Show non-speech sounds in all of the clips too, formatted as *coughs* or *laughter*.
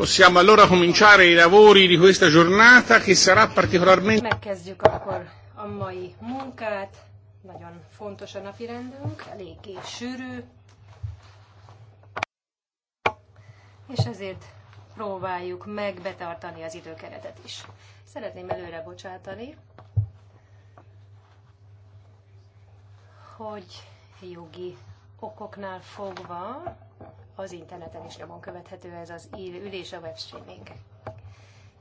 Possiamo allora cominciare i lavori di questa giornata che sarà particolarmente... Megkezdjük akkor a mai munkát. Nagyon fontos a napi rendünk, eléggé sűrű. És ezért próbáljuk meg betartani az időkeretet is. Szeretném előre bocsátani, hogy jogi okoknál fogva az interneten is nyomon követhető ez az ülés a webstreaming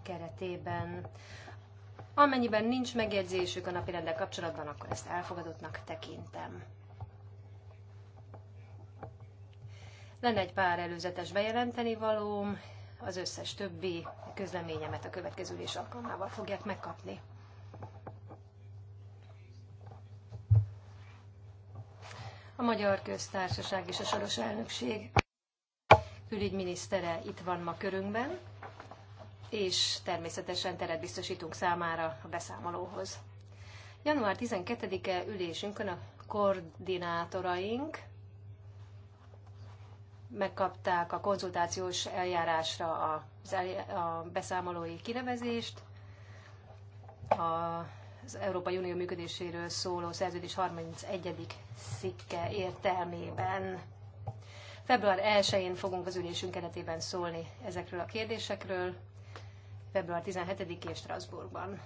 keretében. Amennyiben nincs megjegyzésük a rendel kapcsolatban, akkor ezt elfogadottnak tekintem. Lenne egy pár előzetes bejelenteni valóm, az összes többi közleményemet a következő ülés alkalmával fogják megkapni. A Magyar Köztársaság és a Soros Elnökség külügyminisztere itt van ma körünkben, és természetesen teret biztosítunk számára a beszámolóhoz. Január 12-e ülésünkön a koordinátoraink megkapták a konzultációs eljárásra a beszámolói kinevezést, az Európai Unió működéséről szóló szerződés 31. szikke értelmében Február 1-én fogunk az ülésünk keretében szólni ezekről a kérdésekről, február 17-én Strasbourgban.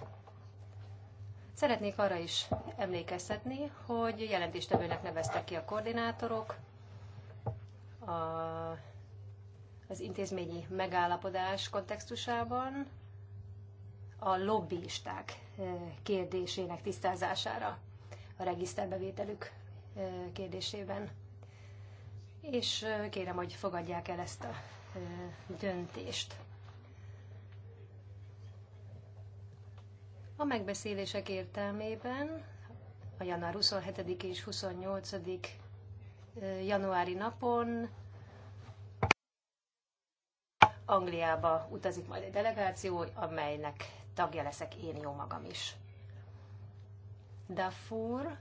Szeretnék arra is emlékeztetni, hogy jelentéstevőnek neveztek ki a koordinátorok, a, az intézményi megállapodás kontextusában a lobbyisták eh, kérdésének tisztázására a regiszterbevételük eh, kérdésében és kérem, hogy fogadják el ezt a döntést. A megbeszélések értelmében a január 27 és 28 januári napon Angliába utazik majd egy delegáció, amelynek tagja leszek én jó magam is. Dafur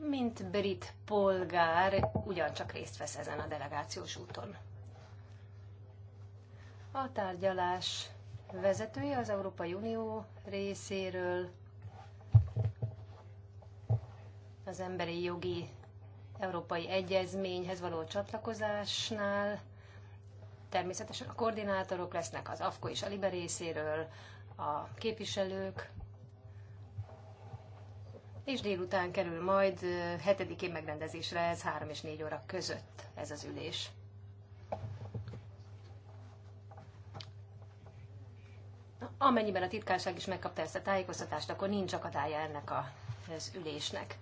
mint brit polgár ugyancsak részt vesz ezen a delegációs úton. A tárgyalás vezetője az Európai Unió részéről az emberi jogi európai egyezményhez való csatlakozásnál. Természetesen a koordinátorok lesznek az AFKO és a LIBE részéről, a képviselők, és délután kerül majd hetedikén megrendezésre, ez 3 és 4 óra között ez az ülés. Amennyiben a titkárság is megkapta ezt a tájékoztatást, akkor nincs akadálya ennek az ülésnek.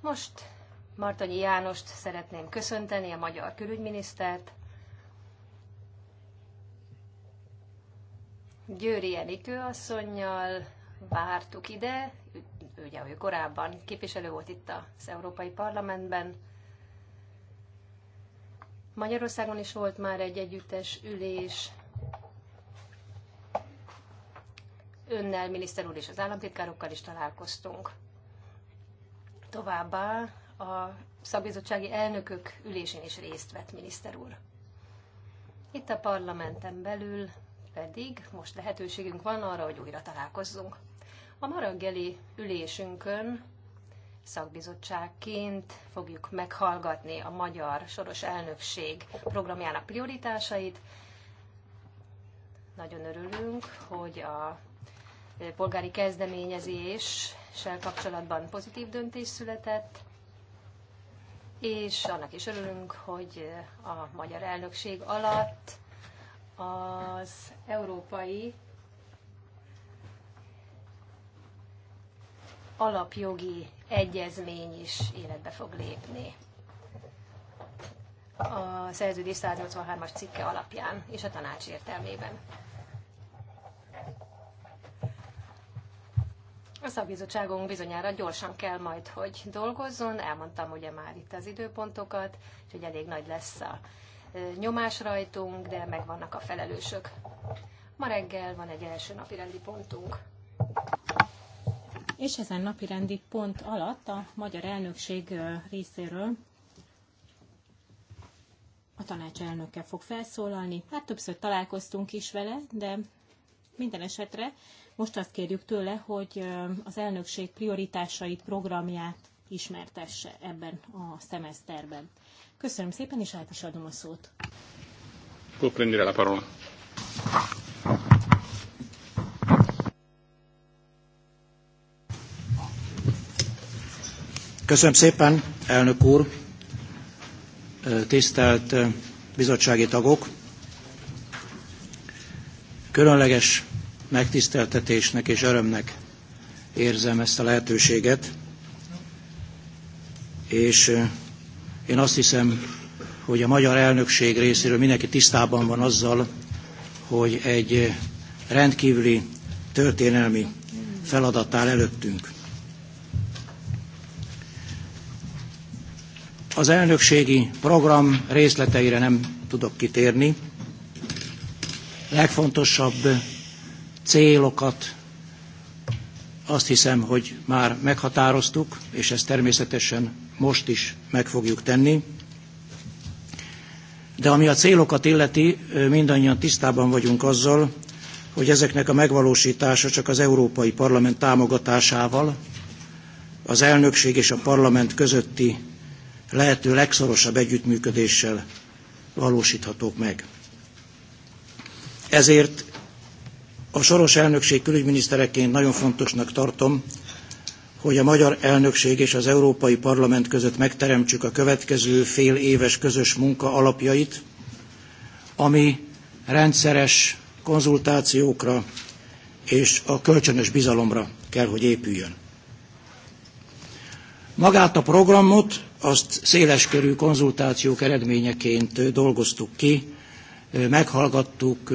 Most Martonyi Jánost szeretném köszönteni, a magyar külügyminisztert. Győri Enikő asszonynal vártuk ide, ugye ő korábban képviselő volt itt az Európai Parlamentben. Magyarországon is volt már egy együttes ülés, önnel, miniszter úr és az államtitkárokkal is találkoztunk. Továbbá a szakbizottsági elnökök ülésén is részt vett miniszter úr. Itt a parlamenten belül pedig most lehetőségünk van arra, hogy újra találkozzunk. A ma reggeli ülésünkön szakbizottságként fogjuk meghallgatni a magyar soros elnökség programjának prioritásait. Nagyon örülünk, hogy a polgári kezdeményezéssel kapcsolatban pozitív döntés született, és annak is örülünk, hogy a magyar elnökség alatt az európai alapjogi egyezmény is életbe fog lépni a szerződés 183-as cikke alapján és a tanács értelmében. A szakbizottságunk bizonyára gyorsan kell majd, hogy dolgozzon. Elmondtam ugye már itt az időpontokat, hogy elég nagy lesz a nyomás rajtunk, de megvannak a felelősök. Ma reggel van egy első napi rendi pontunk és ezen napirendi pont alatt a magyar elnökség részéről a tanács elnöke fog felszólalni. Hát többször találkoztunk is vele, de minden esetre most azt kérjük tőle, hogy az elnökség prioritásait, programját ismertesse ebben a szemeszterben. Köszönöm szépen, és át is adom a szót. Può prendere a parola. Köszönöm szépen, elnök úr, tisztelt bizottsági tagok! Különleges megtiszteltetésnek és örömnek érzem ezt a lehetőséget, és én azt hiszem, hogy a magyar elnökség részéről mindenki tisztában van azzal, hogy egy rendkívüli történelmi feladat áll előttünk. Az elnökségi program részleteire nem tudok kitérni. Legfontosabb célokat azt hiszem, hogy már meghatároztuk, és ezt természetesen most is meg fogjuk tenni. De ami a célokat illeti, mindannyian tisztában vagyunk azzal, hogy ezeknek a megvalósítása csak az Európai Parlament támogatásával, az elnökség és a parlament közötti lehető legszorosabb együttműködéssel valósíthatók meg. Ezért a soros elnökség külügyminisztereként nagyon fontosnak tartom, hogy a magyar elnökség és az Európai Parlament között megteremtsük a következő fél éves közös munka alapjait, ami rendszeres konzultációkra és a kölcsönös bizalomra kell, hogy épüljön. Magát a programot azt széleskörű konzultációk eredményeként dolgoztuk ki, meghallgattuk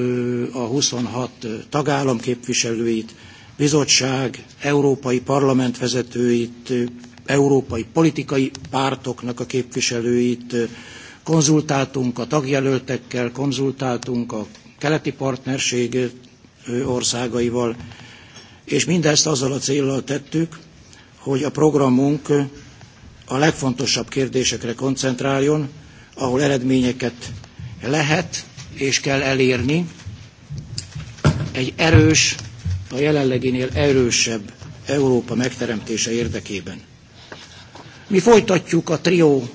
a 26 tagállam képviselőit, bizottság, európai parlament vezetőit, európai politikai pártoknak a képviselőit, konzultáltunk a tagjelöltekkel, konzultáltunk a keleti partnerség országaival, és mindezt azzal a céllal tettük, hogy a programunk a legfontosabb kérdésekre koncentráljon, ahol eredményeket lehet és kell elérni. Egy erős, a jelenleginél erősebb Európa megteremtése érdekében. Mi folytatjuk a trió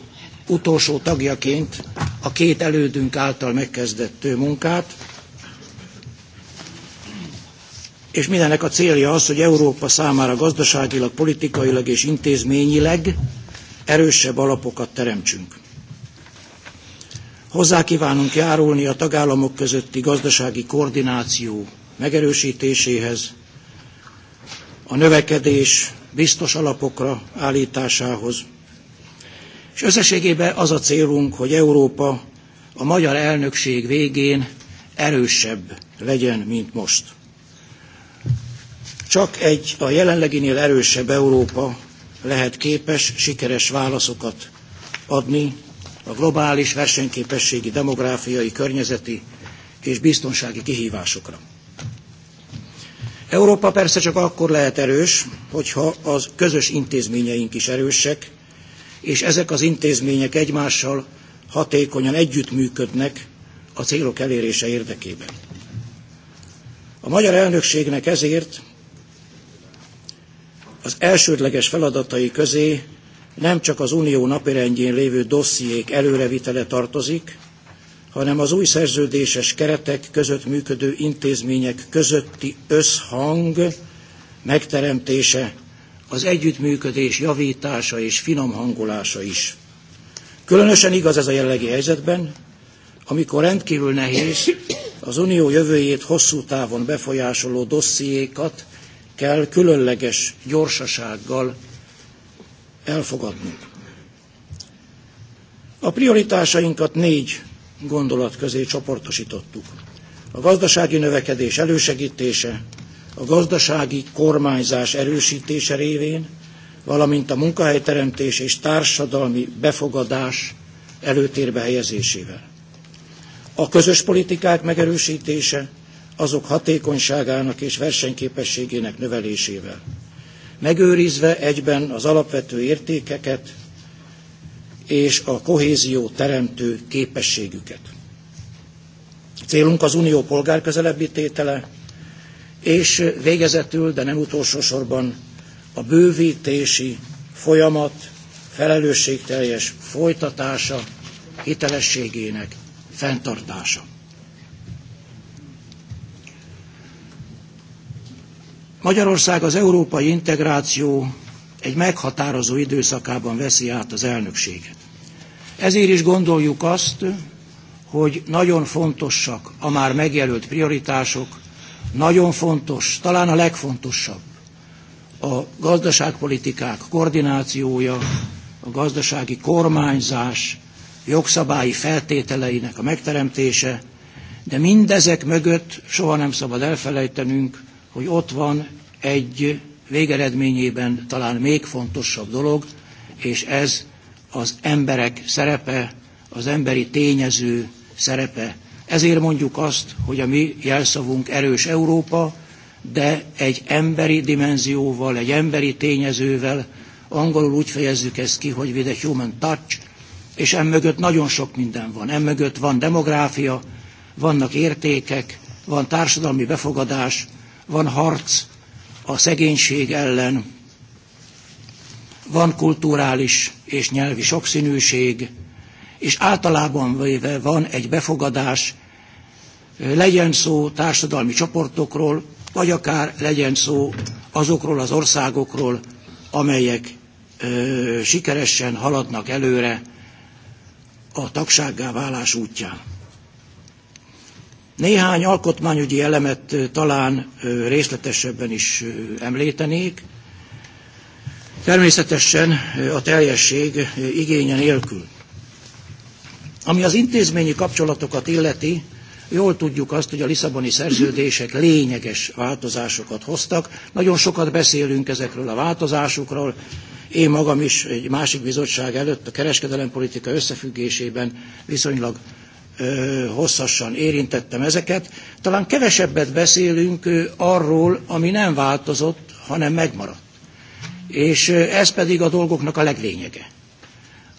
utolsó tagjaként a két elődünk által megkezdett munkát, és mindennek a célja az, hogy Európa számára gazdaságilag, politikailag és intézményileg erősebb alapokat teremtsünk. Hozzá kívánunk járulni a tagállamok közötti gazdasági koordináció megerősítéséhez, a növekedés biztos alapokra állításához, és összességében az a célunk, hogy Európa a magyar elnökség végén erősebb legyen, mint most. Csak egy a jelenleginél erősebb Európa lehet képes sikeres válaszokat adni a globális versenyképességi, demográfiai, környezeti és biztonsági kihívásokra. Európa persze csak akkor lehet erős, hogyha az közös intézményeink is erősek, és ezek az intézmények egymással hatékonyan együttműködnek a célok elérése érdekében. A magyar elnökségnek ezért az elsődleges feladatai közé nem csak az Unió napirendjén lévő dossziék előrevitele tartozik, hanem az új szerződéses keretek között működő intézmények közötti összhang megteremtése, az együttműködés javítása és finomhangolása is. Különösen igaz ez a jellegi helyzetben, amikor rendkívül nehéz az unió jövőjét hosszú távon befolyásoló dossziékat kell különleges gyorsasággal elfogadnunk. A prioritásainkat négy gondolat közé csoportosítottuk. A gazdasági növekedés elősegítése, a gazdasági kormányzás erősítése révén, valamint a munkahelyteremtés és társadalmi befogadás előtérbe helyezésével. A közös politikák megerősítése, azok hatékonyságának és versenyképességének növelésével, megőrizve egyben az alapvető értékeket és a kohézió teremtő képességüket. Célunk az unió polgárközelebbi tétele, és végezetül, de nem utolsó sorban a bővítési folyamat felelősségteljes folytatása, hitelességének fenntartása. Magyarország az európai integráció egy meghatározó időszakában veszi át az elnökséget. Ezért is gondoljuk azt, hogy nagyon fontosak a már megjelölt prioritások, nagyon fontos, talán a legfontosabb a gazdaságpolitikák koordinációja, a gazdasági kormányzás jogszabályi feltételeinek a megteremtése, de mindezek mögött soha nem szabad elfelejtenünk hogy ott van egy végeredményében talán még fontosabb dolog, és ez az emberek szerepe, az emberi tényező szerepe. Ezért mondjuk azt, hogy a mi jelszavunk erős Európa, de egy emberi dimenzióval, egy emberi tényezővel, angolul úgy fejezzük ezt ki, hogy with a human touch, és emögött nagyon sok minden van. Emögött van demográfia, vannak értékek, van társadalmi befogadás, van harc a szegénység ellen, van kulturális és nyelvi sokszínűség, és általában véve van egy befogadás, legyen szó társadalmi csoportokról, vagy akár legyen szó azokról az országokról, amelyek ö, sikeresen haladnak előre a tagsággá válás útján. Néhány alkotmányügyi elemet talán részletesebben is említenék, természetesen a teljesség igénye nélkül. Ami az intézményi kapcsolatokat illeti, jól tudjuk azt, hogy a Lisszaboni szerződések lényeges változásokat hoztak. Nagyon sokat beszélünk ezekről a változásokról. Én magam is egy másik bizottság előtt a kereskedelempolitika összefüggésében viszonylag hosszasan érintettem ezeket. Talán kevesebbet beszélünk arról, ami nem változott, hanem megmaradt. És ez pedig a dolgoknak a leglényege.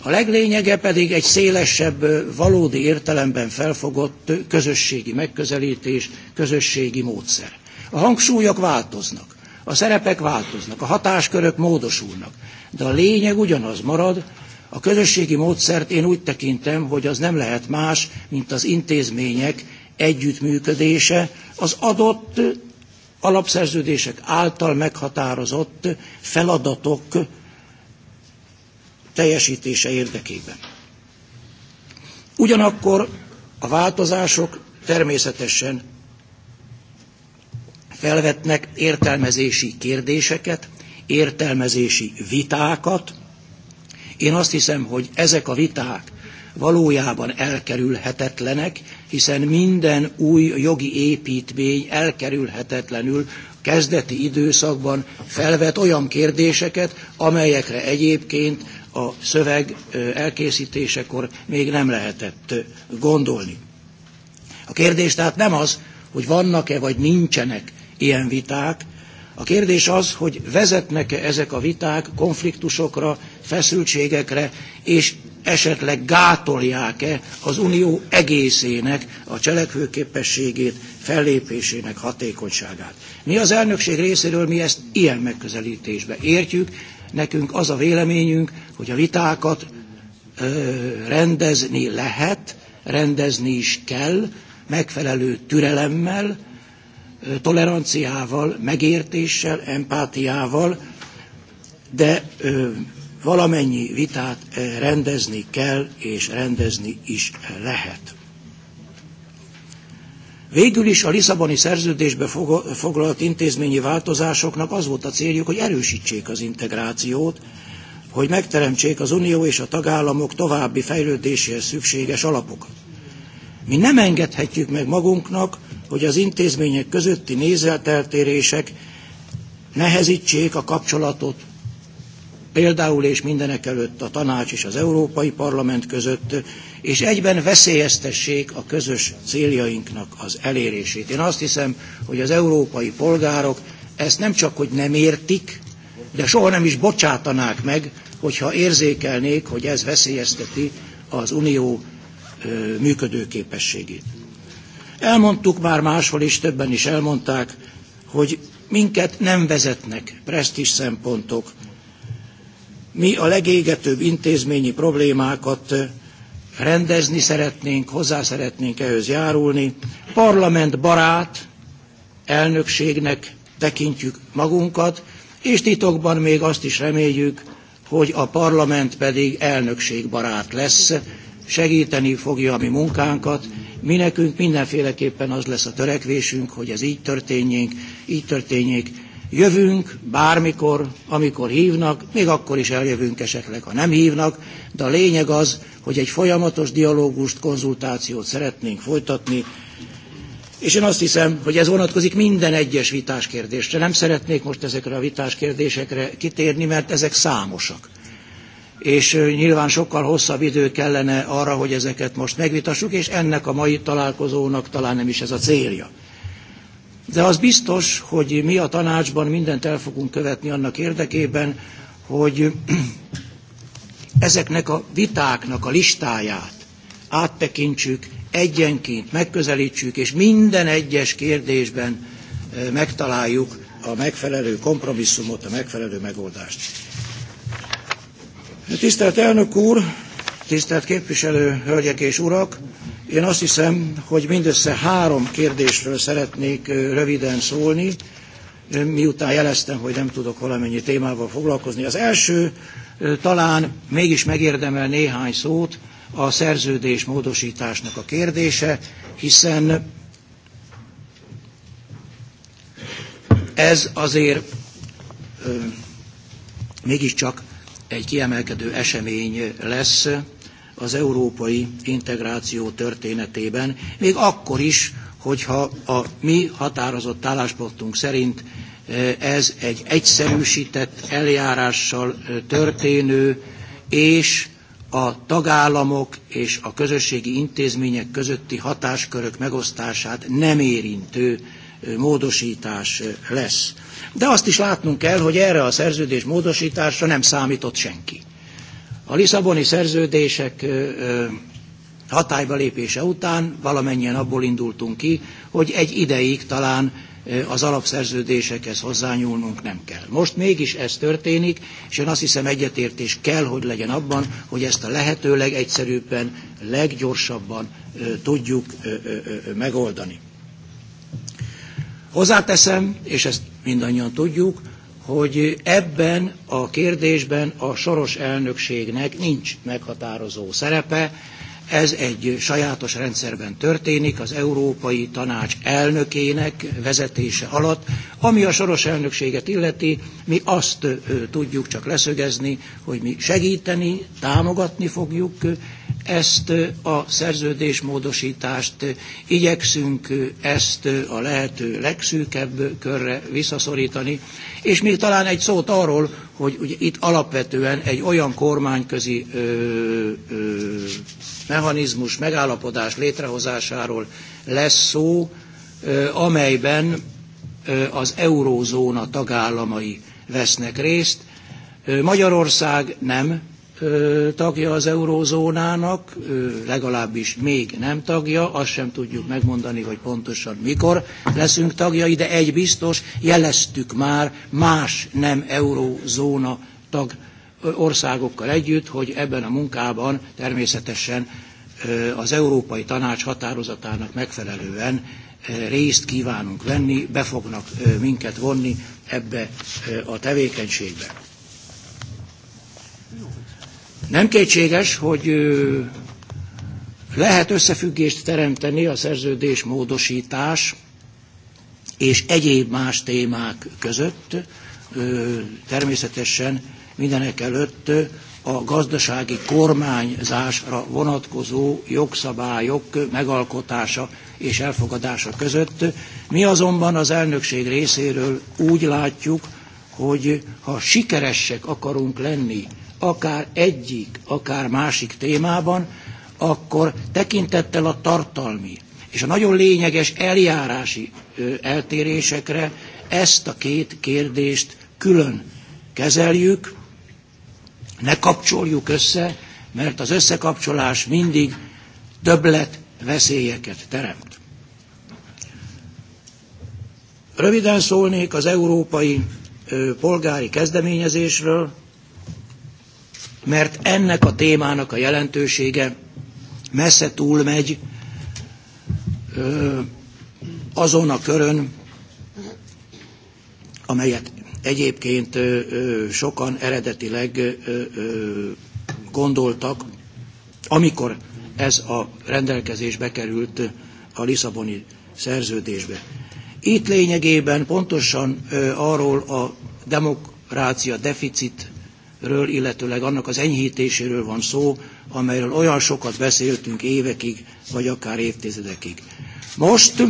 A leglényege pedig egy szélesebb, valódi értelemben felfogott közösségi megközelítés, közösségi módszer. A hangsúlyok változnak, a szerepek változnak, a hatáskörök módosulnak, de a lényeg ugyanaz marad, a közösségi módszert én úgy tekintem, hogy az nem lehet más, mint az intézmények együttműködése az adott alapszerződések által meghatározott feladatok teljesítése érdekében. Ugyanakkor a változások természetesen felvetnek értelmezési kérdéseket, értelmezési vitákat, én azt hiszem, hogy ezek a viták valójában elkerülhetetlenek, hiszen minden új jogi építmény elkerülhetetlenül kezdeti időszakban felvet olyan kérdéseket, amelyekre egyébként a szöveg elkészítésekor még nem lehetett gondolni. A kérdés tehát nem az, hogy vannak-e vagy nincsenek ilyen viták, a kérdés az, hogy vezetnek-e ezek a viták konfliktusokra, feszültségekre, és esetleg gátolják-e az Unió egészének a cselekvőképességét, fellépésének hatékonyságát. Mi az elnökség részéről mi ezt ilyen megközelítésbe értjük, nekünk az a véleményünk, hogy a vitákat ö, rendezni lehet, rendezni is kell, megfelelő türelemmel, ö, toleranciával, megértéssel, empátiával, de ö, valamennyi vitát eh, rendezni kell és rendezni is lehet. Végül is a Lisszaboni szerződésbe foglalt intézményi változásoknak az volt a céljuk, hogy erősítsék az integrációt, hogy megteremtsék az Unió és a tagállamok további fejlődéséhez szükséges alapokat. Mi nem engedhetjük meg magunknak, hogy az intézmények közötti nézeteltérések nehezítsék a kapcsolatot például és mindenek előtt a tanács és az Európai Parlament között, és egyben veszélyeztessék a közös céljainknak az elérését. Én azt hiszem, hogy az európai polgárok ezt nem csak, hogy nem értik, de soha nem is bocsátanák meg, hogyha érzékelnék, hogy ez veszélyezteti az unió működőképességét. Elmondtuk már máshol is, többen is elmondták, hogy minket nem vezetnek presztis szempontok, mi a legégetőbb intézményi problémákat eh, rendezni szeretnénk, hozzá szeretnénk ehhez járulni. Parlament barát elnökségnek tekintjük magunkat, és titokban még azt is reméljük, hogy a parlament pedig elnökség barát lesz, segíteni fogja a mi munkánkat. Mi nekünk mindenféleképpen az lesz a törekvésünk, hogy ez így történjék, így történjék, Jövünk bármikor, amikor hívnak, még akkor is eljövünk esetleg, ha nem hívnak, de a lényeg az, hogy egy folyamatos dialógust, konzultációt szeretnénk folytatni, és én azt hiszem, hogy ez vonatkozik minden egyes vitás kérdésre. Nem szeretnék most ezekre a vitás kérdésekre kitérni, mert ezek számosak. És nyilván sokkal hosszabb idő kellene arra, hogy ezeket most megvitassuk, és ennek a mai találkozónak talán nem is ez a célja. De az biztos, hogy mi a tanácsban mindent el fogunk követni annak érdekében, hogy *clears throat* ezeknek a vitáknak a listáját áttekintsük, egyenként megközelítsük, és minden egyes kérdésben e, megtaláljuk a megfelelő kompromisszumot, a megfelelő megoldást. Tisztelt elnök úr, Tisztelt képviselő, hölgyek és urak! Én azt hiszem, hogy mindössze három kérdésről szeretnék röviden szólni, miután jeleztem, hogy nem tudok valamennyi témával foglalkozni. Az első talán mégis megérdemel néhány szót a szerződés módosításnak a kérdése, hiszen ez azért mégiscsak egy kiemelkedő esemény lesz az európai integráció történetében, még akkor is, hogyha a mi határozott álláspontunk szerint eh, ez egy egyszerűsített eljárással eh, történő és a tagállamok és a közösségi intézmények közötti hatáskörök megosztását nem érintő eh, módosítás lesz. De azt is látnunk kell, hogy erre a szerződés módosításra nem számított senki. A Lisszaboni szerződések hatályba lépése után valamennyien abból indultunk ki, hogy egy ideig talán az alapszerződésekhez hozzányúlnunk nem kell. Most mégis ez történik, és én azt hiszem egyetértés kell, hogy legyen abban, hogy ezt a lehető legegyszerűbben, leggyorsabban tudjuk megoldani. Hozzáteszem, és ezt mindannyian tudjuk, hogy ebben a kérdésben a soros elnökségnek nincs meghatározó szerepe, ez egy sajátos rendszerben történik, az Európai Tanács elnökének vezetése alatt. Ami a soros elnökséget illeti, mi azt tudjuk csak leszögezni, hogy mi segíteni, támogatni fogjuk ezt a szerződésmódosítást igyekszünk ezt a lehető legszűkebb körre visszaszorítani, és még talán egy szót arról, hogy ugye itt alapvetően egy olyan kormányközi ö, ö, mechanizmus, megállapodás létrehozásáról lesz szó, ö, amelyben ö, az eurózóna tagállamai vesznek részt. Ö, Magyarország nem tagja az eurózónának, legalábbis még nem tagja, azt sem tudjuk megmondani, hogy pontosan mikor leszünk tagjai, de egy biztos, jeleztük már más nem eurózóna tag országokkal együtt, hogy ebben a munkában természetesen az Európai Tanács határozatának megfelelően részt kívánunk venni, be fognak minket vonni ebbe a tevékenységbe. Nem kétséges, hogy lehet összefüggést teremteni a szerződés módosítás és egyéb más témák között, természetesen mindenek előtt a gazdasági kormányzásra vonatkozó jogszabályok megalkotása és elfogadása között. Mi azonban az elnökség részéről úgy látjuk, hogy ha sikeresek akarunk lenni akár egyik, akár másik témában, akkor tekintettel a tartalmi és a nagyon lényeges eljárási eltérésekre ezt a két kérdést külön kezeljük, ne kapcsoljuk össze, mert az összekapcsolás mindig többlet veszélyeket teremt. Röviden szólnék az európai polgári kezdeményezésről, mert ennek a témának a jelentősége messze túlmegy azon a körön, amelyet egyébként sokan eredetileg gondoltak, amikor ez a rendelkezés bekerült a Lisszaboni szerződésbe. Itt lényegében pontosan arról a demokrácia deficit ről, illetőleg annak az enyhítéséről van szó, amelyről olyan sokat beszéltünk évekig, vagy akár évtizedekig. Most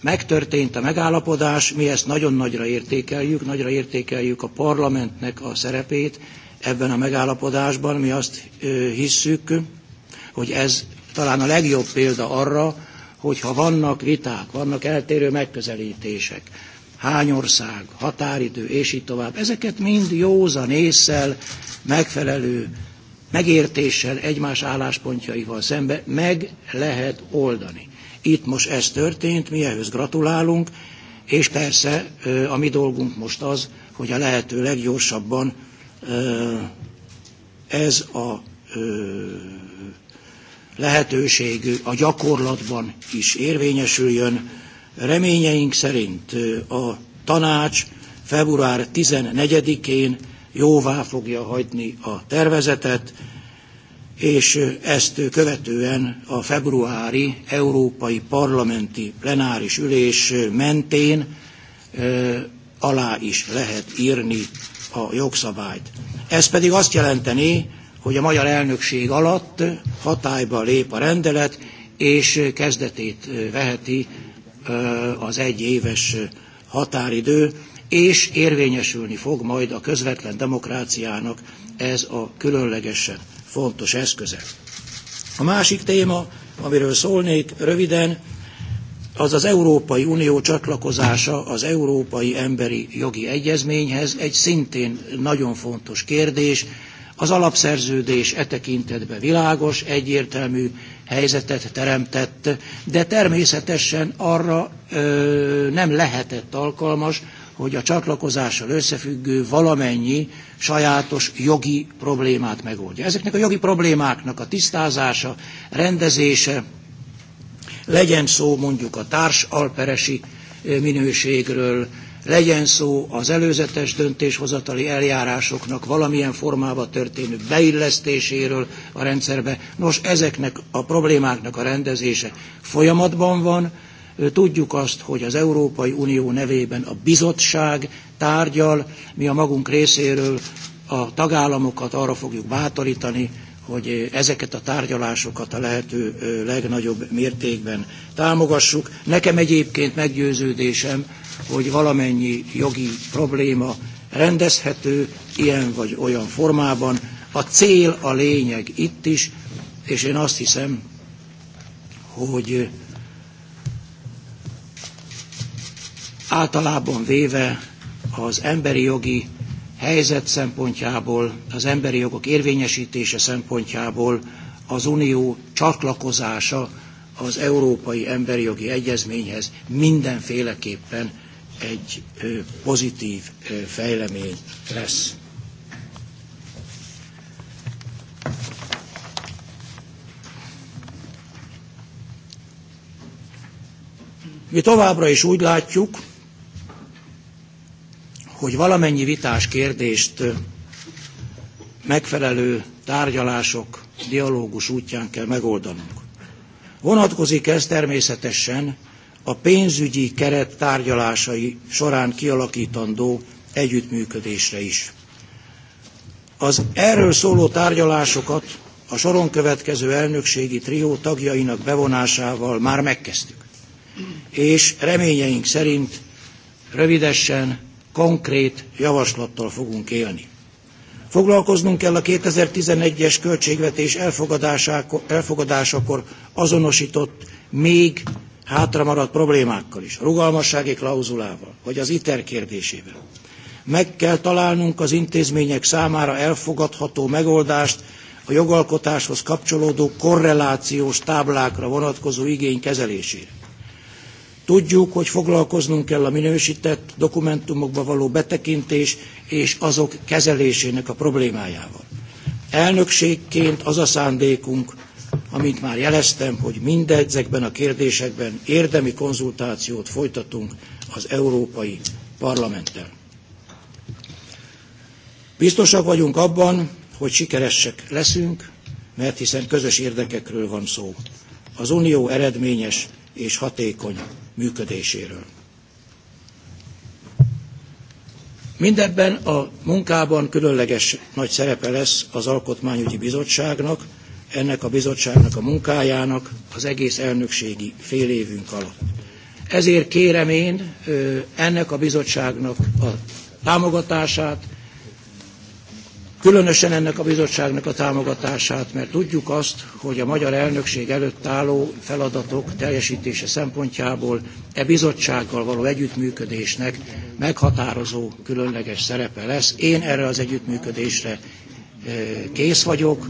megtörtént a megállapodás, mi ezt nagyon nagyra értékeljük, nagyra értékeljük a parlamentnek a szerepét ebben a megállapodásban, mi azt hisszük, hogy ez talán a legjobb példa arra, hogy ha vannak viták, vannak eltérő megközelítések, hány ország, határidő, és így tovább. Ezeket mind józan észsel, megfelelő megértéssel, egymás álláspontjaival szembe meg lehet oldani. Itt most ez történt, mi ehhez gratulálunk, és persze a mi dolgunk most az, hogy a lehető leggyorsabban ez a lehetőség a gyakorlatban is érvényesüljön, Reményeink szerint a tanács február 14-én jóvá fogja hagyni a tervezetet, és ezt követően a februári Európai Parlamenti Plenáris Ülés mentén alá is lehet írni a jogszabályt. Ez pedig azt jelenteni, hogy a magyar elnökség alatt hatályba lép a rendelet, és kezdetét veheti az egyéves határidő, és érvényesülni fog majd a közvetlen demokráciának ez a különlegesen fontos eszköze. A másik téma, amiről szólnék röviden, az az Európai Unió csatlakozása az Európai Emberi Jogi Egyezményhez egy szintén nagyon fontos kérdés. Az alapszerződés e tekintetben világos, egyértelmű, helyzetet teremtett, de természetesen arra ö, nem lehetett alkalmas, hogy a csatlakozással összefüggő valamennyi sajátos jogi problémát megoldja. Ezeknek a jogi problémáknak a tisztázása, rendezése, legyen szó mondjuk a társalperesi minőségről, legyen szó az előzetes döntéshozatali eljárásoknak valamilyen formába történő beillesztéséről a rendszerbe. Nos, ezeknek a problémáknak a rendezése folyamatban van, Tudjuk azt, hogy az Európai Unió nevében a bizottság tárgyal, mi a magunk részéről a tagállamokat arra fogjuk bátorítani, hogy ezeket a tárgyalásokat a lehető legnagyobb mértékben támogassuk. Nekem egyébként meggyőződésem, hogy valamennyi jogi probléma rendezhető ilyen vagy olyan formában. A cél a lényeg itt is, és én azt hiszem, hogy általában véve az emberi jogi helyzet szempontjából, az emberi jogok érvényesítése szempontjából az Unió csatlakozása az Európai Emberi Jogi Egyezményhez mindenféleképpen egy pozitív fejlemény lesz. Mi továbbra is úgy látjuk, hogy valamennyi vitás kérdést megfelelő tárgyalások, dialógus útján kell megoldanunk. Vonatkozik ez természetesen a pénzügyi keret tárgyalásai során kialakítandó együttműködésre is. Az erről szóló tárgyalásokat a soron következő elnökségi trió tagjainak bevonásával már megkezdtük, és reményeink szerint rövidesen konkrét javaslattal fogunk élni. Foglalkoznunk kell a 2011-es költségvetés elfogadásakor azonosított még hátramaradt problémákkal is, a rugalmassági klauzulával, vagy az ITER kérdésével. Meg kell találnunk az intézmények számára elfogadható megoldást a jogalkotáshoz kapcsolódó korrelációs táblákra vonatkozó igény kezelésére. Tudjuk, hogy foglalkoznunk kell a minősített dokumentumokba való betekintés és azok kezelésének a problémájával. Elnökségként az a szándékunk, amint már jeleztem, hogy mindezekben a kérdésekben érdemi konzultációt folytatunk az Európai Parlamenttel. Biztosak vagyunk abban, hogy sikeresek leszünk, mert hiszen közös érdekekről van szó. Az Unió eredményes és hatékony működéséről. Mindebben a munkában különleges nagy szerepe lesz az Alkotmányügyi Bizottságnak, ennek a bizottságnak a munkájának az egész elnökségi fél évünk alatt. Ezért kérem én ennek a bizottságnak a támogatását, különösen ennek a bizottságnak a támogatását, mert tudjuk azt, hogy a magyar elnökség előtt álló feladatok teljesítése szempontjából e bizottsággal való együttműködésnek meghatározó különleges szerepe lesz. Én erre az együttműködésre kész vagyok,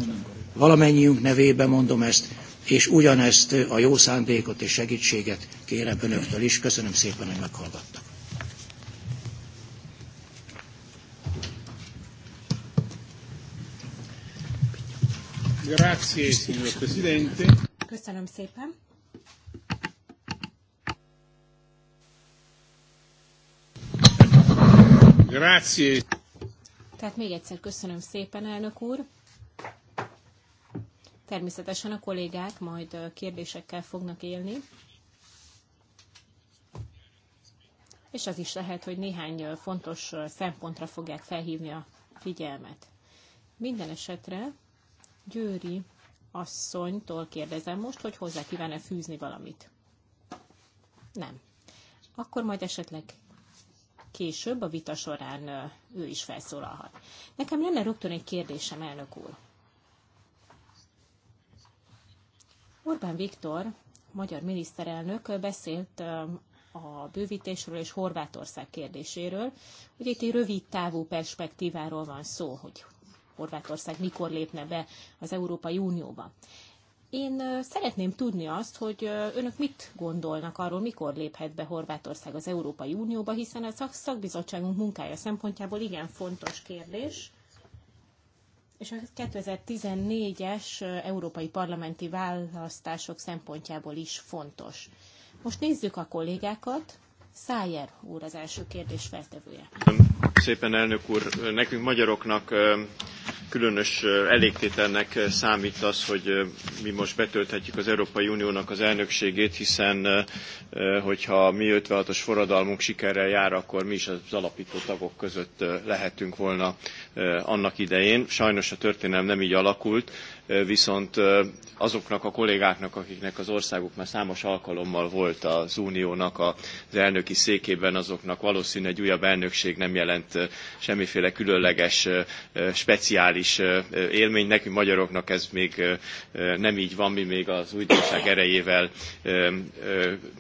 Valamennyiünk nevében mondom ezt, és ugyanezt a jó szándékot és segítséget kérem önöktől is. Köszönöm szépen, hogy meghallgattak. Grazie, signor Presidente. Köszönöm szépen. Grazie. Tehát még egyszer köszönöm szépen, elnök úr. Természetesen a kollégák majd kérdésekkel fognak élni, és az is lehet, hogy néhány fontos szempontra fogják felhívni a figyelmet. Minden esetre Győri asszonytól kérdezem most, hogy hozzá kíván-e fűzni valamit. Nem. Akkor majd esetleg később a vita során ő is felszólalhat. Nekem lenne rögtön egy kérdésem, elnök úr. Orbán Viktor, magyar miniszterelnök beszélt um, a bővítésről és Horvátország kérdéséről, Ugye itt egy rövid távú perspektíváról van szó, hogy Horvátország mikor lépne be az Európai Unióba. Én uh, szeretném tudni azt, hogy uh, önök mit gondolnak arról, mikor léphet be Horvátország az Európai Unióba, hiszen a szakbizottságunk munkája szempontjából igen fontos kérdés és a 2014-es európai parlamenti választások szempontjából is fontos. Most nézzük a kollégákat. Szájer úr az első kérdés feltevője. Szépen elnök úr, nekünk magyaroknak különös elégtételnek számít az, hogy mi most betölthetjük az Európai Uniónak az elnökségét, hiszen hogyha mi 56-os forradalmunk sikerrel jár, akkor mi is az alapító tagok között lehetünk volna annak idején. Sajnos a történelem nem így alakult viszont azoknak a kollégáknak, akiknek az országuk már számos alkalommal volt az uniónak az elnöki székében, azoknak valószínűleg egy újabb elnökség nem jelent semmiféle különleges, speciális élmény. Nekünk magyaroknak ez még nem így van, mi még az újdonság erejével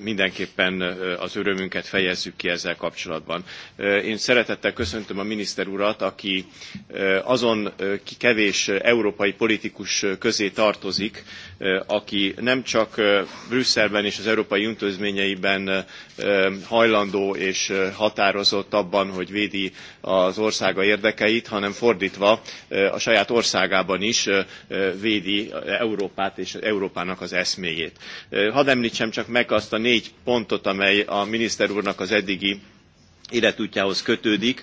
mindenképpen az örömünket fejezzük ki ezzel kapcsolatban. Én szeretettel köszöntöm a miniszter urat, aki azon kevés európai politikus politikus közé tartozik, aki nem csak Brüsszelben és az európai intézményeiben hajlandó és határozott abban, hogy védi az országa érdekeit, hanem fordítva a saját országában is védi Európát és Európának az eszméjét. Hadd említsem csak meg azt a négy pontot, amely a miniszter úrnak az eddigi életútjához kötődik.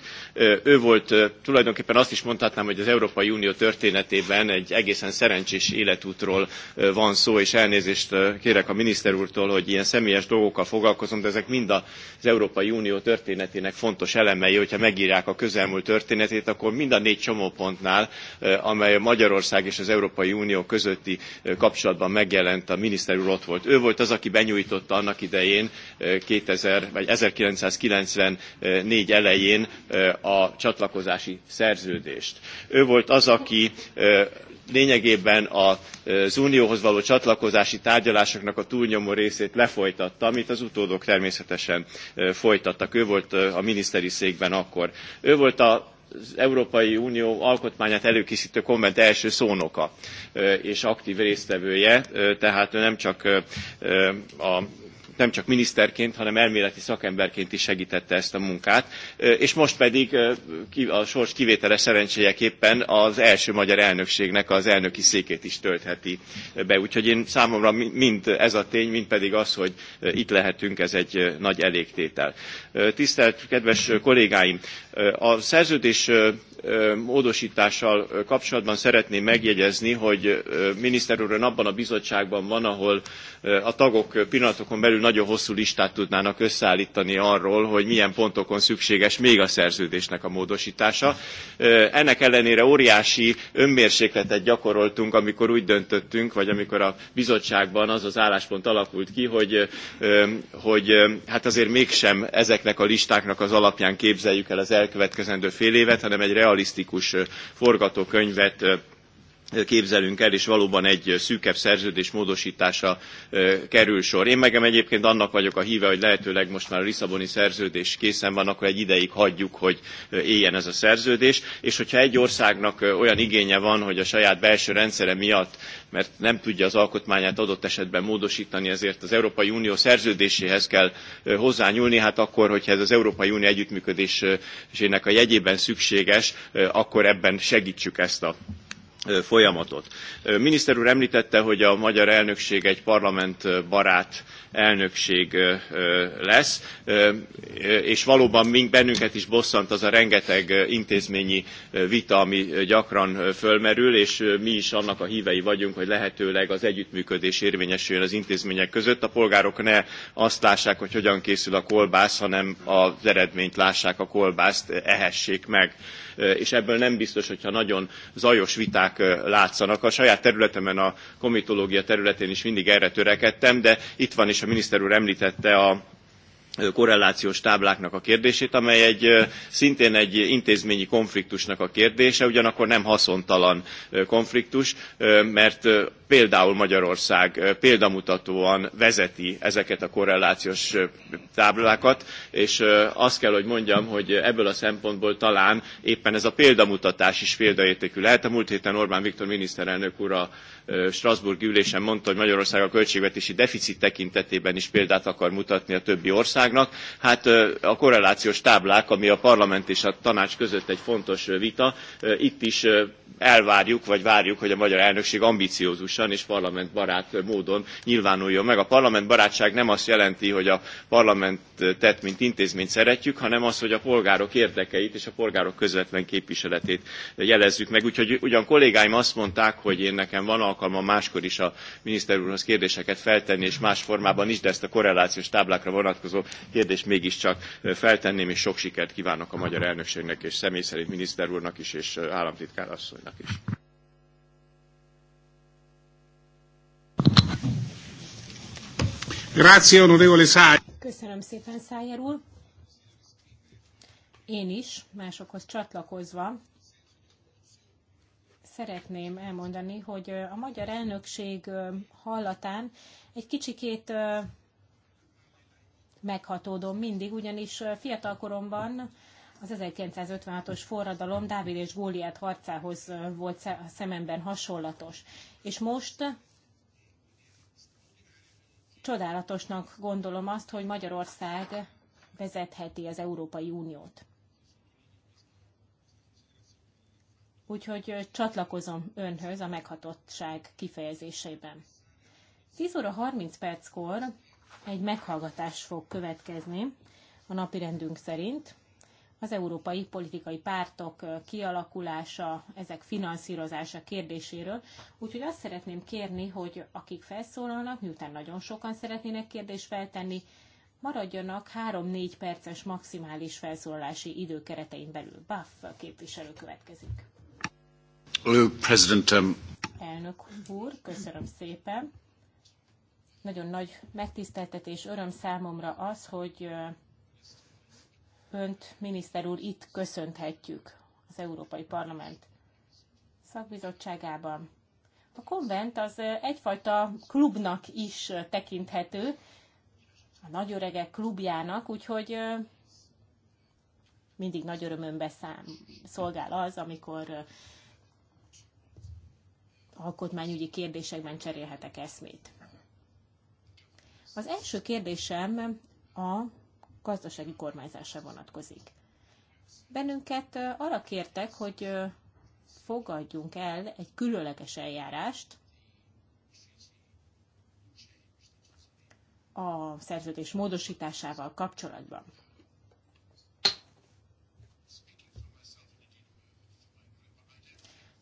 Ő volt, tulajdonképpen azt is mondhatnám, hogy az Európai Unió történetében egy egészen szerencsés életútról van szó, és elnézést kérek a miniszter úrtól, hogy ilyen személyes dolgokkal foglalkozom, de ezek mind az Európai Unió történetének fontos elemei, hogyha megírják a közelmúlt történetét, akkor mind a négy csomópontnál, amely Magyarország és az Európai Unió közötti kapcsolatban megjelent, a miniszter úr ott volt. Ő volt az, aki benyújtotta annak idején 2000, vagy 1990 négy elején a csatlakozási szerződést. Ő volt az, aki lényegében az unióhoz való csatlakozási tárgyalásoknak a túlnyomó részét lefolytatta, amit az utódok természetesen folytattak. Ő volt a miniszteri székben akkor. Ő volt a az Európai Unió alkotmányát előkészítő komment első szónoka és aktív résztvevője, tehát ő nem csak a nem csak miniszterként, hanem elméleti szakemberként is segítette ezt a munkát, és most pedig a sors kivétele szerencséjeképpen az első magyar elnökségnek az elnöki székét is töltheti be. Úgyhogy én számomra mind ez a tény, mind pedig az, hogy itt lehetünk, ez egy nagy elégtétel. Tisztelt kedves kollégáim, a szerződés módosítással kapcsolatban szeretném megjegyezni, hogy miniszter úr abban a bizottságban van, ahol a tagok pillanatokon belül nagyon hosszú listát tudnának összeállítani arról, hogy milyen pontokon szükséges még a szerződésnek a módosítása. Ennek ellenére óriási önmérsékletet gyakoroltunk, amikor úgy döntöttünk, vagy amikor a bizottságban az az álláspont alakult ki, hogy, hogy hát azért mégsem ezeknek a listáknak az alapján képzeljük el az elkövetkezendő fél évet, hanem egy realisztikus forgatókönyvet képzelünk el, és valóban egy szűkebb szerződés módosítása kerül sor. Én megem egyébként annak vagyok a híve, hogy lehetőleg most már a Lisszaboni szerződés készen van, akkor egy ideig hagyjuk, hogy éljen ez a szerződés, és hogyha egy országnak olyan igénye van, hogy a saját belső rendszere miatt mert nem tudja az alkotmányát adott esetben módosítani, ezért az Európai Unió szerződéséhez kell hozzányúlni, hát akkor, hogyha ez az Európai Unió együttműködésének a jegyében szükséges, akkor ebben segítsük ezt a folyamatot. Miniszter úr említette, hogy a magyar elnökség egy parlamentbarát elnökség lesz, és valóban bennünket is bosszant az a rengeteg intézményi vita, ami gyakran fölmerül, és mi is annak a hívei vagyunk, hogy lehetőleg az együttműködés érvényesüljön az intézmények között. A polgárok ne azt lássák, hogy hogyan készül a kolbász, hanem az eredményt lássák a kolbászt, ehessék meg és ebből nem biztos, hogyha nagyon zajos viták látszanak. A saját területemen, a komitológia területén is mindig erre törekedtem, de itt van, és a miniszter úr említette a korrelációs tábláknak a kérdését, amely egy szintén egy intézményi konfliktusnak a kérdése, ugyanakkor nem haszontalan konfliktus, mert például Magyarország példamutatóan vezeti ezeket a korrelációs táblákat, és azt kell, hogy mondjam, hogy ebből a szempontból talán éppen ez a példamutatás is példaértékű lehet. A múlt héten Orbán Viktor miniszterelnök úr a Strasbourg ülésen mondta, hogy Magyarország a költségvetési deficit tekintetében is példát akar mutatni a többi országnak. Hát a korrelációs táblák, ami a parlament és a tanács között egy fontos vita, itt is elvárjuk, vagy várjuk, hogy a magyar elnökség ambiciózus demokratikusan és parlamentbarát módon nyilvánuljon meg. A parlamentbarátság nem azt jelenti, hogy a parlamentet, mint intézményt szeretjük, hanem az, hogy a polgárok érdekeit és a polgárok közvetlen képviseletét jelezzük meg. Úgyhogy ugyan kollégáim azt mondták, hogy én nekem van alkalma máskor is a miniszter úrhoz kérdéseket feltenni, és más formában is, de ezt a korrelációs táblákra vonatkozó kérdést mégiscsak feltenném, és sok sikert kívánok a magyar elnökségnek, és személy szerint miniszter úrnak is, és államtitkár asszonynak is. Grazie, onorevole Köszönöm szépen, Szájer úr. Én is, másokhoz csatlakozva, szeretném elmondani, hogy a magyar elnökség hallatán egy kicsikét meghatódom mindig, ugyanis fiatalkoromban az 1956-os forradalom Dávid és Góliát harcához volt szememben hasonlatos. És most Csodálatosnak gondolom azt, hogy Magyarország vezetheti az Európai Uniót. Úgyhogy csatlakozom önhöz a meghatottság kifejezésében. 10 óra 30 perckor egy meghallgatás fog következni a napirendünk szerint az európai politikai pártok kialakulása, ezek finanszírozása kérdéséről. Úgyhogy azt szeretném kérni, hogy akik felszólalnak, miután nagyon sokan szeretnének kérdést feltenni, maradjanak 3-4 perces maximális felszólalási időkeretein belül. Buff képviselő következik. Hello, um, Elnök úr, köszönöm szépen. Nagyon nagy megtiszteltetés, öröm számomra az, hogy Önt, miniszter úr, itt köszönthetjük az Európai Parlament szakbizottságában. A konvent az egyfajta klubnak is tekinthető, a nagyöregek klubjának, úgyhogy mindig nagy örömömbe szám, szolgál az, amikor alkotmányügyi kérdésekben cserélhetek eszmét. Az első kérdésem a gazdasági kormányzásra vonatkozik. Bennünket arra kértek, hogy fogadjunk el egy különleges eljárást a szerződés módosításával kapcsolatban.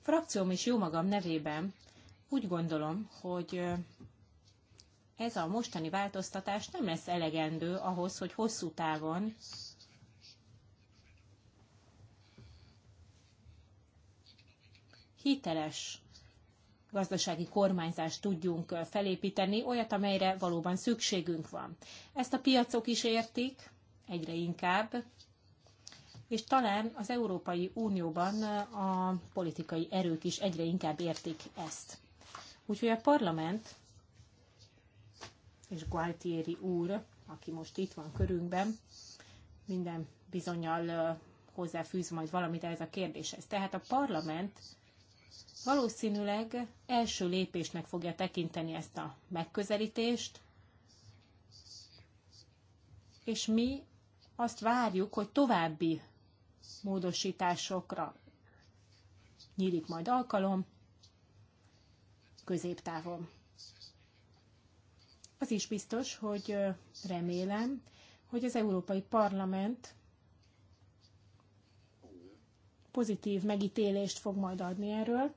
Frakcióm és jó magam nevében úgy gondolom, hogy ez a mostani változtatás nem lesz elegendő ahhoz, hogy hosszú távon hiteles gazdasági kormányzást tudjunk felépíteni, olyat, amelyre valóban szükségünk van. Ezt a piacok is értik, egyre inkább, és talán az Európai Unióban a politikai erők is egyre inkább értik ezt. Úgyhogy a parlament és Gualtieri úr, aki most itt van körünkben, minden bizonyal hozzáfűz majd valamit ez a kérdéshez. Tehát a parlament valószínűleg első lépésnek fogja tekinteni ezt a megközelítést, és mi azt várjuk, hogy további módosításokra nyílik majd alkalom középtávon. Az is biztos, hogy remélem, hogy az Európai Parlament pozitív megítélést fog majd adni erről.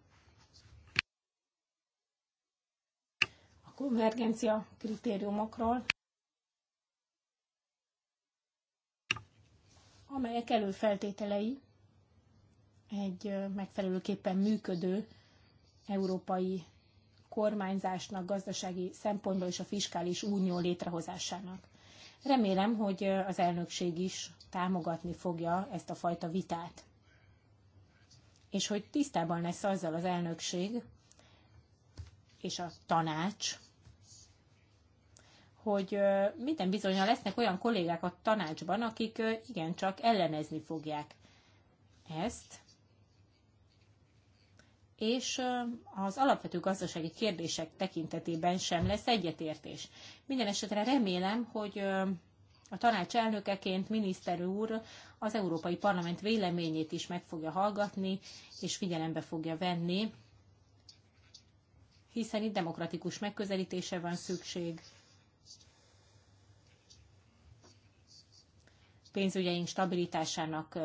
A konvergencia kritériumokról, amelyek előfeltételei egy megfelelőképpen működő európai kormányzásnak, gazdasági szempontból és a fiskális unió létrehozásának. Remélem, hogy az elnökség is támogatni fogja ezt a fajta vitát. És hogy tisztában lesz azzal az elnökség és a tanács, hogy minden bizonyal lesznek olyan kollégák a tanácsban, akik igencsak ellenezni fogják ezt, és az alapvető gazdasági kérdések tekintetében sem lesz egyetértés. Minden esetre remélem, hogy a tanács elnökeként miniszter úr az Európai Parlament véleményét is meg fogja hallgatni, és figyelembe fogja venni, hiszen itt demokratikus megközelítése van szükség. Pénzügyeink stabilitásának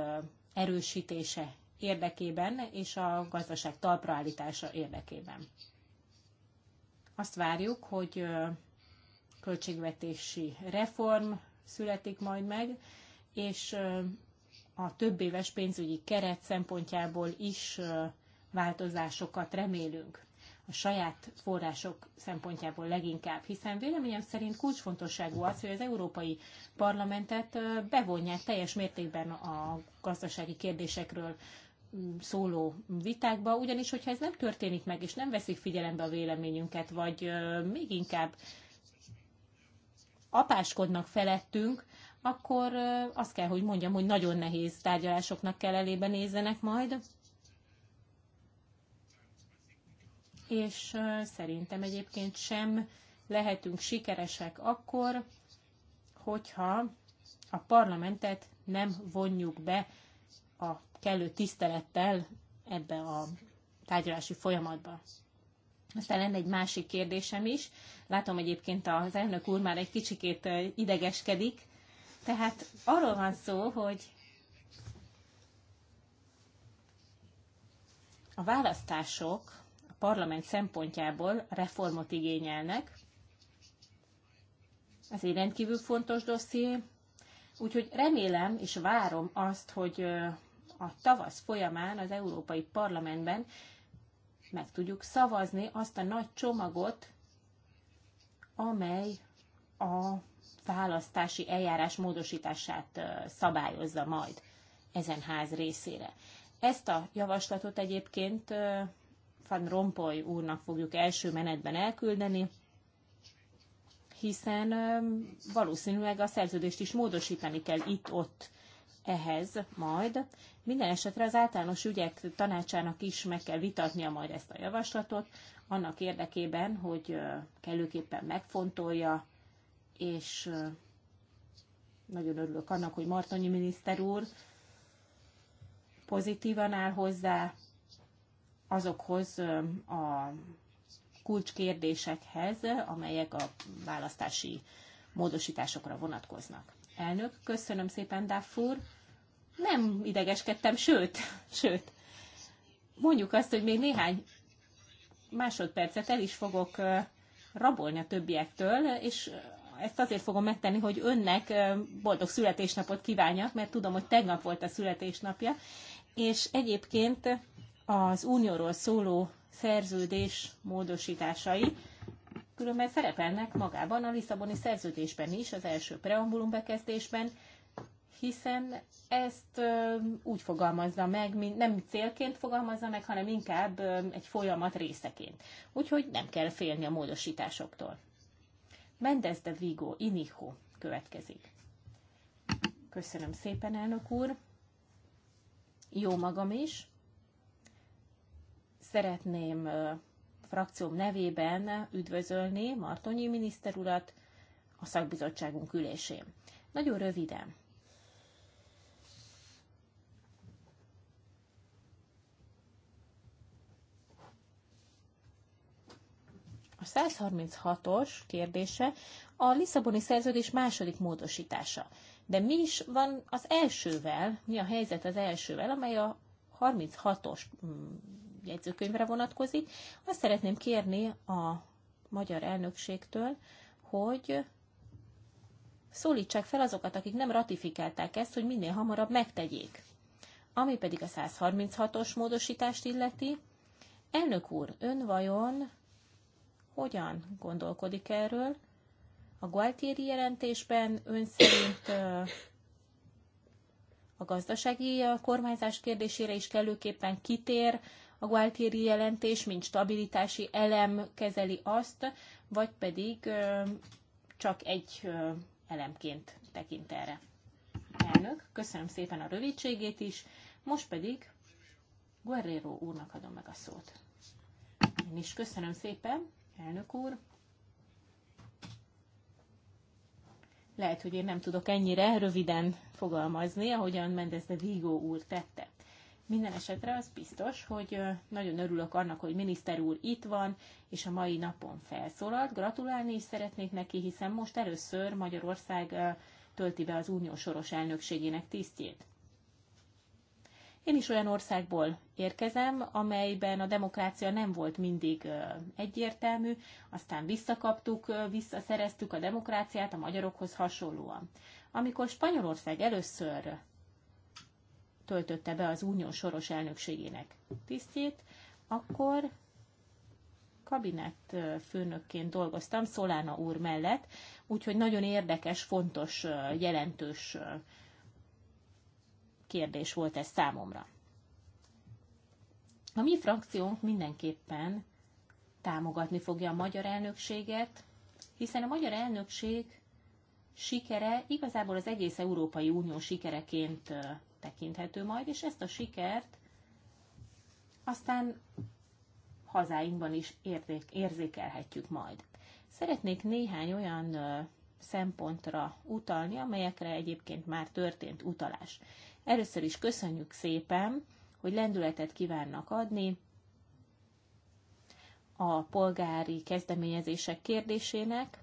erősítése érdekében és a gazdaság talpraállítása érdekében. Azt várjuk, hogy költségvetési reform születik majd meg, és a több éves pénzügyi keret szempontjából is változásokat remélünk. A saját források szempontjából leginkább, hiszen véleményem szerint kulcsfontosságú az, hogy az Európai Parlamentet bevonják teljes mértékben a gazdasági kérdésekről szóló vitákba, ugyanis hogyha ez nem történik meg, és nem veszik figyelembe a véleményünket, vagy még inkább apáskodnak felettünk, akkor azt kell, hogy mondjam, hogy nagyon nehéz tárgyalásoknak kell elébe nézzenek majd. És szerintem egyébként sem lehetünk sikeresek akkor, hogyha a parlamentet nem vonjuk be a kellő tisztelettel ebbe a tárgyalási folyamatba. Aztán lenne egy másik kérdésem is. Látom egyébként az elnök úr már egy kicsikét idegeskedik. Tehát arról van szó, hogy a választások a parlament szempontjából reformot igényelnek. Ez egy rendkívül fontos dosszié. Úgyhogy remélem és várom azt, hogy a tavasz folyamán az Európai Parlamentben meg tudjuk szavazni azt a nagy csomagot, amely a választási eljárás módosítását szabályozza majd ezen ház részére. Ezt a javaslatot egyébként Van Rompoy úrnak fogjuk első menetben elküldeni, hiszen valószínűleg a szerződést is módosítani kell itt-ott ehhez majd. Minden esetre az általános ügyek tanácsának is meg kell vitatnia majd ezt a javaslatot, annak érdekében, hogy kellőképpen megfontolja, és nagyon örülök annak, hogy Martonyi miniszter úr pozitívan áll hozzá azokhoz a kulcskérdésekhez, amelyek a választási módosításokra vonatkoznak. Elnök, köszönöm szépen, Daffur nem idegeskedtem, sőt, *laughs* sőt, mondjuk azt, hogy még néhány másodpercet el is fogok rabolni a többiektől, és ezt azért fogom megtenni, hogy önnek boldog születésnapot kívánjak, mert tudom, hogy tegnap volt a születésnapja, és egyébként az unióról szóló szerződés módosításai különben szerepelnek magában a Lisszaboni szerződésben is, az első preambulum bekezdésben, hiszen ezt úgy fogalmazza meg, mint nem célként fogalmazza meg, hanem inkább egy folyamat részeként. Úgyhogy nem kell félni a módosításoktól. Mendez de Vigo, Iniho következik. Köszönöm szépen, elnök úr. Jó magam is. Szeretném frakcióm nevében üdvözölni Martonyi miniszter urat a szakbizottságunk ülésén. Nagyon röviden 136-os kérdése a Lisszaboni szerződés második módosítása. De mi is van az elsővel, mi a helyzet az elsővel, amely a 36-os mm, jegyzőkönyvre vonatkozik. Azt szeretném kérni a magyar elnökségtől, hogy szólítsák fel azokat, akik nem ratifikálták ezt, hogy minél hamarabb megtegyék. Ami pedig a 136-os módosítást illeti, elnök úr, ön vajon hogyan gondolkodik erről. A Gualtieri jelentésben ön szerint a gazdasági kormányzás kérdésére is kellőképpen kitér a Gualtieri jelentés, mint stabilitási elem kezeli azt, vagy pedig csak egy elemként tekint erre. Elnök, köszönöm szépen a rövidségét is, most pedig Guerrero úrnak adom meg a szót. Én is köszönöm szépen. Elnök úr, lehet, hogy én nem tudok ennyire röviden fogalmazni, ahogyan Mendez de Vigo úr tette. Minden esetre az biztos, hogy nagyon örülök annak, hogy miniszter úr itt van, és a mai napon felszólalt. Gratulálni is szeretnék neki, hiszen most először Magyarország tölti be az unió soros elnökségének tisztjét. Én is olyan országból érkezem, amelyben a demokrácia nem volt mindig egyértelmű, aztán visszakaptuk, visszaszereztük a demokráciát a magyarokhoz hasonlóan. Amikor Spanyolország először töltötte be az unió soros elnökségének tisztjét, akkor kabinett főnökként dolgoztam Szolána úr mellett, úgyhogy nagyon érdekes, fontos, jelentős kérdés volt ez számomra. A mi frakciónk mindenképpen támogatni fogja a magyar elnökséget, hiszen a magyar elnökség sikere igazából az egész Európai Unió sikereként tekinthető majd, és ezt a sikert aztán hazáinkban is érzékelhetjük majd. Szeretnék néhány olyan szempontra utalni, amelyekre egyébként már történt utalás. Először is köszönjük szépen, hogy lendületet kívánnak adni a polgári kezdeményezések kérdésének,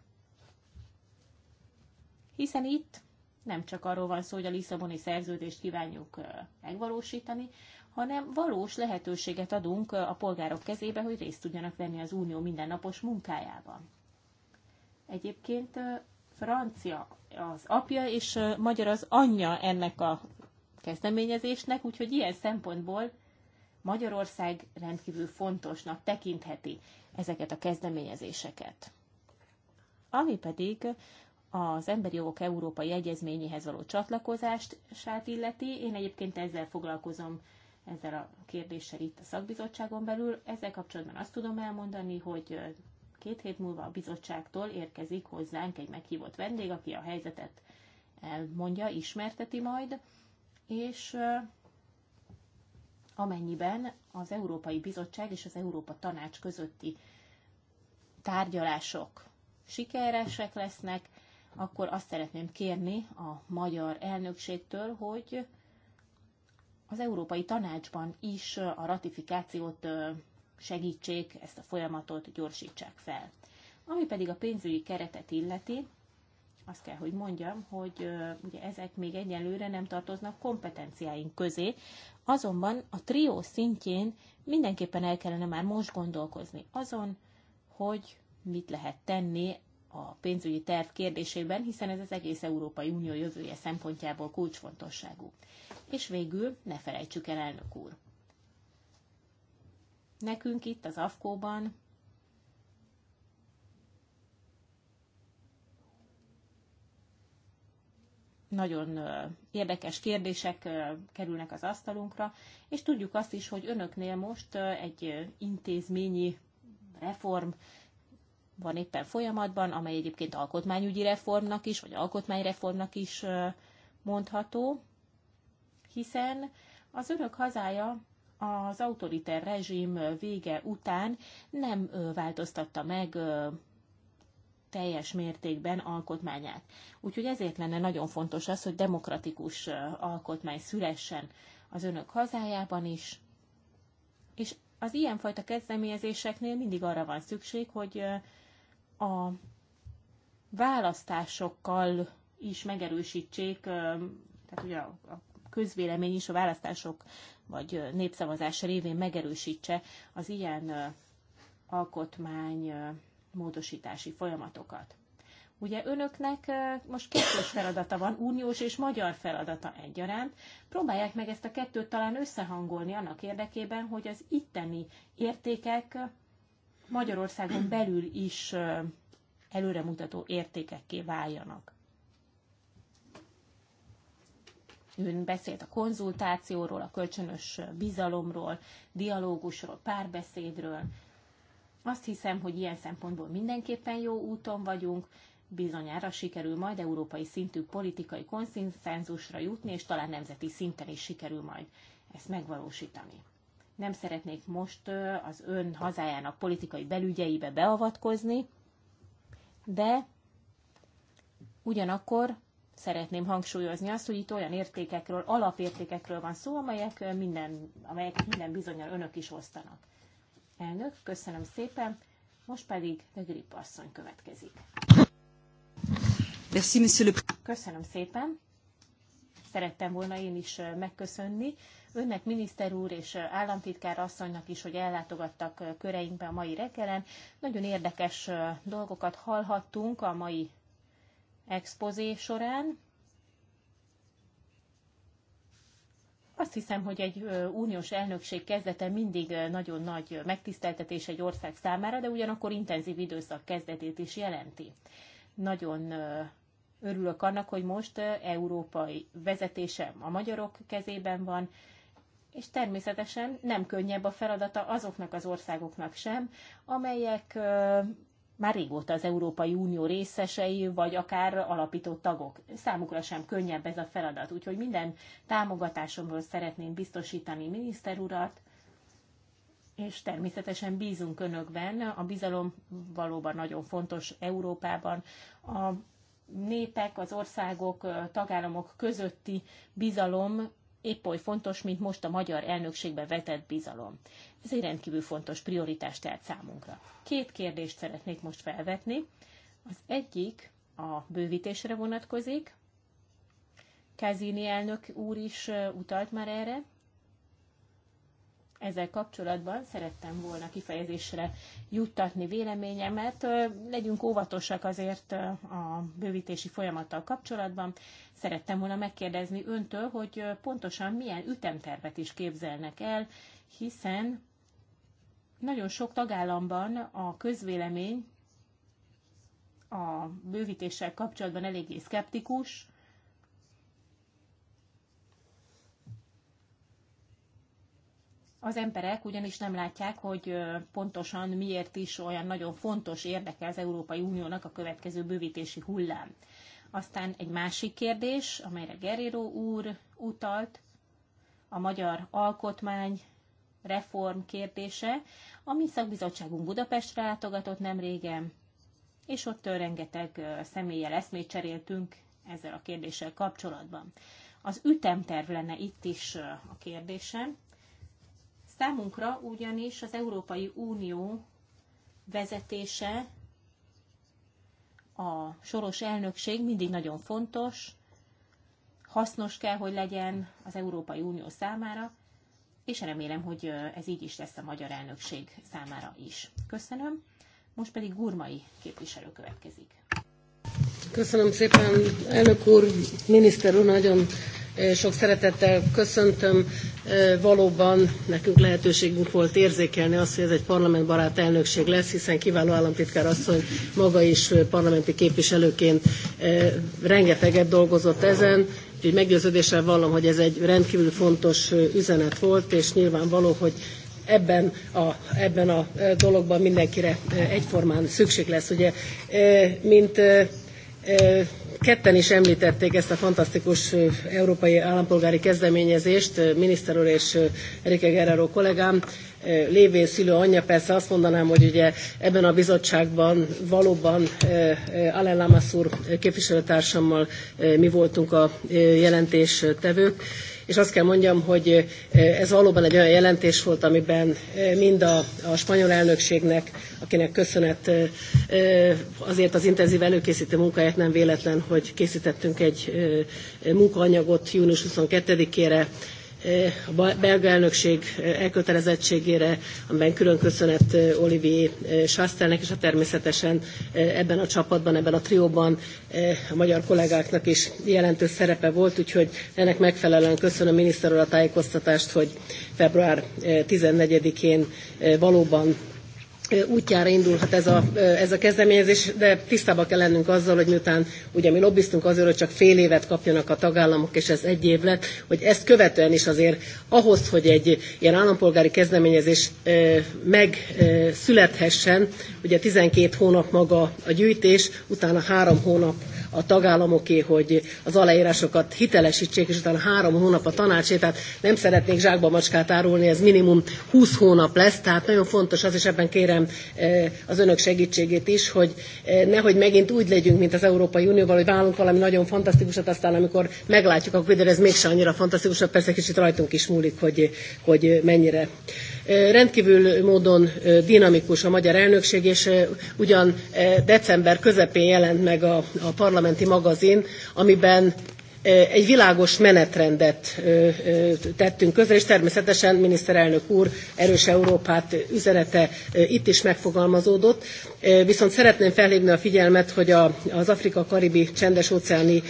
hiszen itt nem csak arról van szó, hogy a Lisszaboni szerződést kívánjuk megvalósítani, hanem valós lehetőséget adunk a polgárok kezébe, hogy részt tudjanak venni az unió mindennapos munkájában. Egyébként francia az apja, és magyar az anyja ennek a kezdeményezésnek, úgyhogy ilyen szempontból Magyarország rendkívül fontosnak tekintheti ezeket a kezdeményezéseket. Ami pedig az Emberi Jogok Európai Egyezményéhez való csatlakozását illeti, én egyébként ezzel foglalkozom ezzel a kérdéssel itt a szakbizottságon belül. Ezzel kapcsolatban azt tudom elmondani, hogy két hét múlva a bizottságtól érkezik hozzánk egy meghívott vendég, aki a helyzetet elmondja, ismerteti majd, és amennyiben az Európai Bizottság és az Európa Tanács közötti tárgyalások sikeresek lesznek, akkor azt szeretném kérni a magyar elnökségtől, hogy az Európai Tanácsban is a ratifikációt segítsék, ezt a folyamatot gyorsítsák fel. Ami pedig a pénzügyi keretet illeti, azt kell, hogy mondjam, hogy ugye ezek még egyelőre nem tartoznak kompetenciáink közé, azonban a trió szintjén mindenképpen el kellene már most gondolkozni azon, hogy mit lehet tenni a pénzügyi terv kérdésében, hiszen ez az egész Európai Unió jövője szempontjából kulcsfontosságú. És végül ne felejtsük el, elnök úr. Nekünk itt az AFKO-ban nagyon érdekes kérdések kerülnek az asztalunkra, és tudjuk azt is, hogy önöknél most egy intézményi reform van éppen folyamatban, amely egyébként alkotmányügyi reformnak is, vagy alkotmányreformnak is mondható, hiszen az örök hazája az autoriter rezsim vége után nem változtatta meg teljes mértékben alkotmányát. Úgyhogy ezért lenne nagyon fontos az, hogy demokratikus alkotmány szülessen az önök hazájában is, és az ilyenfajta kezdeményezéseknél mindig arra van szükség, hogy a választásokkal is megerősítsék, tehát ugye a közvélemény is a választások vagy népszavazás révén megerősítse az ilyen alkotmány módosítási folyamatokat. Ugye önöknek most kettős feladata van, uniós és magyar feladata egyaránt. Próbálják meg ezt a kettőt talán összehangolni annak érdekében, hogy az itteni értékek Magyarországon belül is előremutató értékekké váljanak. Ön beszélt a konzultációról, a kölcsönös bizalomról, dialógusról, párbeszédről, azt hiszem, hogy ilyen szempontból mindenképpen jó úton vagyunk, bizonyára sikerül majd európai szintű politikai konszenzusra jutni, és talán nemzeti szinten is sikerül majd ezt megvalósítani. Nem szeretnék most az ön hazájának politikai belügyeibe beavatkozni, de ugyanakkor szeretném hangsúlyozni azt, hogy itt olyan értékekről, alapértékekről van szó, amelyek minden, amelyek minden bizonyal önök is osztanak. Elnök, köszönöm szépen. Most pedig a Grip asszony következik. Merci, monsieur le... Köszönöm szépen. Szerettem volna én is megköszönni önnek, miniszter úr és államtitkár asszonynak is, hogy ellátogattak köreinkbe a mai reggelen. Nagyon érdekes dolgokat hallhattunk a mai expozé során. Azt hiszem, hogy egy uniós elnökség kezdete mindig nagyon nagy megtiszteltetés egy ország számára, de ugyanakkor intenzív időszak kezdetét is jelenti. Nagyon örülök annak, hogy most európai vezetése a magyarok kezében van, és természetesen nem könnyebb a feladata azoknak az országoknak sem, amelyek már régóta az Európai Unió részesei, vagy akár alapító tagok. Számukra sem könnyebb ez a feladat, úgyhogy minden támogatásomról szeretném biztosítani miniszterurat, és természetesen bízunk önökben. A bizalom valóban nagyon fontos Európában. A népek, az országok, tagállamok közötti bizalom épp oly fontos, mint most a magyar elnökségbe vetett bizalom. Ez egy rendkívül fontos prioritás tehát számunkra. Két kérdést szeretnék most felvetni. Az egyik a bővítésre vonatkozik. Kázini elnök úr is utalt már erre. Ezzel kapcsolatban szerettem volna kifejezésre juttatni véleményemet. Legyünk óvatosak azért a bővítési folyamattal kapcsolatban, Szerettem volna megkérdezni öntől, hogy pontosan milyen ütemtervet is képzelnek el, hiszen nagyon sok tagállamban a közvélemény a bővítéssel kapcsolatban eléggé szkeptikus, Az emberek ugyanis nem látják, hogy pontosan miért is olyan nagyon fontos érdeke az Európai Uniónak a következő bővítési hullám. Aztán egy másik kérdés, amelyre Geriro úr utalt, a magyar alkotmány reform kérdése, ami szakbizottságunk Budapestre látogatott nem régen, és ott rengeteg személlyel eszmét cseréltünk ezzel a kérdéssel kapcsolatban. Az ütemterv lenne itt is a kérdésem. Számunkra ugyanis az Európai Unió vezetése a soros elnökség mindig nagyon fontos, hasznos kell, hogy legyen az Európai Unió számára, és remélem, hogy ez így is lesz a magyar elnökség számára is. Köszönöm. Most pedig Gurmai képviselő következik. Köszönöm szépen, elnök úr, miniszter úr, nagyon sok szeretettel köszöntöm. Valóban nekünk lehetőségünk volt érzékelni azt, hogy ez egy parlamentbarát elnökség lesz, hiszen kiváló államtitkár asszony maga is parlamenti képviselőként rengeteget dolgozott ezen, úgyhogy meggyőződéssel vallom, hogy ez egy rendkívül fontos üzenet volt, és nyilvánvaló, hogy ebben a, ebben a dologban mindenkire egyformán szükség lesz. Ugye, mint Ketten is említették ezt a fantasztikus európai állampolgári kezdeményezést, miniszter úr és Erike Guerrero kollégám. Lévén szülő anyja persze azt mondanám, hogy ugye ebben a bizottságban valóban Alain Lamassur képviselőtársammal mi voltunk a jelentéstevők. tevők és azt kell mondjam, hogy ez valóban egy olyan jelentés volt, amiben mind a, a spanyol elnökségnek, akinek köszönet azért az intenzív előkészítő munkáját nem véletlen, hogy készítettünk egy munkaanyagot június 22-ére, a belga elnökség elkötelezettségére, amiben külön köszönet Olivier Sastelnek, és a természetesen ebben a csapatban, ebben a trióban a magyar kollégáknak is jelentős szerepe volt, úgyhogy ennek megfelelően köszönöm miniszter úr a tájékoztatást, hogy február 14-én valóban útjára indulhat ez a, ez a kezdeményezés, de tisztában kell lennünk azzal, hogy miután ugye mi lobbiztunk azért, hogy csak fél évet kapjanak a tagállamok, és ez egy év lett, hogy ezt követően is azért ahhoz, hogy egy ilyen állampolgári kezdeményezés megszülethessen, ugye 12 hónap maga a gyűjtés, utána három hónap a tagállamoké, hogy az aláírásokat hitelesítsék, és utána három hónap a tanácsé, tehát nem szeretnék zsákba macskát árulni, ez minimum 20 hónap lesz, tehát nagyon fontos az, és ebben kérem eh, az önök segítségét is, hogy eh, nehogy megint úgy legyünk, mint az Európai Unióval, hogy válunk valami nagyon fantasztikusat, aztán amikor meglátjuk, akkor ez mégsem annyira fantasztikus, persze kicsit rajtunk is múlik, hogy, hogy mennyire Rendkívül módon dinamikus a magyar elnökség, és ugyan december közepén jelent meg a, a parlamenti magazin, amiben egy világos menetrendet tettünk közre, és természetesen miniszterelnök úr erős Európát üzenete itt is megfogalmazódott. Viszont szeretném felhívni a figyelmet, hogy az Afrika-Karibi Csendes-óceáni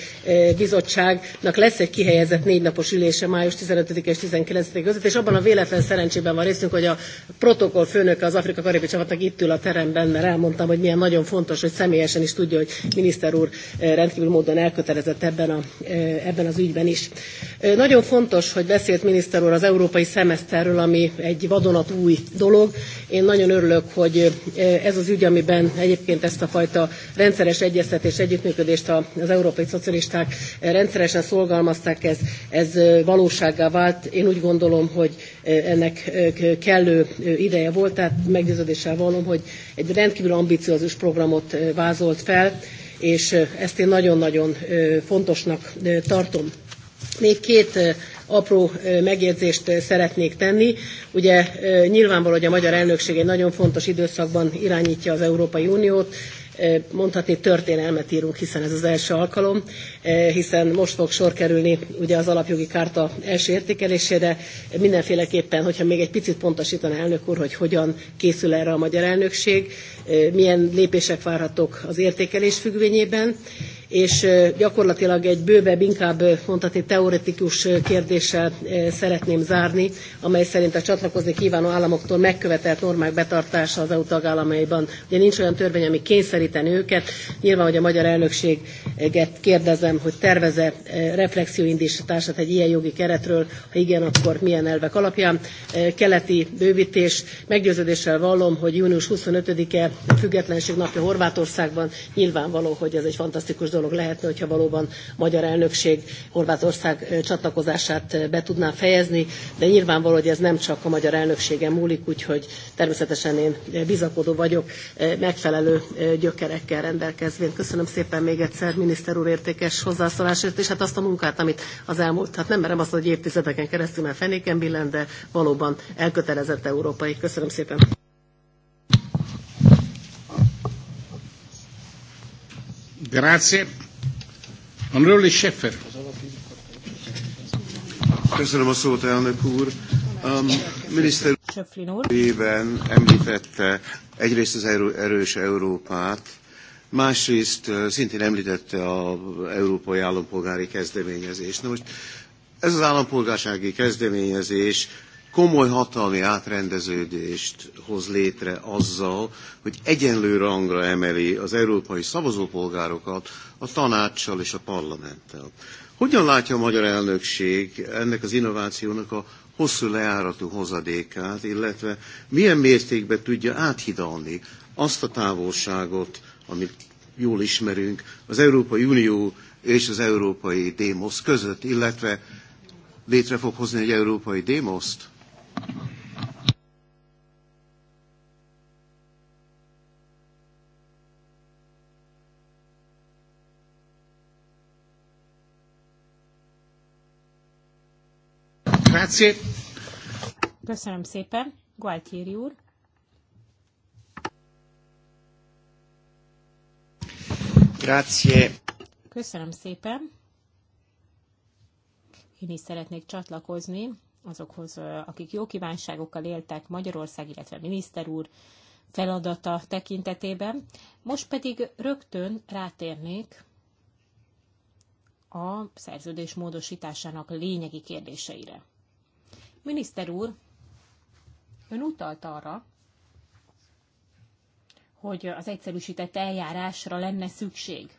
Bizottságnak lesz egy kihelyezett négy napos ülése május 15 és 19 között, és abban a véletlen szerencsében van részünk, hogy a protokoll főnöke az Afrika-Karibi csapatnak itt ül a teremben, mert elmondtam, hogy milyen nagyon fontos, hogy személyesen is tudja, hogy miniszter úr rendkívül módon elkötelezett ebben a ebben az ügyben is. Nagyon fontos, hogy beszélt miniszter úr az európai szemeszterről, ami egy új dolog. Én nagyon örülök, hogy ez az ügy, amiben egyébként ezt a fajta rendszeres egyeztetés, együttműködést az európai szocialisták rendszeresen szolgalmazták, ez, ez valósággá vált. Én úgy gondolom, hogy ennek kellő ideje volt, tehát meggyőződéssel vallom, hogy egy rendkívül ambiciózus programot vázolt fel, és ezt én nagyon-nagyon fontosnak tartom. Még két apró megjegyzést szeretnék tenni. Ugye nyilvánvaló, hogy a magyar elnökség egy nagyon fontos időszakban irányítja az Európai Uniót, mondhatni történelmet írunk, hiszen ez az első alkalom, hiszen most fog sor kerülni ugye az alapjogi kárta első értékelésére. Mindenféleképpen, hogyha még egy picit pontosítaná elnök úr, hogy hogyan készül erre a magyar elnökség, milyen lépések várhatók az értékelés függvényében, és gyakorlatilag egy bővebb, inkább mondhatni teoretikus kérdéssel szeretném zárni, amely szerint a csatlakozni kívánó államoktól megkövetelt normák betartása az EU tagállamaiban. Ugye nincs olyan törvény, ami kényszeríteni őket. Nyilván, hogy a magyar elnökséget kérdezem, hogy terveze reflexióindítását egy ilyen jogi keretről, ha igen, akkor milyen elvek alapján. Keleti bővítés, meggyőződéssel vallom, hogy június 25-e függetlenség napja Horvátországban nyilvánvaló, hogy ez egy fantasztikus dolog lehetne, hogyha valóban magyar elnökség Horvátország csatlakozását be tudná fejezni, de nyilvánvaló, hogy ez nem csak a magyar elnökségen múlik, úgyhogy természetesen én bizakodó vagyok megfelelő gyökerekkel rendelkezvén. Köszönöm szépen még egyszer miniszter úr értékes hozzászólásért, és hát azt a munkát, amit az elmúlt, hát nem merem azt, hogy évtizedeken keresztül már fenéken billen, de valóban elkötelezett európai. Köszönöm szépen. Grazie. Onorevole Scheffer. Köszönöm a szót, elnök úr. Um, miniszter úr említette egyrészt az erős Európát, másrészt uh, szintén említette az európai állampolgári kezdeményezést. Na most ez az állampolgársági kezdeményezés komoly hatalmi átrendeződést hoz létre azzal, hogy egyenlő rangra emeli az európai szavazópolgárokat a tanácssal és a parlamenttel. Hogyan látja a magyar elnökség ennek az innovációnak a hosszú leáratú hozadékát, illetve milyen mértékben tudja áthidalni azt a távolságot, amit jól ismerünk, az Európai Unió és az Európai Démosz között, illetve létre fog hozni egy Európai Démoszt? Grazie. Köszönöm szépen, Gualtieri úr. Grazie. Köszönöm szépen. Én is szeretnék csatlakozni azokhoz, akik jó kívánságokkal éltek Magyarország, illetve miniszter úr feladata tekintetében. Most pedig rögtön rátérnék a szerződés módosításának lényegi kérdéseire. Miniszter úr, ön utalt arra, hogy az egyszerűsített eljárásra lenne szükség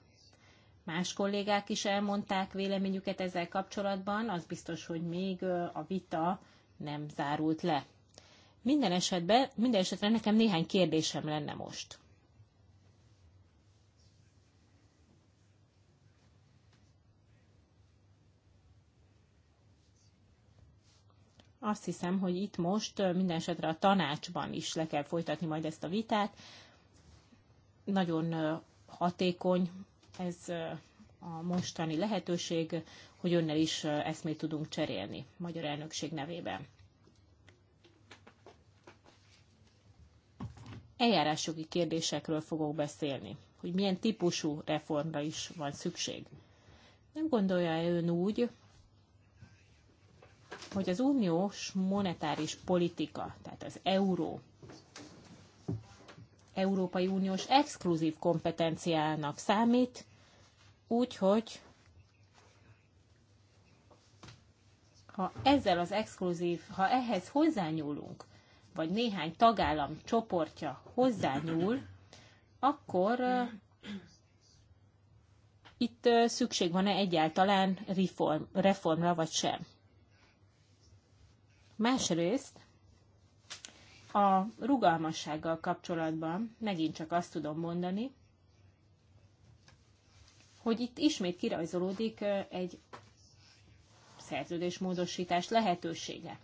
Más kollégák is elmondták véleményüket ezzel kapcsolatban, az biztos, hogy még a vita nem zárult le. Minden esetben, minden esetre nekem néhány kérdésem lenne most. azt hiszem, hogy itt most minden esetre a tanácsban is le kell folytatni majd ezt a vitát. Nagyon hatékony ez a mostani lehetőség, hogy önnel is eszmét tudunk cserélni magyar elnökség nevében. Eljárásjogi kérdésekről fogok beszélni, hogy milyen típusú reformra is van szükség. Nem gondolja-e ön úgy, hogy az uniós monetáris politika, tehát az euró Európai Uniós exkluzív kompetenciának számít, úgyhogy ha ezzel az exkluzív, ha ehhez hozzányúlunk, vagy néhány tagállam csoportja hozzányúl, akkor itt szükség van-e egyáltalán reform, reformra, vagy sem. Másrészt a rugalmassággal kapcsolatban megint csak azt tudom mondani, hogy itt ismét kirajzolódik egy szerződésmódosítás lehetősége.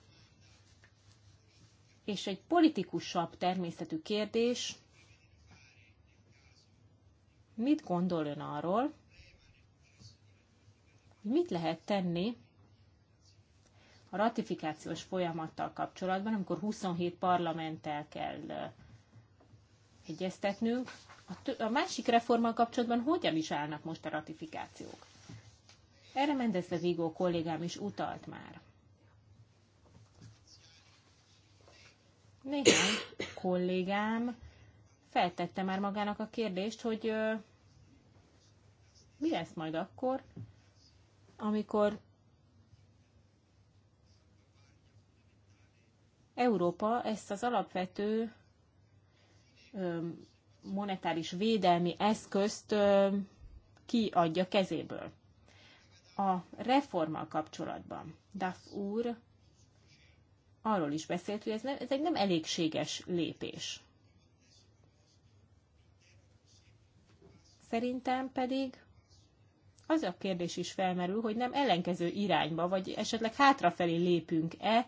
És egy politikusabb természetű kérdés, mit gondol ön arról, mit lehet tenni a ratifikációs folyamattal kapcsolatban, amikor 27 parlamenttel kell egyeztetnünk, a, a másik reformmal kapcsolatban hogyan is állnak most a ratifikációk? Erre Mendez de Vigo kollégám is utalt már. Néhány kollégám feltette már magának a kérdést, hogy ö, mi lesz majd akkor, amikor Európa ezt az alapvető monetáris védelmi eszközt kiadja kezéből. A reformmal kapcsolatban Duff úr arról is beszélt, hogy ez, nem, ez egy nem elégséges lépés. Szerintem pedig az a kérdés is felmerül, hogy nem ellenkező irányba, vagy esetleg hátrafelé lépünk-e,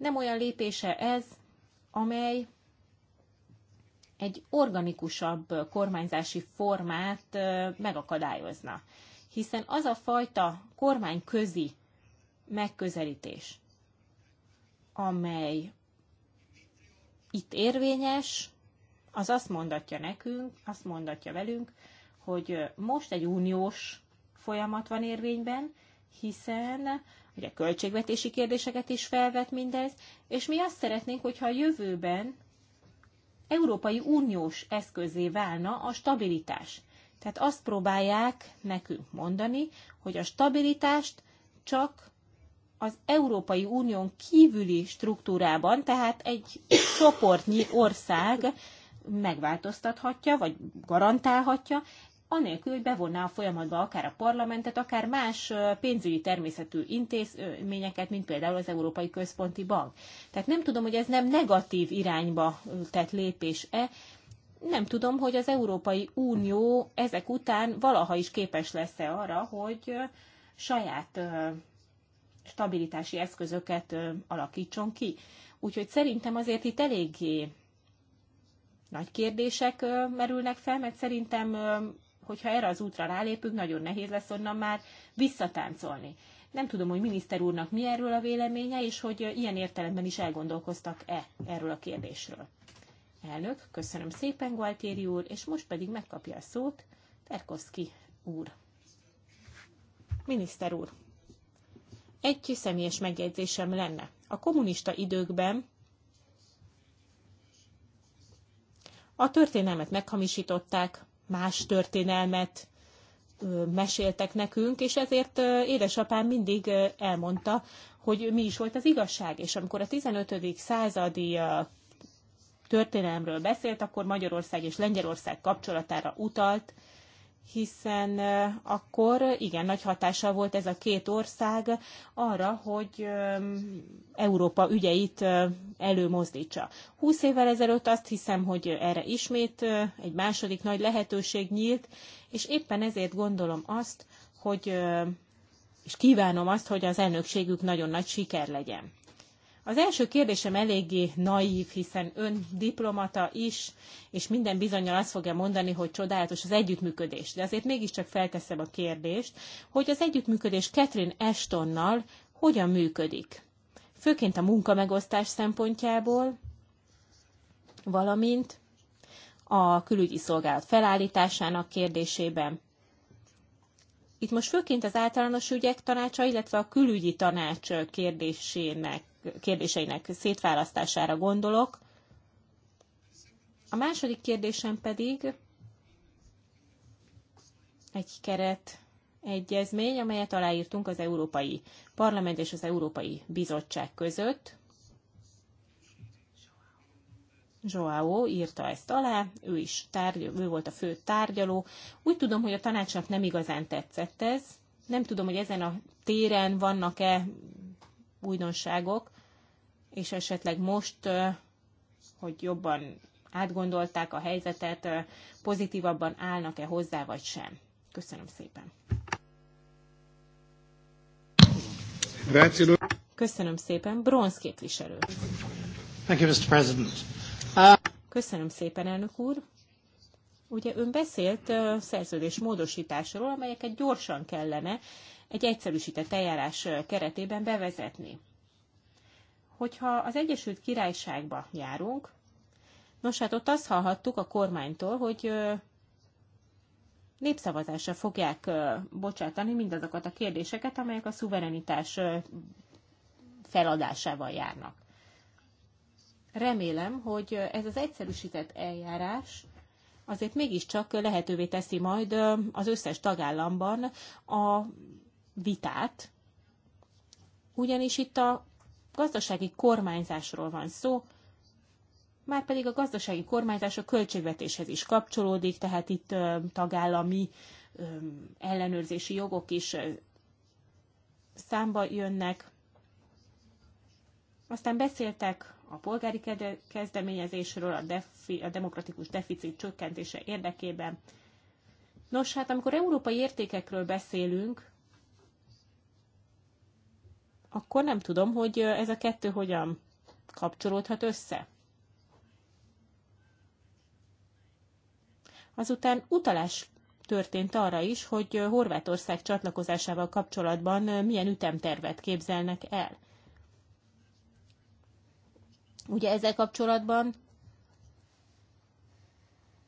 nem olyan lépése ez, amely egy organikusabb kormányzási formát megakadályozna. Hiszen az a fajta kormányközi megközelítés, amely itt érvényes, az azt mondatja nekünk, azt mondatja velünk, hogy most egy uniós folyamat van érvényben, hiszen a költségvetési kérdéseket is felvet mindez, és mi azt szeretnénk, hogyha a jövőben Európai Uniós eszközé válna a stabilitás. Tehát azt próbálják nekünk mondani, hogy a stabilitást csak az Európai Unión kívüli struktúrában, tehát egy csoportnyi ország megváltoztathatja, vagy garantálhatja, anélkül, hogy bevonná a folyamatba akár a parlamentet, akár más pénzügyi természetű intézményeket, mint például az Európai Központi Bank. Tehát nem tudom, hogy ez nem negatív irányba tett lépés-e, nem tudom, hogy az Európai Unió ezek után valaha is képes lesz-e arra, hogy saját stabilitási eszközöket alakítson ki. Úgyhogy szerintem azért itt eléggé nagy kérdések merülnek fel, mert szerintem hogyha erre az útra rálépünk, nagyon nehéz lesz onnan már visszatáncolni. Nem tudom, hogy miniszter úrnak mi erről a véleménye, és hogy ilyen értelemben is elgondolkoztak-e erről a kérdésről. Elnök, köszönöm szépen, Gualtéri úr, és most pedig megkapja a szót Terkoszki úr. Miniszter úr, egy személyes megjegyzésem lenne. A kommunista időkben a történelmet meghamisították, más történelmet meséltek nekünk, és ezért édesapám mindig elmondta, hogy mi is volt az igazság. És amikor a 15. századi történelemről beszélt, akkor Magyarország és Lengyelország kapcsolatára utalt, hiszen akkor igen nagy hatással volt ez a két ország arra, hogy Európa ügyeit előmozdítsa. Húsz évvel ezelőtt azt hiszem, hogy erre ismét egy második nagy lehetőség nyílt, és éppen ezért gondolom azt, hogy és kívánom azt, hogy az elnökségük nagyon nagy siker legyen. Az első kérdésem eléggé naív, hiszen ön diplomata is, és minden bizonyal azt fogja mondani, hogy csodálatos az együttműködés. De azért mégiscsak felteszem a kérdést, hogy az együttműködés Catherine Ashtonnal hogyan működik. Főként a munkamegosztás szempontjából, valamint a külügyi szolgálat felállításának kérdésében. Itt most főként az általános ügyek tanácsa, illetve a külügyi tanács kérdésének kérdéseinek szétválasztására gondolok. A második kérdésem pedig egy keret egyezmény, amelyet aláírtunk az Európai Parlament és az Európai Bizottság között. Joao írta ezt alá, ő is tárgy, ő volt a fő tárgyaló. Úgy tudom, hogy a tanácsnak nem igazán tetszett ez. Nem tudom, hogy ezen a téren vannak-e újdonságok, és esetleg most, hogy jobban átgondolták a helyzetet, pozitívabban állnak-e hozzá, vagy sem. Köszönöm szépen. Köszönöm szépen. Bronz képviselő. Thank you, Mr. President. Köszönöm szépen, elnök úr. Ugye ön beszélt szerződés módosításról, amelyeket gyorsan kellene egy egyszerűsített eljárás keretében bevezetni. Hogyha az Egyesült Királyságba járunk, nos hát ott azt hallhattuk a kormánytól, hogy népszavazásra fogják bocsátani mindazokat a kérdéseket, amelyek a szuverenitás feladásával járnak. Remélem, hogy ez az egyszerűsített eljárás azért mégiscsak lehetővé teszi majd az összes tagállamban a vitát, ugyanis itt a gazdasági kormányzásról van szó, már pedig a gazdasági kormányzás a költségvetéshez is kapcsolódik, tehát itt tagállami ellenőrzési jogok is számba jönnek. Aztán beszéltek a polgári kezdeményezésről, a, defi, a demokratikus deficit csökkentése érdekében. Nos, hát amikor európai értékekről beszélünk, akkor nem tudom, hogy ez a kettő hogyan kapcsolódhat össze. Azután utalás történt arra is, hogy Horvátország csatlakozásával kapcsolatban milyen ütemtervet képzelnek el. Ugye ezzel kapcsolatban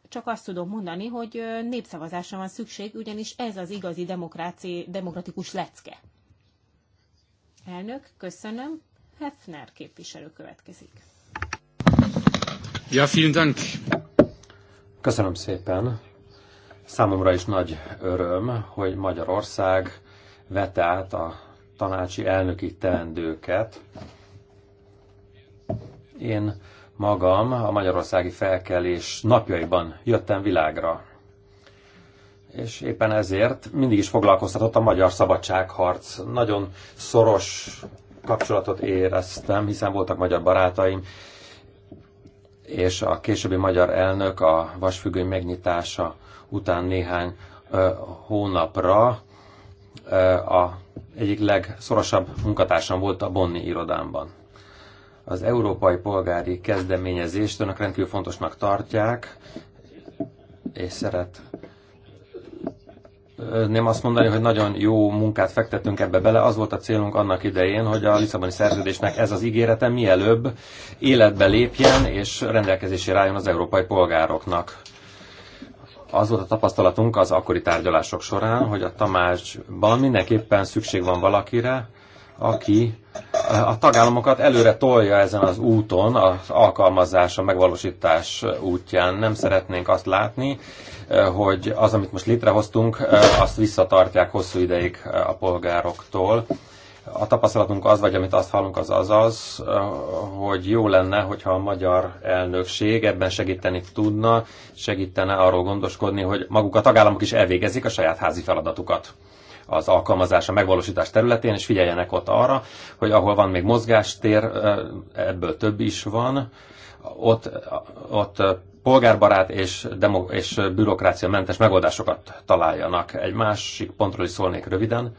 csak azt tudom mondani, hogy népszavazásra van szükség, ugyanis ez az igazi demokráci, demokratikus lecke. Elnök, köszönöm. Hefner képviselő következik. Ja, vielen Dank. Köszönöm szépen. Számomra is nagy öröm, hogy Magyarország vette át a tanácsi elnöki teendőket. Én magam a magyarországi felkelés napjaiban jöttem világra és éppen ezért mindig is foglalkoztatott a magyar szabadságharc. Nagyon szoros kapcsolatot éreztem, hiszen voltak magyar barátaim, és a későbbi magyar elnök a vasfüggöny megnyitása után néhány ö, hónapra ö, a egyik legszorosabb munkatársam volt a Bonni irodámban. Az európai polgári kezdeményezést önök rendkívül fontosnak tartják, és szeret nem azt mondani, hogy nagyon jó munkát fektettünk ebbe bele. Az volt a célunk annak idején, hogy a Lisszaboni szerződésnek ez az ígérete mielőbb életbe lépjen és rendelkezésére álljon az európai polgároknak. Az volt a tapasztalatunk az akkori tárgyalások során, hogy a Tamásban mindenképpen szükség van valakire, aki eh, a tagállamokat előre tolja ezen az úton, az alkalmazás, a megvalósítás útján. Nem szeretnénk azt látni, eh, hogy az, amit most létrehoztunk, eh, azt visszatartják hosszú ideig a polgároktól. A tapasztalatunk az, vagy amit azt hallunk, az az az, hogy jó lenne, hogyha a magyar elnökség ebben segíteni tudna, segítene arról gondoskodni, hogy maguk a tagállamok is elvégezik a saját házi feladatukat az alkalmazása megvalósítás területén, és figyeljenek ott arra, hogy ahol van még mozgástér, ebből több is van, ott, ott polgárbarát és, demo, és bürokrácia mentes megoldásokat találjanak. Egy másik pontról is szólnék röviden,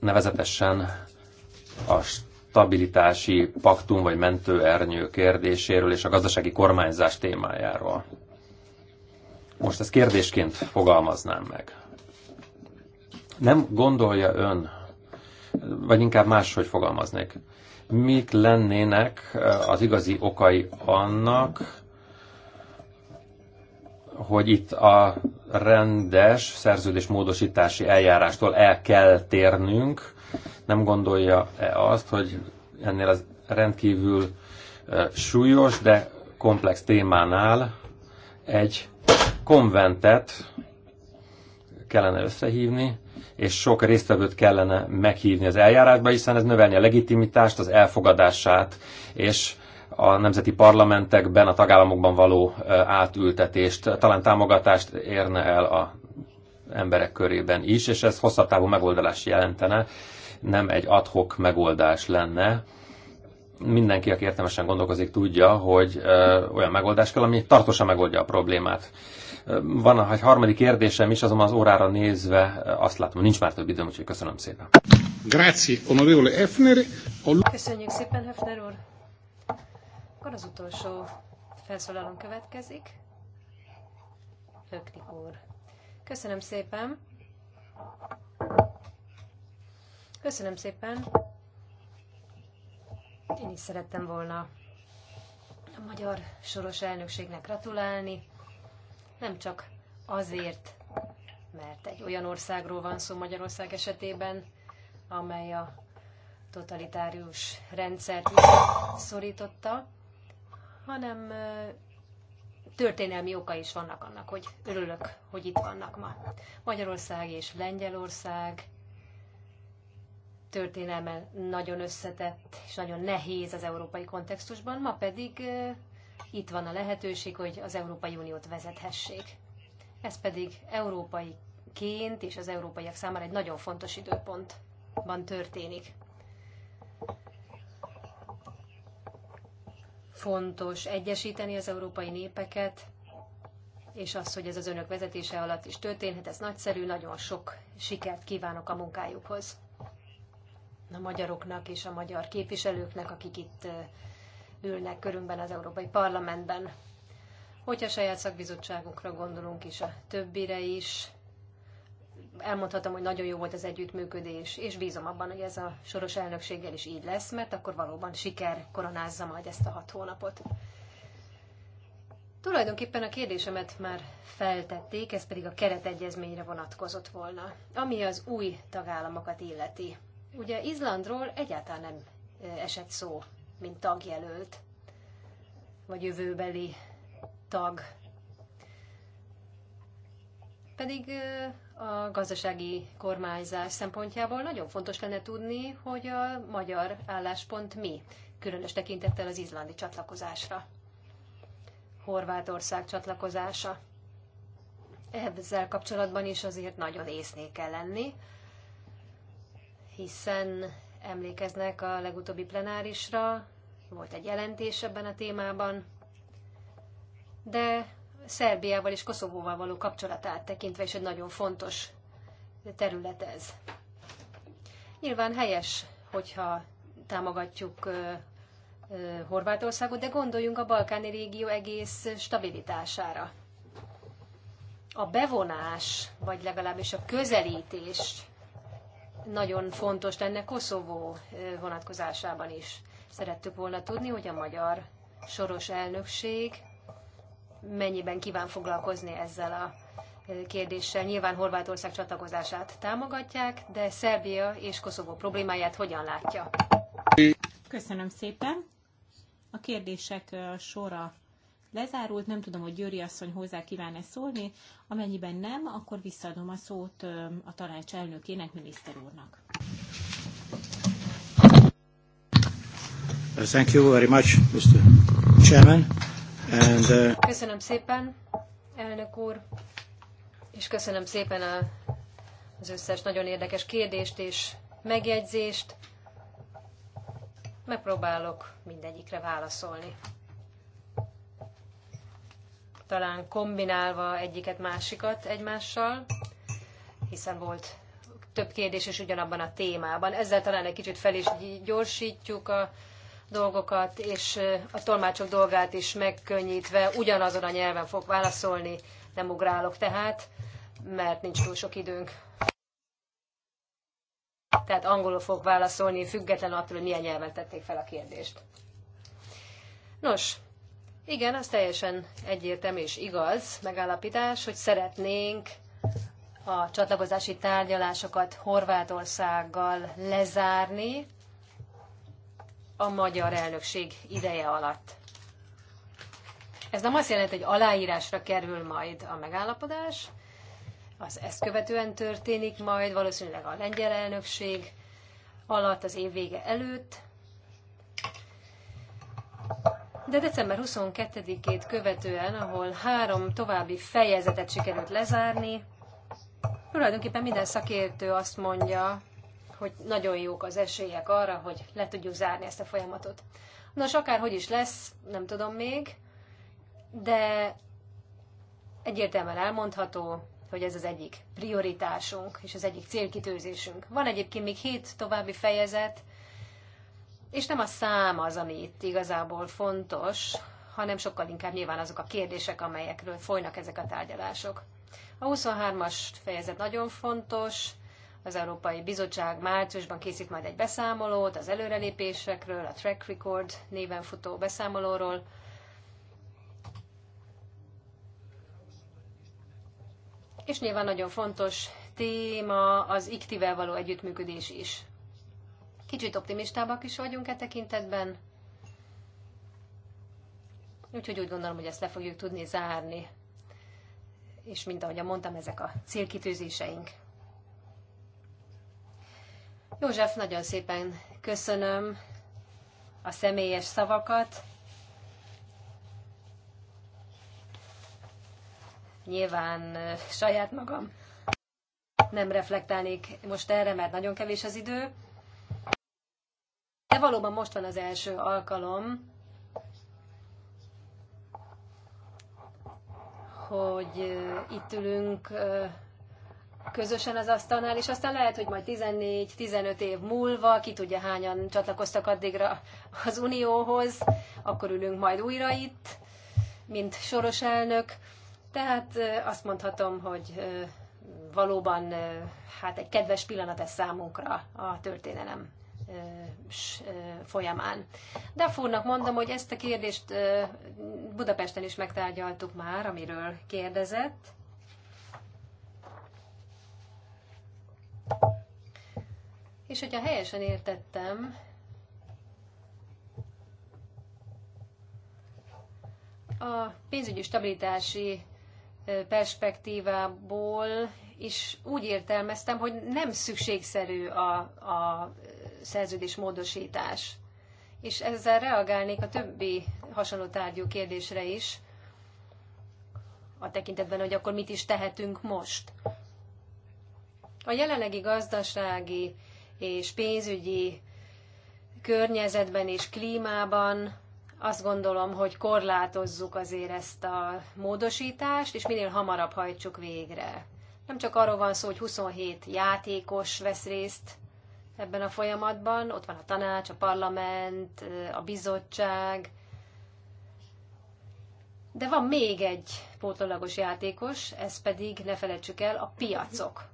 nevezetesen a stabilitási paktum vagy mentőernyő kérdéséről és a gazdasági kormányzás témájáról. Most ezt kérdésként fogalmaznám meg. Nem gondolja ön, vagy inkább máshogy fogalmaznék, mik lennének eh, az igazi okai annak, hogy itt a rendes szerződésmódosítási eljárástól el kell térnünk, nem gondolja-e azt, hogy ennél az rendkívül eh, súlyos, de komplex témánál egy konventet kellene összehívni, és sok résztvevőt kellene meghívni az eljárásba, hiszen ez növelni a legitimitást, az elfogadását, és a nemzeti parlamentekben, a tagállamokban való átültetést, talán támogatást érne el a emberek körében is, és ez hosszabb távú megoldás jelentene, nem egy adhok megoldás lenne. Mindenki, aki értelmesen gondolkozik, tudja, hogy ö, olyan megoldás kell, ami tartósan megoldja a problémát. Van egy harmadik kérdésem is, azonban az órára nézve eh, azt látom, nincs már több időm, úgyhogy köszönöm szépen. Grazie, onorevole Hefner. Köszönjük szépen, Hefner úr. Akkor az utolsó felszólalom következik. Höknik úr. Köszönöm szépen. Köszönöm szépen. Én is szerettem volna a magyar soros elnökségnek gratulálni nem csak azért, mert egy olyan országról van szó Magyarország esetében, amely a totalitárius rendszert szorította, hanem történelmi oka is vannak annak, hogy örülök, hogy itt vannak ma. Magyarország és Lengyelország történelme nagyon összetett és nagyon nehéz az európai kontextusban, ma pedig itt van a lehetőség, hogy az Európai Uniót vezethessék. Ez pedig európaiként és az európaiak számára egy nagyon fontos időpontban történik. Fontos egyesíteni az európai népeket, és az, hogy ez az önök vezetése alatt is történhet, ez nagyszerű, nagyon sok sikert kívánok a munkájukhoz. A magyaroknak és a magyar képviselőknek, akik itt eh, ülnek körünkben az Európai Parlamentben. Hogyha saját szakbizottságunkra gondolunk is, a többire is, elmondhatom, hogy nagyon jó volt az együttműködés, és bízom abban, hogy ez a soros elnökséggel is így lesz, mert akkor valóban siker koronázza majd ezt a hat hónapot. Tulajdonképpen a kérdésemet már feltették, ez pedig a keretegyezményre vonatkozott volna, ami az új tagállamokat illeti. Ugye Izlandról egyáltalán nem eh, esett szó mint tagjelölt, vagy jövőbeli tag. Pedig a gazdasági kormányzás szempontjából nagyon fontos lenne tudni, hogy a magyar álláspont mi, különös tekintettel az izlandi csatlakozásra. Horvátország csatlakozása. Ezzel kapcsolatban is azért nagyon észnék kell lenni, hiszen emlékeznek a legutóbbi plenárisra, volt egy jelentés ebben a témában, de Szerbiával és Koszovóval való kapcsolatát tekintve is egy nagyon fontos terület ez. Nyilván helyes, hogyha támogatjuk Horvátországot, de gondoljunk a balkáni régió egész stabilitására. A bevonás, vagy legalábbis a közelítés nagyon fontos lenne Koszovó vonatkozásában is. Szerettük volna tudni, hogy a magyar soros elnökség mennyiben kíván foglalkozni ezzel a kérdéssel. Nyilván Horvátország csatlakozását támogatják, de Szerbia és Koszovó problémáját hogyan látja? Köszönöm szépen. A kérdések sora lezárult. Nem tudom, hogy Győri asszony hozzá kíván-e szólni. Amennyiben nem, akkor visszaadom a szót a tanács elnökének, miniszter úrnak. Uh, thank you very much, Mr. Chairman. And, uh... Köszönöm szépen, elnök úr, és köszönöm szépen a, az összes nagyon érdekes kérdést és megjegyzést. Megpróbálok mindegyikre válaszolni talán kombinálva egyiket másikat egymással, hiszen volt több kérdés is ugyanabban a témában. Ezzel talán egy kicsit fel is gyorsítjuk a dolgokat, és a tolmácsok dolgát is megkönnyítve ugyanazon a nyelven fog válaszolni, nem ugrálok tehát, mert nincs túl sok időnk. Tehát angolul fog válaszolni, független attól, hogy milyen nyelven tették fel a kérdést. Nos, igen, az teljesen egyértelmű és igaz megállapítás, hogy szeretnénk a csatlakozási tárgyalásokat Horvátországgal lezárni a magyar elnökség ideje alatt. Ez nem azt jelenti, hogy aláírásra kerül majd a megállapodás, az ezt követően történik majd, valószínűleg a lengyel elnökség alatt, az év vége előtt, de december 22-ét követően, ahol három további fejezetet sikerült lezárni, tulajdonképpen minden szakértő azt mondja, hogy nagyon jók az esélyek arra, hogy le tudjuk zárni ezt a folyamatot. Nos, akárhogy is lesz, nem tudom még, de egyértelműen elmondható, hogy ez az egyik prioritásunk és az egyik célkitőzésünk. Van egyébként még hét további fejezet, és nem a szám az, ami itt igazából fontos, hanem sokkal inkább nyilván azok a kérdések, amelyekről folynak ezek a tárgyalások. A 23-as fejezet nagyon fontos, az Európai Bizottság márciusban készít majd egy beszámolót az előrelépésekről, a track record néven futó beszámolóról. És nyilván nagyon fontos téma az iktivel való együttműködés is. Kicsit optimistábbak is vagyunk e tekintetben, úgyhogy úgy gondolom, hogy ezt le fogjuk tudni zárni. És mint ahogy mondtam, ezek a célkitűzéseink. József, nagyon szépen köszönöm a személyes szavakat. Nyilván saját magam nem reflektálnék most erre, mert nagyon kevés az idő. De valóban most van az első alkalom, hogy itt ülünk közösen az asztalnál, és aztán lehet, hogy majd 14-15 év múlva, ki tudja hányan csatlakoztak addigra az Unióhoz, akkor ülünk majd újra itt, mint soros elnök. Tehát azt mondhatom, hogy valóban hát egy kedves pillanat ez számunkra a történelem folyamán. De fúrnak, mondom, hogy ezt a kérdést Budapesten is megtárgyaltuk már, amiről kérdezett. És hogyha helyesen értettem, a pénzügyi stabilitási perspektívából és úgy értelmeztem, hogy nem szükségszerű a, a szerződés módosítás. És ezzel reagálnék a többi hasonló tárgyú kérdésre is, a tekintetben, hogy akkor mit is tehetünk most. A jelenlegi gazdasági és pénzügyi környezetben és klímában azt gondolom, hogy korlátozzuk azért ezt a módosítást, és minél hamarabb hajtsuk végre. Nem csak arról van szó, hogy 27 játékos vesz részt ebben a folyamatban, ott van a tanács, a parlament, a bizottság, de van még egy pótlólagos játékos, ez pedig, ne felejtsük el, a piacok.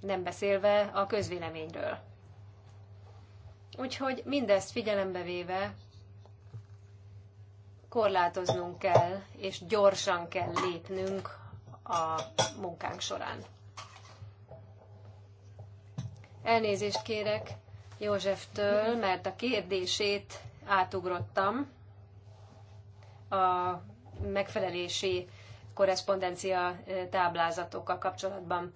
Nem beszélve a közvéleményről. Úgyhogy mindezt figyelembe véve korlátoznunk kell, és gyorsan kell lépnünk a munkánk során. Elnézést kérek Józseftől, mert a kérdését átugrottam a megfelelési korrespondencia eh, táblázatokkal kapcsolatban.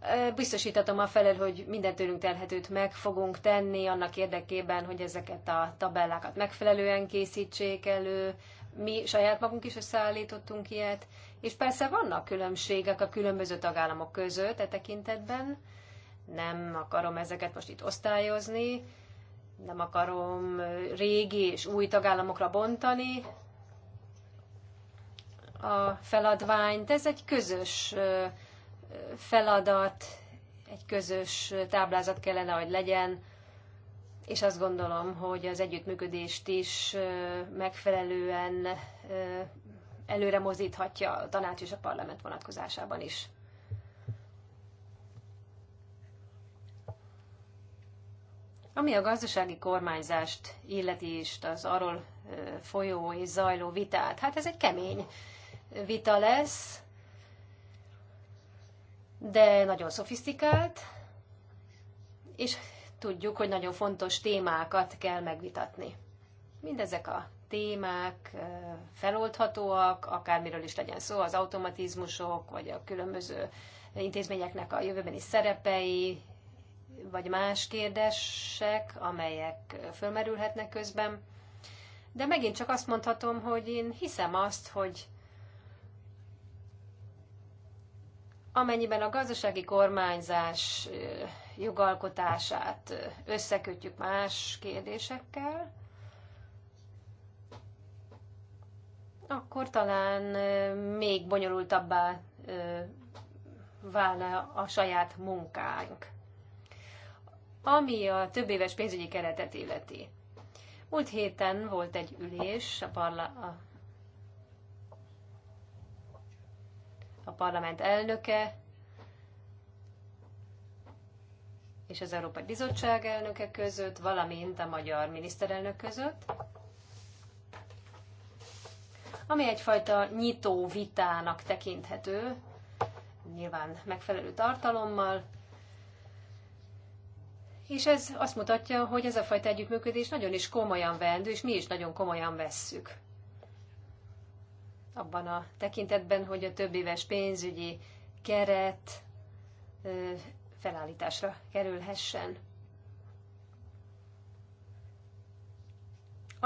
Eh, biztosítatom a felel, hogy minden tőlünk telhetőt meg fogunk tenni annak érdekében, hogy ezeket a tabellákat megfelelően készítsék elő. Mi saját magunk is összeállítottunk ilyet, és persze vannak különbségek a különböző tagállamok között e tekintetben, nem akarom ezeket most itt osztályozni, nem akarom régi és új tagállamokra bontani a feladványt. Ez egy közös feladat, egy közös táblázat kellene, hogy legyen, és azt gondolom, hogy az együttműködést is megfelelően előre mozíthatja a tanács és a parlament vonatkozásában is. Ami a gazdasági kormányzást illeti is, az arról folyó és zajló vitát, hát ez egy kemény vita lesz, de nagyon szofisztikált, és tudjuk, hogy nagyon fontos témákat kell megvitatni. Mindezek a témák feloldhatóak, akármiről is legyen szó, az automatizmusok, vagy a különböző intézményeknek a jövőbeni szerepei, vagy más kérdések, amelyek fölmerülhetnek közben. De megint csak azt mondhatom, hogy én hiszem azt, hogy amennyiben a gazdasági kormányzás jogalkotását összekötjük más kérdésekkel, akkor talán még bonyolultabbá válna a saját munkánk. Ami a több éves pénzügyi keretet illeti. Múlt héten volt egy ülés a, parla- a, a parlament elnöke és az Európai Bizottság elnöke között, valamint a magyar miniszterelnök között ami egyfajta nyitó vitának tekinthető, nyilván megfelelő tartalommal, és ez azt mutatja, hogy ez a fajta együttműködés nagyon is komolyan vendő, és mi is nagyon komolyan vesszük. Abban a tekintetben, hogy a több éves pénzügyi keret felállításra kerülhessen.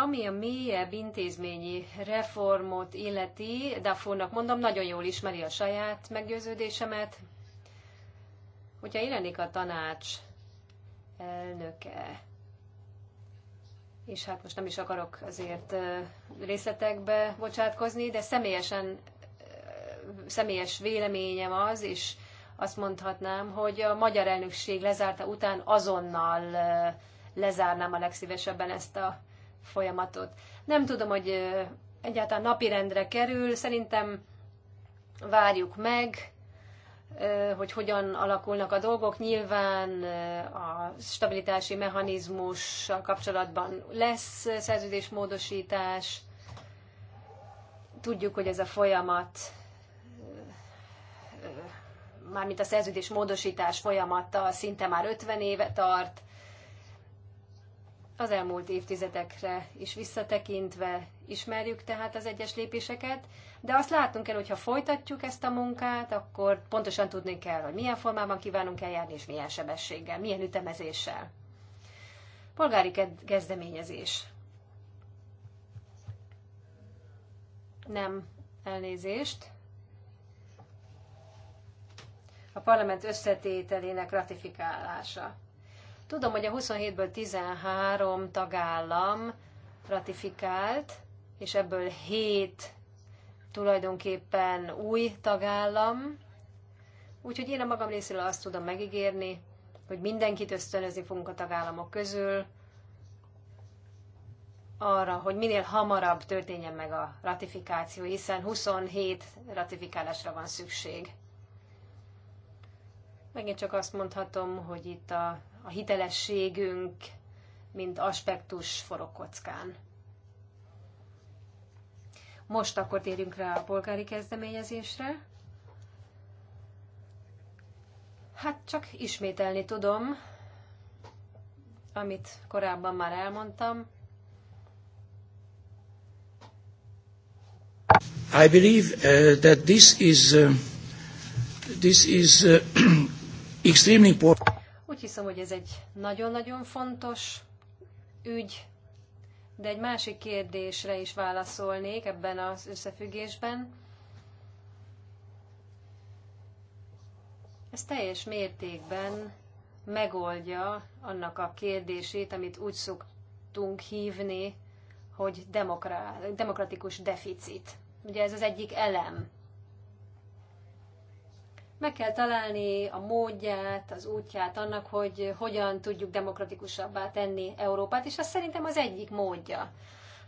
Ami a mélyebb intézményi reformot illeti, Dafónak mondom, nagyon jól ismeri a saját meggyőződésemet. Hogyha jelenik a tanács elnöke, és hát most nem is akarok azért részletekbe bocsátkozni, de személyesen, személyes véleményem az, és azt mondhatnám, hogy a magyar elnökség lezárta után azonnal lezárnám a legszívesebben ezt a folyamatot. Nem tudom, hogy egyáltalán napirendre kerül, szerintem várjuk meg, hogy hogyan alakulnak a dolgok. Nyilván a stabilitási mechanizmussal kapcsolatban lesz szerződésmódosítás. Tudjuk, hogy ez a folyamat, mármint a szerződésmódosítás folyamata szinte már 50 éve tart, az elmúlt évtizedekre is visszatekintve ismerjük tehát az egyes lépéseket, de azt látunk kell, hogy ha folytatjuk ezt a munkát, akkor pontosan tudni kell, hogy milyen formában kívánunk eljárni, és milyen sebességgel, milyen ütemezéssel. Polgári kezdeményezés. Nem elnézést. A parlament összetételének ratifikálása. Tudom, hogy a 27-ből 13 tagállam ratifikált, és ebből 7 tulajdonképpen új tagállam. Úgyhogy én a magam részéről azt tudom megígérni, hogy mindenkit ösztönözni fogunk a tagállamok közül arra, hogy minél hamarabb történjen meg a ratifikáció, hiszen 27 ratifikálásra van szükség. Megint csak azt mondhatom, hogy itt a a hitelességünk, mint aspektus forog kockán. Most akkor térjünk rá a polgári kezdeményezésre. Hát csak ismételni tudom, amit korábban már elmondtam. I believe uh, that this is uh, this is uh, *clears throat* extremely important. Úgy hiszem, hogy ez egy nagyon-nagyon fontos ügy, de egy másik kérdésre is válaszolnék ebben az összefüggésben. Ez teljes mértékben megoldja annak a kérdését, amit úgy szoktunk hívni, hogy demokra- demokratikus deficit. Ugye ez az egyik elem meg kell találni a módját, az útját annak, hogy hogyan tudjuk demokratikusabbá tenni Európát, és ez szerintem az egyik módja.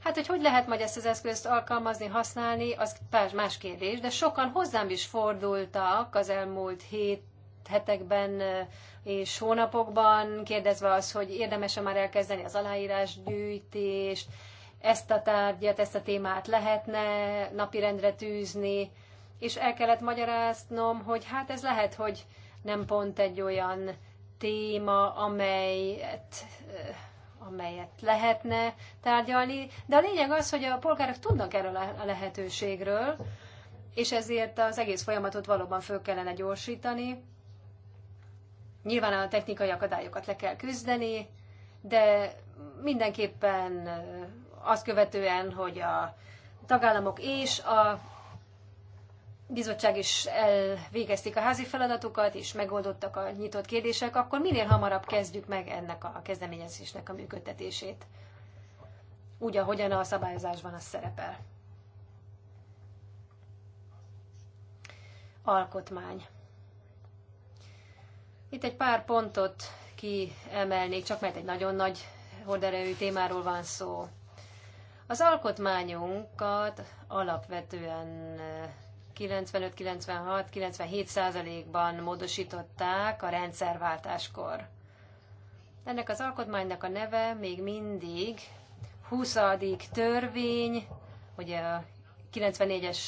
Hát, hogy hogy lehet majd ezt az eszközt alkalmazni, használni, az más kérdés, de sokan hozzám is fordultak az elmúlt hét hetekben eh, és hónapokban, kérdezve az, hogy érdemese már elkezdeni az gyűjtést, ezt a tárgyat, ezt a témát lehetne napirendre tűzni, és el kellett magyaráznom, hogy hát ez lehet, hogy nem pont egy olyan téma, amelyet, eh, amelyet lehetne tárgyalni, de a lényeg az, hogy a polgárok tudnak erről a lehetőségről, és ezért az egész folyamatot valóban föl kellene gyorsítani. Nyilván a technikai akadályokat le kell küzdeni, de mindenképpen eh, azt követően, hogy a tagállamok és a bizottság is elvégezték a házi feladatokat, és megoldottak a nyitott kérdések, akkor minél hamarabb kezdjük meg ennek a kezdeményezésnek a működtetését. Úgy, ahogyan a szabályozásban az szerepel. Alkotmány. Itt egy pár pontot kiemelnék, csak mert egy nagyon nagy horderejű témáról van szó. Az alkotmányunkat alapvetően 95-96-97 százalékban módosították a rendszerváltáskor. Ennek az alkotmánynak a neve még mindig 20. törvény, ugye a 94-es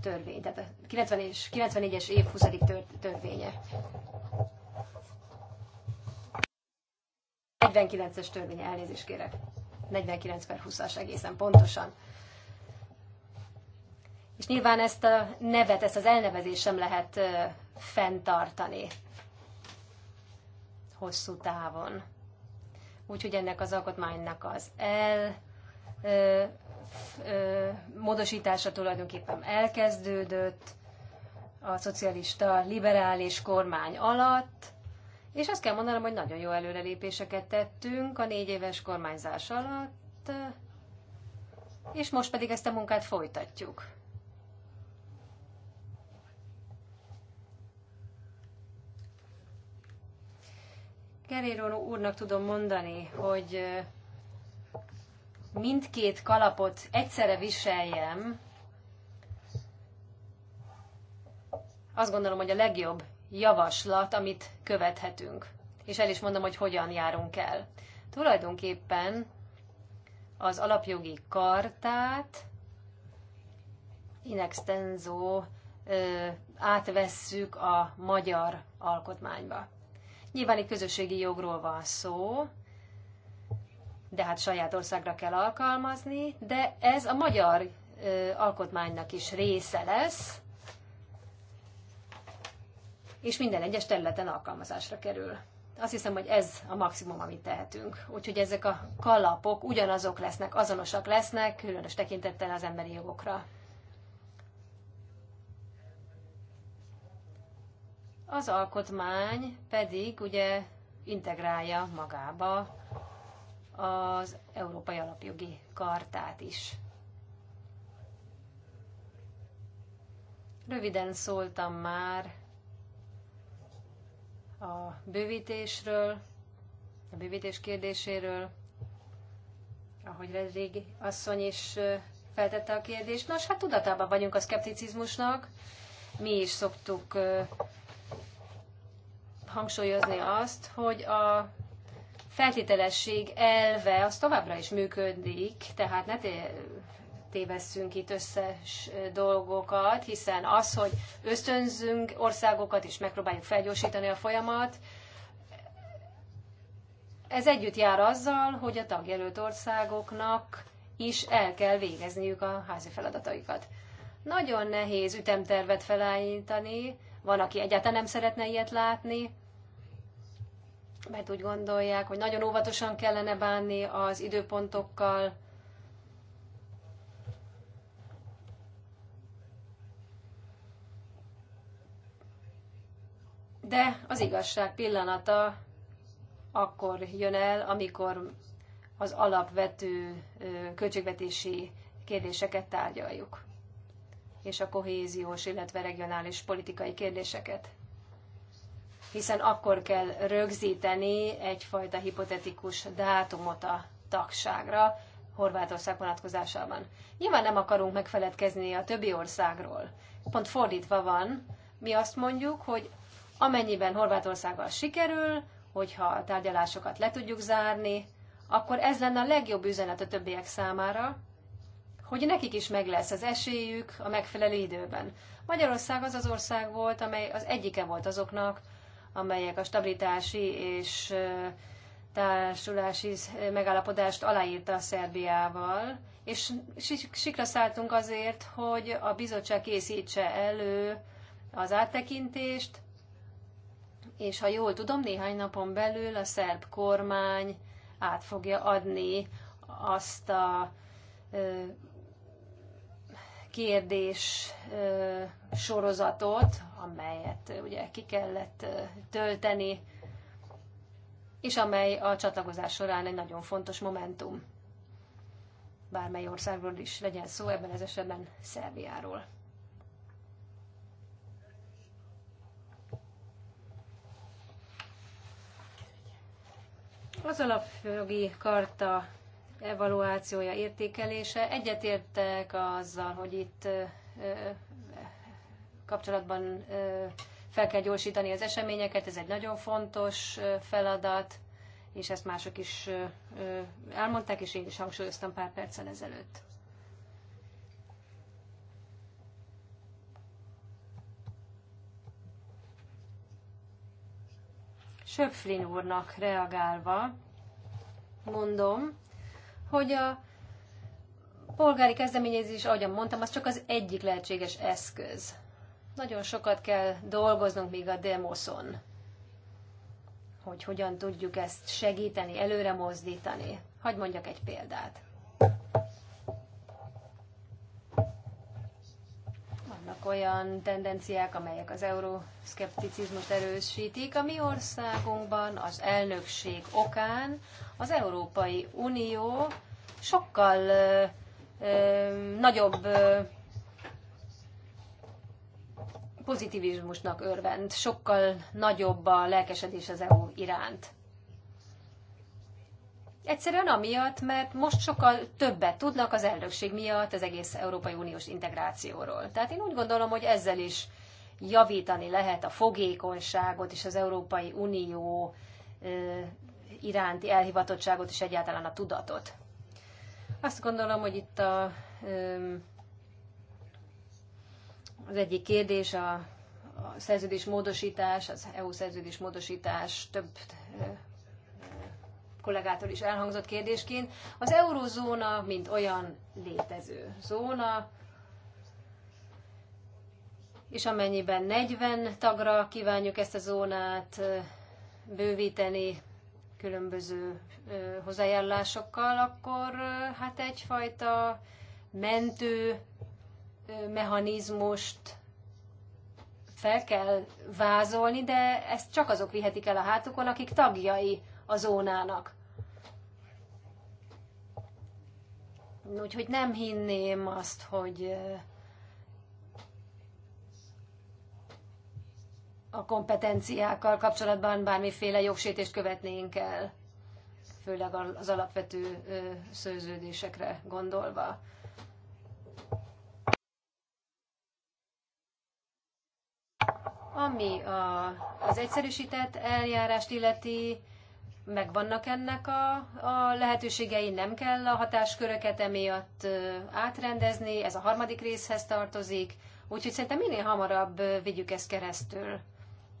törvény, tehát a 94-es, 94-es év 20. törvénye. 49-es törvény, elnézést kérek. 49 per 20-as egészen pontosan. És nyilván ezt a nevet, ezt az elnevezést sem lehet fenntartani hosszú távon. Úgyhogy ennek az alkotmánynak az el ö, ö, módosítása tulajdonképpen elkezdődött a szocialista liberális kormány alatt, és azt kell mondanom, hogy nagyon jó előrelépéseket tettünk a négy éves kormányzás alatt, és most pedig ezt a munkát folytatjuk. Kerérón úrnak tudom mondani, hogy mindkét kalapot egyszerre viseljem, azt gondolom, hogy a legjobb javaslat, amit követhetünk. És el is mondom, hogy hogyan járunk el. Tulajdonképpen az alapjogi kartát in extenso átvesszük a magyar alkotmányba. Nyilván egy közösségi jogról van szó, de hát saját országra kell alkalmazni, de ez a magyar ö, alkotmánynak is része lesz, és minden egyes területen alkalmazásra kerül. Azt hiszem, hogy ez a maximum, amit tehetünk. Úgyhogy ezek a kalapok ugyanazok lesznek, azonosak lesznek, különös tekintettel az emberi jogokra. Az alkotmány pedig ugye integrálja magába az Európai Alapjogi Kartát is. Röviden szóltam már a bővítésről, a bővítés kérdéséről, ahogy Redrig asszony is feltette a kérdést. Nos, hát tudatában vagyunk a szkepticizmusnak. Mi is szoktuk hangsúlyozni azt, hogy a feltételesség elve az továbbra is működik, tehát ne tévesszünk itt összes dolgokat, hiszen az, hogy ösztönzünk országokat és megpróbáljuk felgyorsítani a folyamat, ez együtt jár azzal, hogy a tagjelölt országoknak is el kell végezniük a házi feladataikat. Nagyon nehéz ütemtervet felállítani, van, aki egyáltalán nem szeretne ilyet látni, mert úgy gondolják, hogy nagyon óvatosan kellene bánni az időpontokkal, De az igazság pillanata akkor jön el, amikor az alapvető költségvetési kérdéseket tárgyaljuk, és a kohéziós, illetve regionális politikai kérdéseket hiszen akkor kell rögzíteni egyfajta hipotetikus dátumot a tagságra Horvátország vonatkozásában. Nyilván nem akarunk megfeledkezni a többi országról. Pont fordítva van, mi azt mondjuk, hogy amennyiben Horvátországgal sikerül, hogyha a tárgyalásokat le tudjuk zárni, akkor ez lenne a legjobb üzenet a többiek számára, hogy nekik is meg lesz az esélyük a megfelelő időben. Magyarország az az ország volt, amely az egyike volt azoknak, amelyek a stabilitási és társulási megállapodást aláírta a Szerbiával, és sikra szálltunk azért, hogy a bizottság készítse elő az áttekintést, és ha jól tudom, néhány napon belül a szerb kormány át fogja adni azt a kérdés sorozatot, amelyet ugye ki kellett tölteni, és amely a csatlakozás során egy nagyon fontos momentum. Bármely országról is legyen szó, ebben az esetben Szerbiáról. Az alapjogi karta evaluációja, értékelése. Egyetértek azzal, hogy itt kapcsolatban fel kell gyorsítani az eseményeket, ez egy nagyon fontos feladat, és ezt mások is elmondták, és én is hangsúlyoztam pár perccel ezelőtt. Söpflin úrnak reagálva mondom, hogy a polgári kezdeményezés, ahogyan mondtam, az csak az egyik lehetséges eszköz. Nagyon sokat kell dolgoznunk még a demoszon, hogy hogyan tudjuk ezt segíteni, előre mozdítani. Hagy mondjak egy példát. vannak olyan tendenciák, amelyek az euroszkepticizmust erősítik. A mi országunkban az elnökség okán az Európai Unió sokkal ö, ö, nagyobb ö, pozitivizmusnak örvend, sokkal nagyobb a lelkesedés az EU iránt. Egyszerűen amiatt, mert most sokkal többet tudnak az elnökség miatt az egész Európai Uniós integrációról. Tehát én úgy gondolom, hogy ezzel is javítani lehet a fogékonyságot és az Európai Unió iránti elhivatottságot és egyáltalán a tudatot. Azt gondolom, hogy itt a, az egyik kérdés a, a szerződés módosítás, az EU szerződés módosítás több kollégától is elhangzott kérdésként, az eurózóna, mint olyan létező zóna, és amennyiben 40 tagra kívánjuk ezt a zónát bővíteni különböző hozzájárulásokkal, akkor hát egyfajta mentő mechanizmust fel kell vázolni, de ezt csak azok vihetik el a hátukon, akik tagjai a zónának. Úgyhogy nem hinném azt, hogy a kompetenciákkal kapcsolatban bármiféle jogsértést követnénk el, főleg az alapvető szőződésekre gondolva. Ami a, az egyszerűsített eljárást illeti, megvannak ennek a, a lehetőségei, nem kell a hatásköröket emiatt átrendezni, ez a harmadik részhez tartozik, úgyhogy szerintem minél hamarabb vigyük ezt keresztül.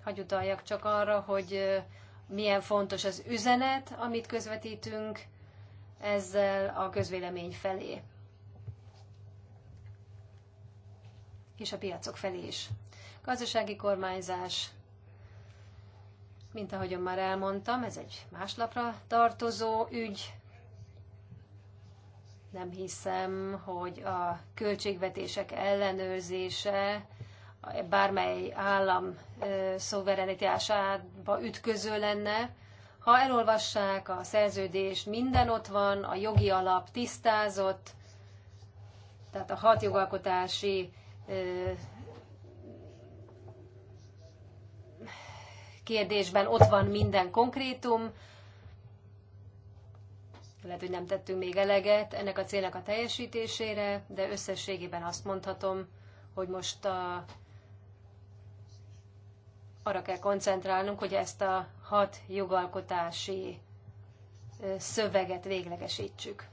Hagy utaljak csak arra, hogy milyen fontos az üzenet, amit közvetítünk ezzel a közvélemény felé. És a piacok felé is. Gazdasági kormányzás, mint ahogyan már elmondtam, ez egy máslapra tartozó ügy. Nem hiszem, hogy a költségvetések ellenőrzése bármely állam szuverenitásába ütköző lenne. Ha elolvassák a szerződés, minden ott van, a jogi alap tisztázott, tehát a hat jogalkotási kérdésben ott van minden konkrétum. Lehet, hogy nem tettünk még eleget ennek a célnak a teljesítésére, de összességében azt mondhatom, hogy most a, arra kell koncentrálnunk, hogy ezt a hat jogalkotási szöveget véglegesítsük.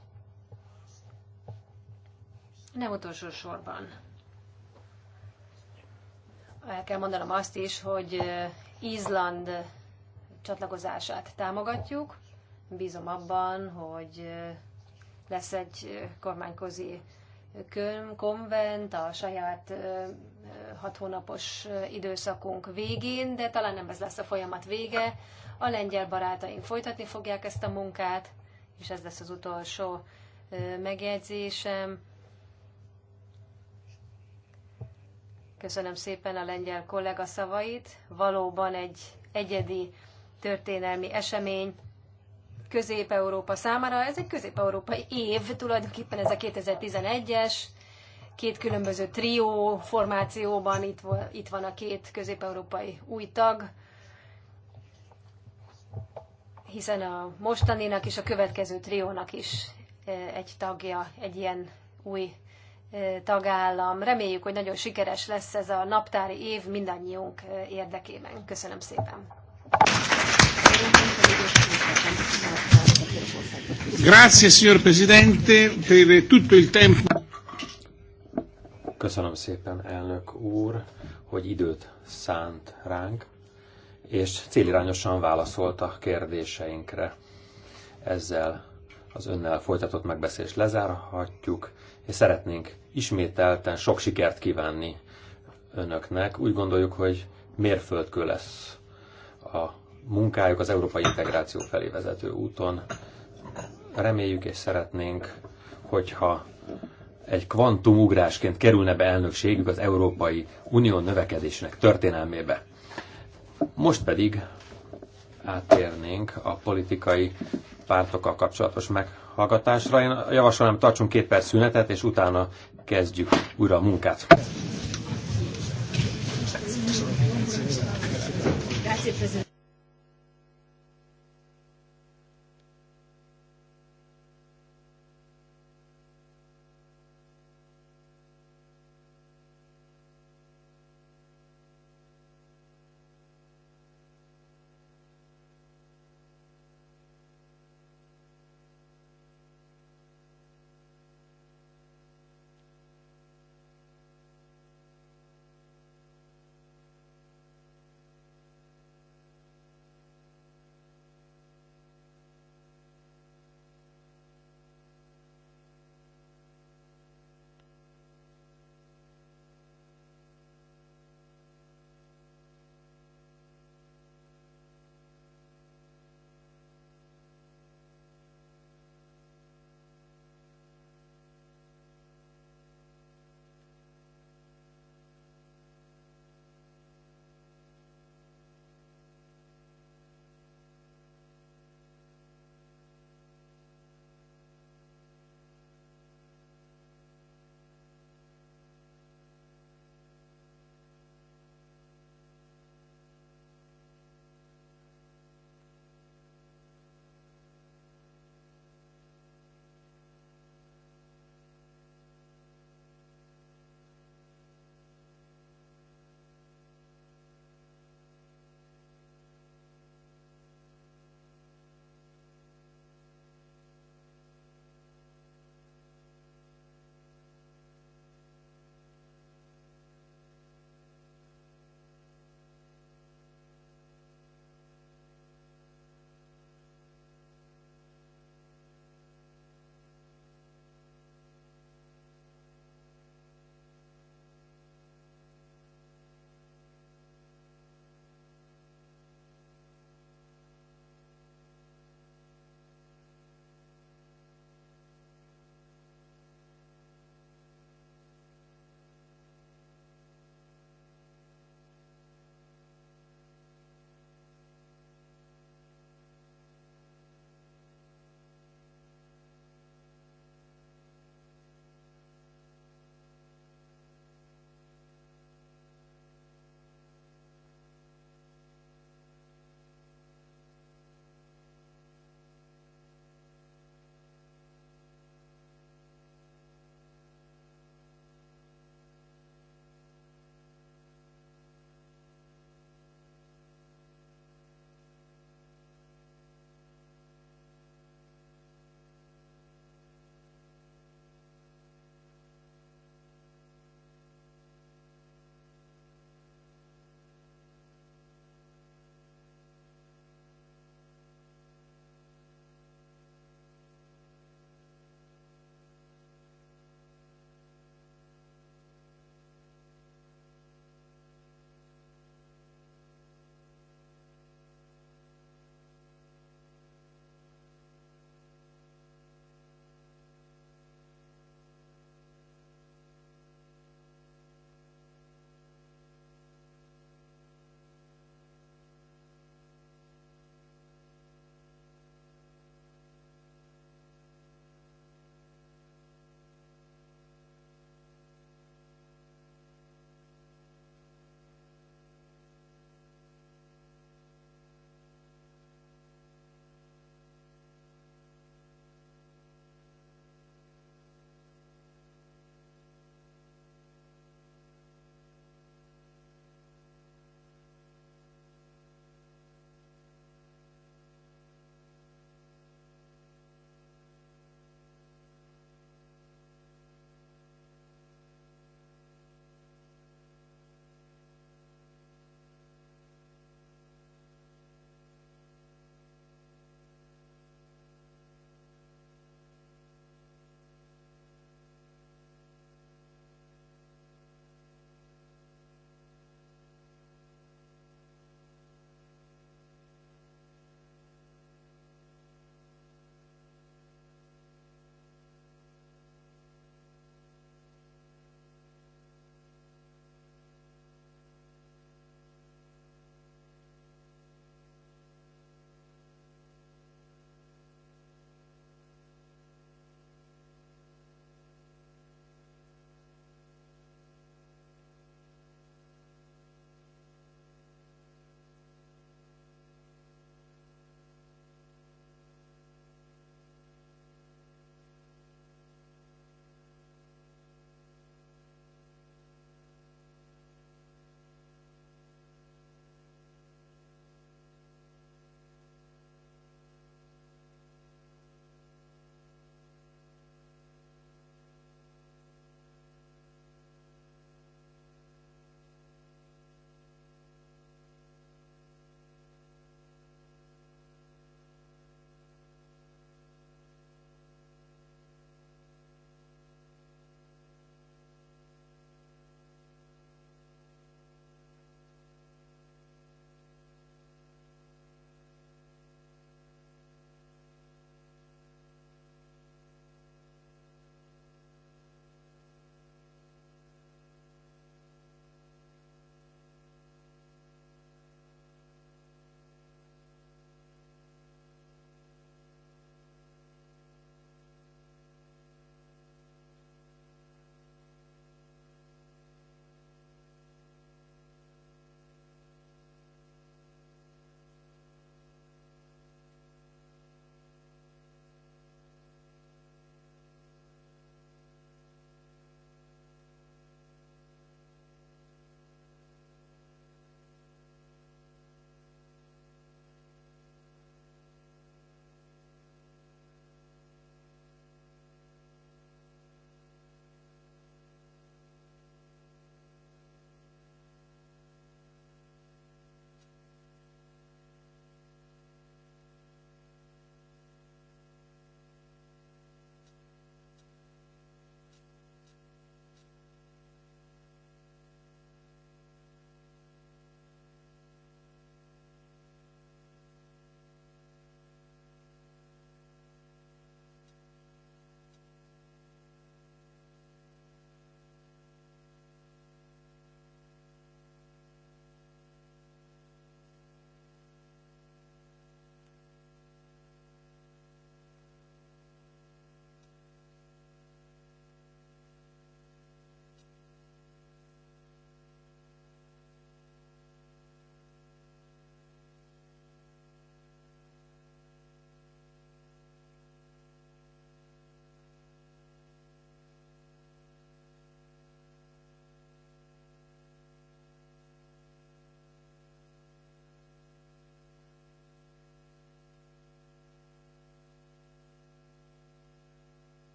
Nem utolsó sorban. El kell mondanom azt is, hogy Izland csatlakozását támogatjuk. Bízom abban, hogy lesz egy kormányközi konvent a saját hat hónapos időszakunk végén, de talán nem ez lesz a folyamat vége. A lengyel barátaink folytatni fogják ezt a munkát, és ez lesz az utolsó megjegyzésem. Köszönöm szépen a lengyel kollega szavait. Valóban egy egyedi történelmi esemény Közép-Európa számára. Ez egy közép-európai év, tulajdonképpen ez a 2011-es, két különböző trió formációban itt, itt van a két közép-európai új tag, hiszen a mostaninak és a következő triónak is eh, egy tagja egy ilyen új tagállam. Reméljük, hogy nagyon sikeres lesz ez a naptári év mindannyiunk érdekében. Köszönöm szépen. Grazie, signor Presidente, per tutto il tempo. Köszönöm szépen, elnök úr, hogy időt szánt ránk, és célirányosan válaszolt a kérdéseinkre. Ezzel az önnel folytatott megbeszélést lezárhatjuk, és szeretnénk ismételten sok sikert kívánni önöknek. Úgy gondoljuk, hogy mérföldkő lesz a munkájuk az európai integráció felé vezető úton. Reméljük és szeretnénk, hogyha egy kvantumugrásként kerülne be elnökségük az Európai Unió növekedésének történelmébe. Most pedig áttérnénk a politikai pártokkal kapcsolatos meghallgatásra. Én javasolnám, tartsunk két perc szünetet, és utána kezdjük újra a munkát.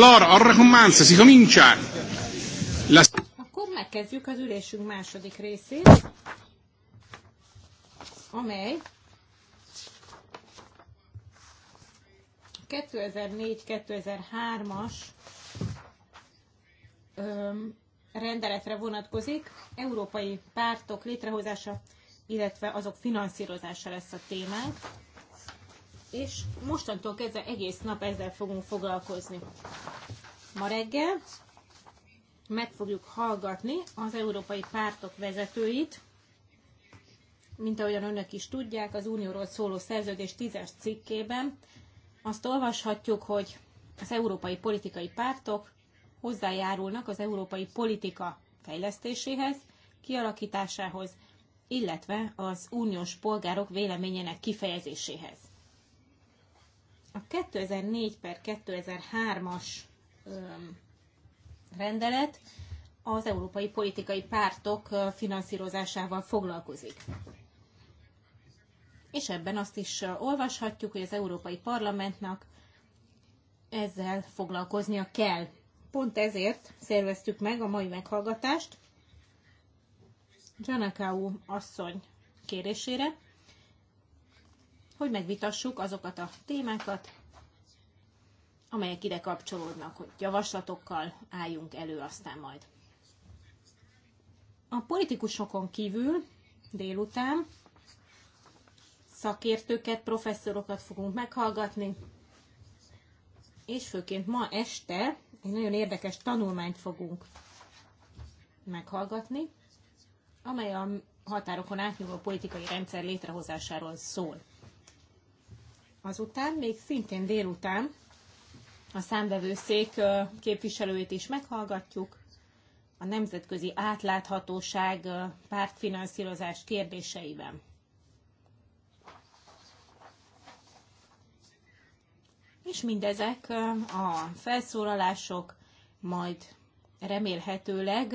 Allora, orra commanza, si comincia. La... Akkor megkezdjük az ülésünk második részét, amely 2004-2003-as rendeletre vonatkozik, európai pártok létrehozása, illetve azok finanszírozása lesz a témánk és mostantól kezdve egész nap ezzel fogunk foglalkozni. Ma reggel meg fogjuk hallgatni az európai pártok vezetőit, mint ahogyan önök is tudják, az Unióról szóló szerződés 10-es cikkében azt olvashatjuk, hogy az európai politikai pártok hozzájárulnak az európai politika fejlesztéséhez, kialakításához, illetve az uniós polgárok véleményének kifejezéséhez. A 2004 per 2003-as rendelet az európai politikai pártok finanszírozásával foglalkozik. És ebben azt is olvashatjuk, hogy az Európai Parlamentnak ezzel foglalkoznia kell. Pont ezért szerveztük meg a mai meghallgatást Janakau asszony kérésére, hogy megvitassuk azokat a témákat, amelyek ide kapcsolódnak, hogy javaslatokkal álljunk elő aztán majd. A politikusokon kívül délután szakértőket, professzorokat fogunk meghallgatni, és főként ma este egy nagyon érdekes tanulmányt fogunk meghallgatni, amely a határokon átnyúló politikai rendszer létrehozásáról szól. Azután még szintén délután a számvevőszék képviselőjét is meghallgatjuk. A nemzetközi átláthatóság pártfinanszírozás kérdéseiben. És mindezek a felszólalások majd remélhetőleg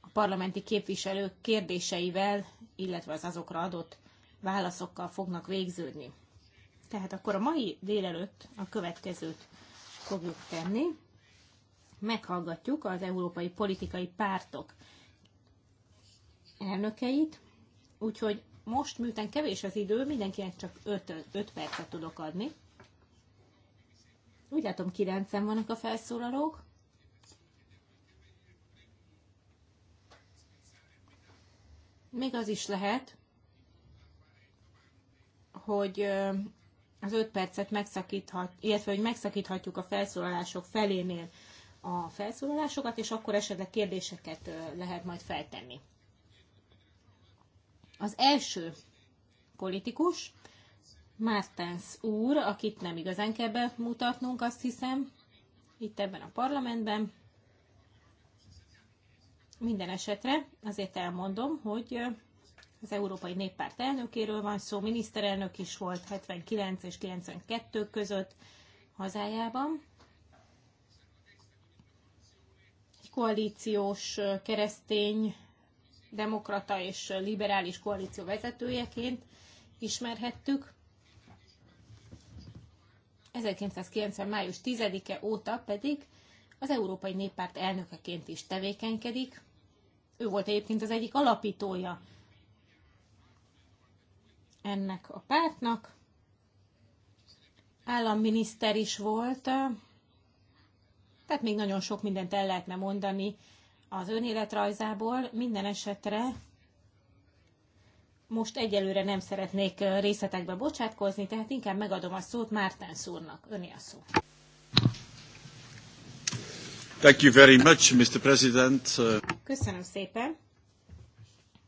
a parlamenti képviselők kérdéseivel, illetve az azokra adott válaszokkal fognak végződni. Tehát akkor a mai délelőtt a következőt fogjuk tenni. Meghallgatjuk az európai politikai pártok elnökeit, úgyhogy most, miután kevés az idő, mindenkinek csak 5, percet tudok adni. Úgy látom, 9 vannak a felszólalók. Még az is lehet, hogy az öt percet megszakíthat, illetve hogy megszakíthatjuk a felszólalások felénél a felszólalásokat, és akkor esetleg kérdéseket lehet majd feltenni. Az első politikus, Mártens úr, akit nem igazán kell bemutatnunk, azt hiszem, itt ebben a parlamentben. Minden esetre azért elmondom, hogy az Európai Néppárt elnökéről van szó, miniszterelnök is volt 79 és 92 között hazájában. Egy koalíciós keresztény, demokrata és liberális koalíció vezetőjeként ismerhettük. 1990. május 10-e óta pedig az Európai Néppárt elnökeként is tevékenykedik. Ő volt egyébként az egyik alapítója ennek a pártnak. Államminiszter is volt, tehát még nagyon sok mindent el lehetne mondani az önéletrajzából. Minden esetre most egyelőre nem szeretnék részletekbe bocsátkozni, tehát inkább megadom a szót Márten szúrnak. Öné a szó. Thank you very much, Mr. President. Köszönöm szépen.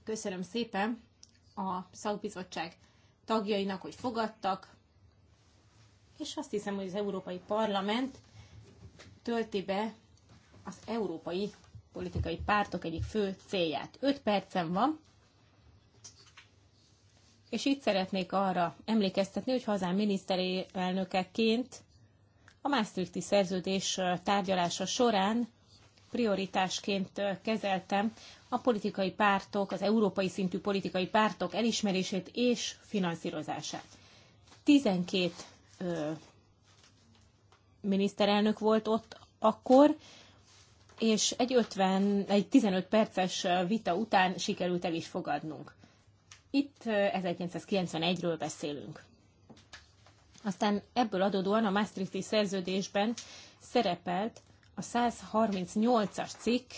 Köszönöm szépen a szakbizottság tagjainak, hogy fogadtak, és azt hiszem, hogy az Európai Parlament tölti be az európai politikai pártok egyik fő célját. 5 percem van, és itt szeretnék arra emlékeztetni, hogy hazám miniszterelnökeként a Maastrichti szerződés tárgyalása során prioritásként kezeltem a politikai pártok, az európai szintű politikai pártok elismerését és finanszírozását. 12 ö, miniszterelnök volt ott akkor, és egy, 50, egy 15 perces vita után sikerült el is fogadnunk. Itt 1991-ről beszélünk. Aztán ebből adódóan a Maastrichti szerződésben szerepelt a 138-as cikk,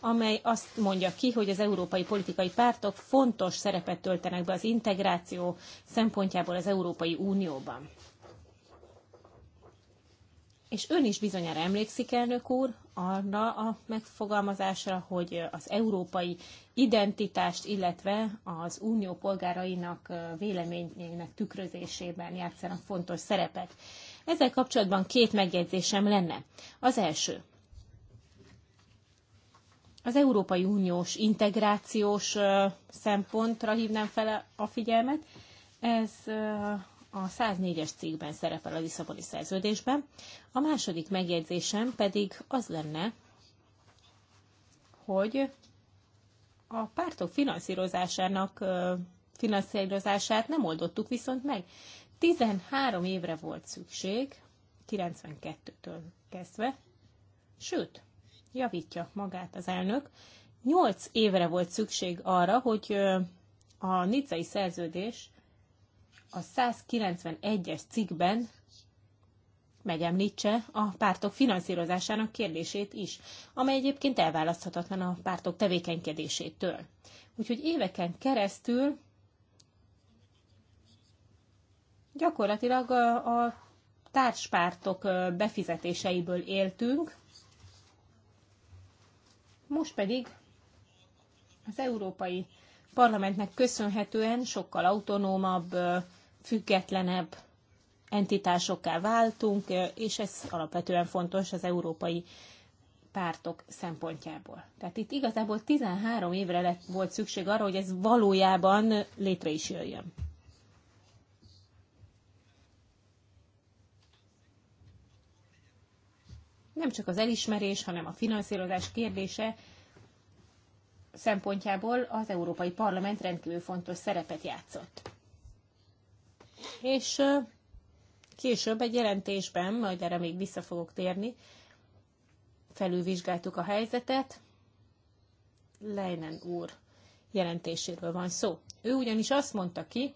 amely azt mondja ki, hogy az európai politikai pártok fontos szerepet töltenek be az integráció szempontjából az Európai Unióban. És ön is bizonyára emlékszik, elnök úr, arra a megfogalmazásra, hogy az európai identitást, illetve az unió polgárainak véleményének tükrözésében játszanak fontos szerepet. Ezzel kapcsolatban két megjegyzésem lenne. Az első. Az Európai Uniós integrációs szempontra hívnám fel a figyelmet. Ez a 104-es cikkben szerepel a Lisszaboni szerződésben. A második megjegyzésem pedig az lenne, hogy a pártok finanszírozásának finanszírozását nem oldottuk viszont meg. 13 évre volt szükség, 92-től kezdve, sőt, javítja magát az elnök, 8 évre volt szükség arra, hogy a nicai szerződés a 191-es cikkben megemlítse a pártok finanszírozásának kérdését is, amely egyébként elválaszthatatlan a pártok tevékenykedésétől. Úgyhogy éveken keresztül Gyakorlatilag a társpártok befizetéseiből éltünk, most pedig az Európai Parlamentnek köszönhetően sokkal autonómabb, függetlenebb entitásokká váltunk, és ez alapvetően fontos az európai pártok szempontjából. Tehát itt igazából 13 évre lett, volt szükség arra, hogy ez valójában létre is jöjjön. nem csak az elismerés, hanem a finanszírozás kérdése szempontjából az Európai Parlament rendkívül fontos szerepet játszott. És később egy jelentésben, majd erre még vissza fogok térni, felülvizsgáltuk a helyzetet. Leinen úr jelentéséről van szó. Ő ugyanis azt mondta ki,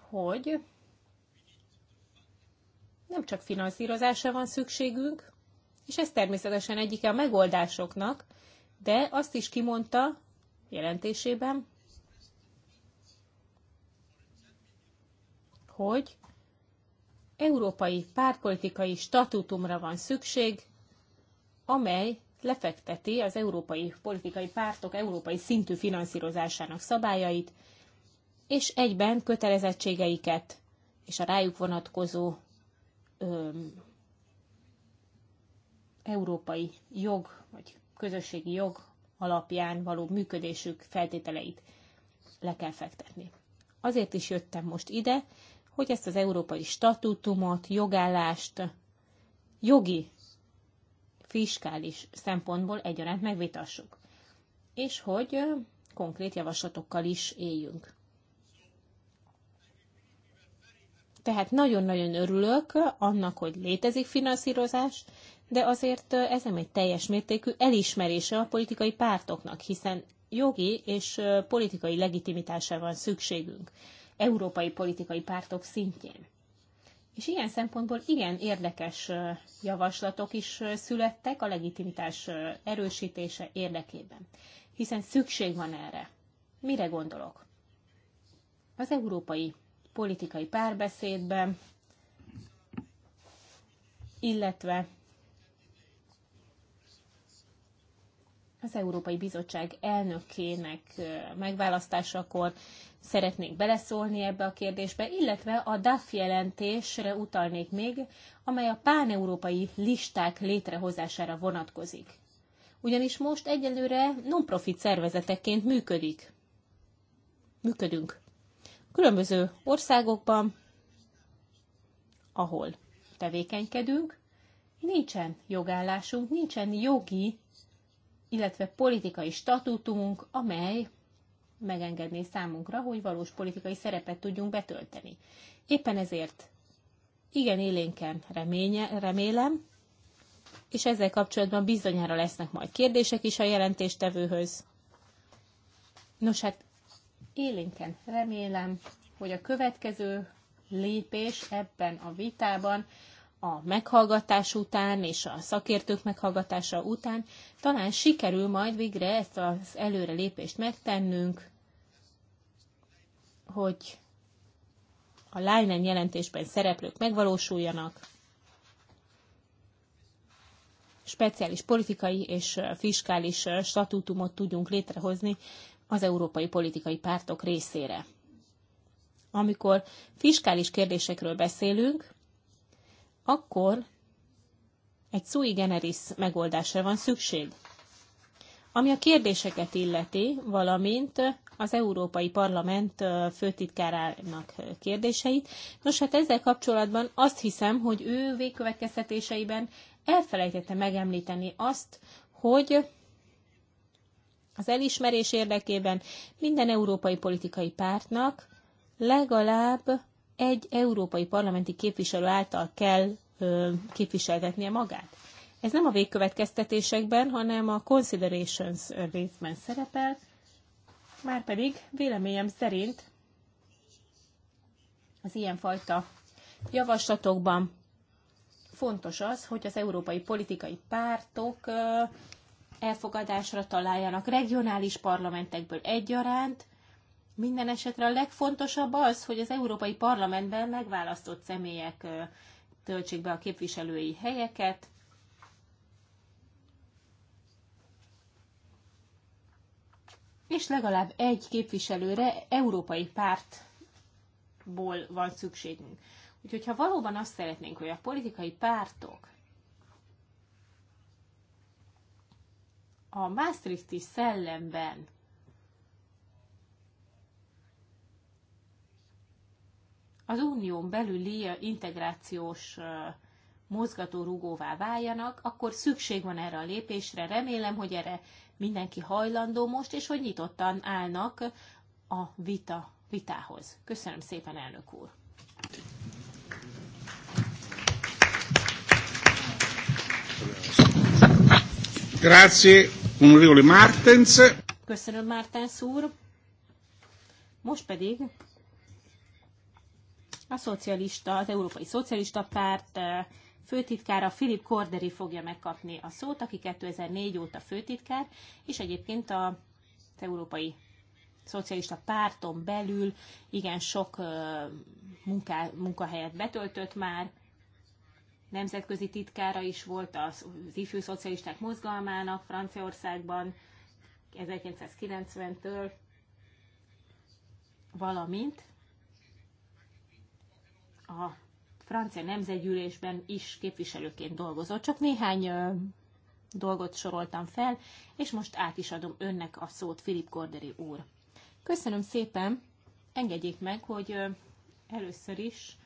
hogy nem csak finanszírozásra van szükségünk, és ez természetesen egyike a megoldásoknak, de azt is kimondta jelentésében, hogy európai pártpolitikai statútumra van szükség, amely lefekteti az európai politikai pártok európai szintű finanszírozásának szabályait, és egyben kötelezettségeiket és a rájuk vonatkozó európai jog, vagy közösségi jog alapján való működésük feltételeit le kell fektetni. Azért is jöttem most ide, hogy ezt az európai statútumot, jogállást jogi, fiskális szempontból egyaránt megvitassuk, és hogy konkrét javaslatokkal is éljünk. Tehát nagyon-nagyon örülök annak, hogy létezik finanszírozás, de azért ez nem egy teljes mértékű elismerése a politikai pártoknak, hiszen jogi és politikai legitimitásra van szükségünk európai politikai pártok szintjén. És ilyen szempontból igen érdekes javaslatok is születtek a legitimitás erősítése érdekében, hiszen szükség van erre. Mire gondolok? Az európai politikai párbeszédbe, illetve az Európai Bizottság elnökének megválasztásakor szeretnék beleszólni ebbe a kérdésbe, illetve a DAF jelentésre utalnék még, amely a páneurópai listák létrehozására vonatkozik. Ugyanis most egyelőre non-profit szervezetekként működik. Működünk különböző országokban, ahol tevékenykedünk, nincsen jogállásunk, nincsen jogi, illetve politikai statútumunk, amely megengedné számunkra, hogy valós politikai szerepet tudjunk betölteni. Éppen ezért igen élénken reménye, remélem, és ezzel kapcsolatban bizonyára lesznek majd kérdések is a jelentéstevőhöz. Nos, hát élénken remélem, hogy a következő lépés ebben a vitában a meghallgatás után és a szakértők meghallgatása után talán sikerül majd végre ezt az előre lépést megtennünk, hogy a Leinen jelentésben szereplők megvalósuljanak, speciális politikai és fiskális statútumot tudjunk létrehozni az európai politikai pártok részére. Amikor fiskális kérdésekről beszélünk, akkor egy sui generis megoldásra van szükség. Ami a kérdéseket illeti, valamint az Európai Parlament főtitkárának kérdéseit. Nos, hát ezzel kapcsolatban azt hiszem, hogy ő végkövetkeztetéseiben elfelejtette megemlíteni azt, hogy az elismerés érdekében minden európai politikai pártnak legalább egy európai parlamenti képviselő által kell ö, képviseltetnie magát. Ez nem a végkövetkeztetésekben, hanem a considerations részben szerepel, márpedig véleményem szerint az ilyenfajta javaslatokban fontos az, hogy az európai politikai pártok elfogadásra találjanak regionális parlamentekből egyaránt. Minden esetre a legfontosabb az, hogy az Európai Parlamentben megválasztott személyek töltsék be a képviselői helyeket, és legalább egy képviselőre európai pártból van szükségünk. Úgyhogy ha valóban azt szeretnénk, hogy a politikai pártok a Maastrichti szellemben az unión belüli integrációs mozgatórugóvá váljanak, akkor szükség van erre a lépésre. Remélem, hogy erre mindenki hajlandó most, és hogy nyitottan állnak a vita, vitához. Köszönöm szépen, elnök úr! Grazie. Onorevole Martens. Köszönöm, Martens úr. Most pedig a szocialista, az Európai Szocialista Párt eh, főtitkára Filip Korderi fogja megkapni a szót, aki 2004 óta főtitkár, és egyébként az Európai Szocialista Párton belül igen sok eh, munká, munkahelyet betöltött már, nemzetközi titkára is volt az, ifjú szocialisták mozgalmának Franciaországban 1990-től, valamint a francia nemzetgyűlésben is képviselőként dolgozott. Csak néhány dolgot soroltam fel, és most át is adom önnek a szót, Filip Korderi úr. Köszönöm szépen, engedjék meg, hogy először is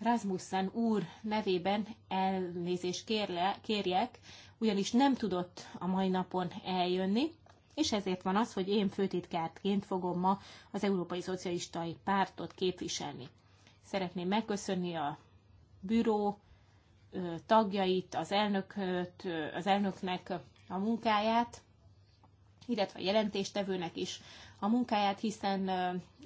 Rasmussen úr nevében elnézést kérle, kérjek, ugyanis nem tudott a mai napon eljönni, és ezért van az, hogy én főtitkártként fogom ma az Európai Szocialistai Pártot képviselni. Szeretném megköszönni a büró tagjait, az, elnököt, az elnöknek a munkáját, illetve a jelentéstevőnek is a munkáját, hiszen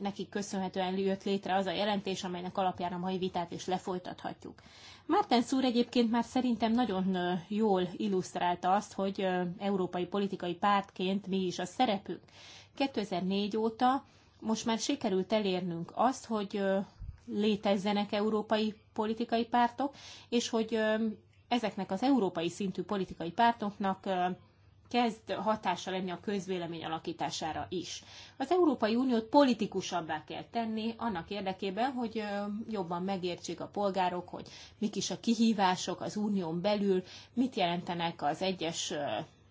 nekik köszönhetően jött létre az a jelentés, amelynek alapján a mai vitát is lefolytathatjuk. Márten Szúr egyébként már szerintem nagyon jól illusztrálta azt, hogy európai politikai pártként mi is a szerepünk. 2004 óta most már sikerült elérnünk azt, hogy létezzenek európai politikai pártok, és hogy ezeknek az európai szintű politikai pártoknak kezd hatással lenni a közvélemény alakítására is. Az Európai Uniót politikusabbá kell tenni annak érdekében, hogy jobban megértsék a polgárok, hogy mik is a kihívások az unión belül, mit jelentenek az egyes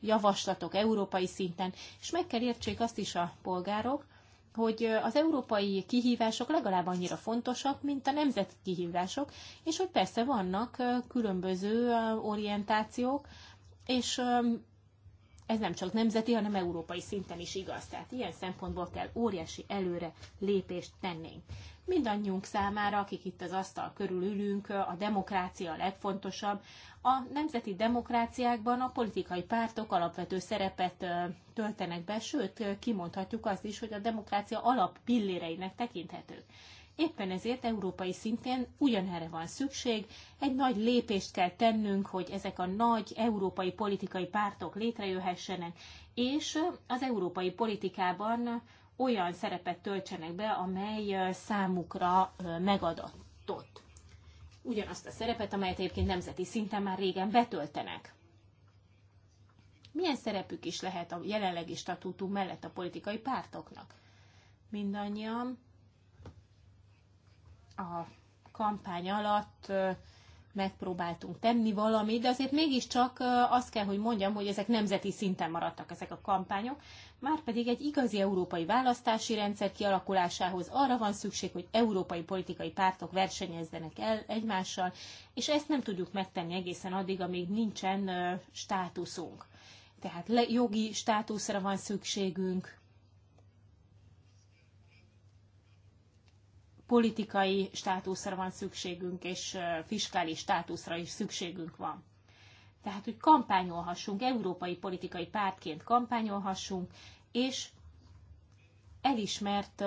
javaslatok európai szinten, és meg kell értsék azt is a polgárok, hogy az európai kihívások legalább annyira fontosak, mint a nemzeti kihívások, és hogy persze vannak különböző orientációk, és ez nem csak nemzeti, hanem európai szinten is igaz. Tehát ilyen szempontból kell óriási előre lépést tennénk. Mindannyiunk számára, akik itt az asztal körül ülünk, a demokrácia a legfontosabb. A nemzeti demokráciákban a politikai pártok alapvető szerepet töltenek be, sőt, kimondhatjuk azt is, hogy a demokrácia alap pilléreinek tekinthetők. Éppen ezért európai szintén ugyanerre van szükség. Egy nagy lépést kell tennünk, hogy ezek a nagy európai politikai pártok létrejöhessenek, és az európai politikában olyan szerepet töltsenek be, amely számukra megadatott. Ugyanazt a szerepet, amelyet egyébként nemzeti szinten már régen betöltenek. Milyen szerepük is lehet a jelenlegi statútum mellett a politikai pártoknak? Mindannyian a kampány alatt megpróbáltunk tenni valamit, de azért mégiscsak azt kell, hogy mondjam, hogy ezek nemzeti szinten maradtak ezek a kampányok, már pedig egy igazi európai választási rendszer kialakulásához arra van szükség, hogy európai politikai pártok versenyezzenek el egymással, és ezt nem tudjuk megtenni egészen addig, amíg nincsen státuszunk. Tehát jogi státuszra van szükségünk, politikai státuszra van szükségünk, és fiskális státuszra is szükségünk van. Tehát, hogy kampányolhassunk, európai politikai pártként kampányolhassunk, és elismert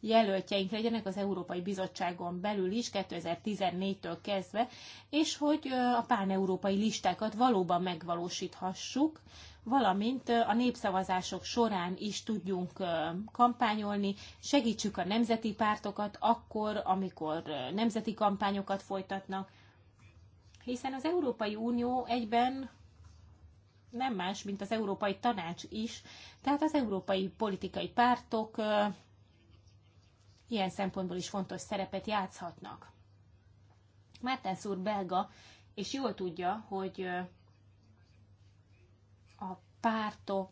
jelöltjeink legyenek az Európai Bizottságon belül is 2014-től kezdve, és hogy a páneurópai listákat valóban megvalósíthassuk, valamint a népszavazások során is tudjunk kampányolni, segítsük a nemzeti pártokat akkor, amikor nemzeti kampányokat folytatnak, hiszen az Európai Unió egyben nem más, mint az Európai Tanács is, tehát az európai politikai pártok ilyen szempontból is fontos szerepet játszhatnak. Mertens úr belga, és jól tudja, hogy pártok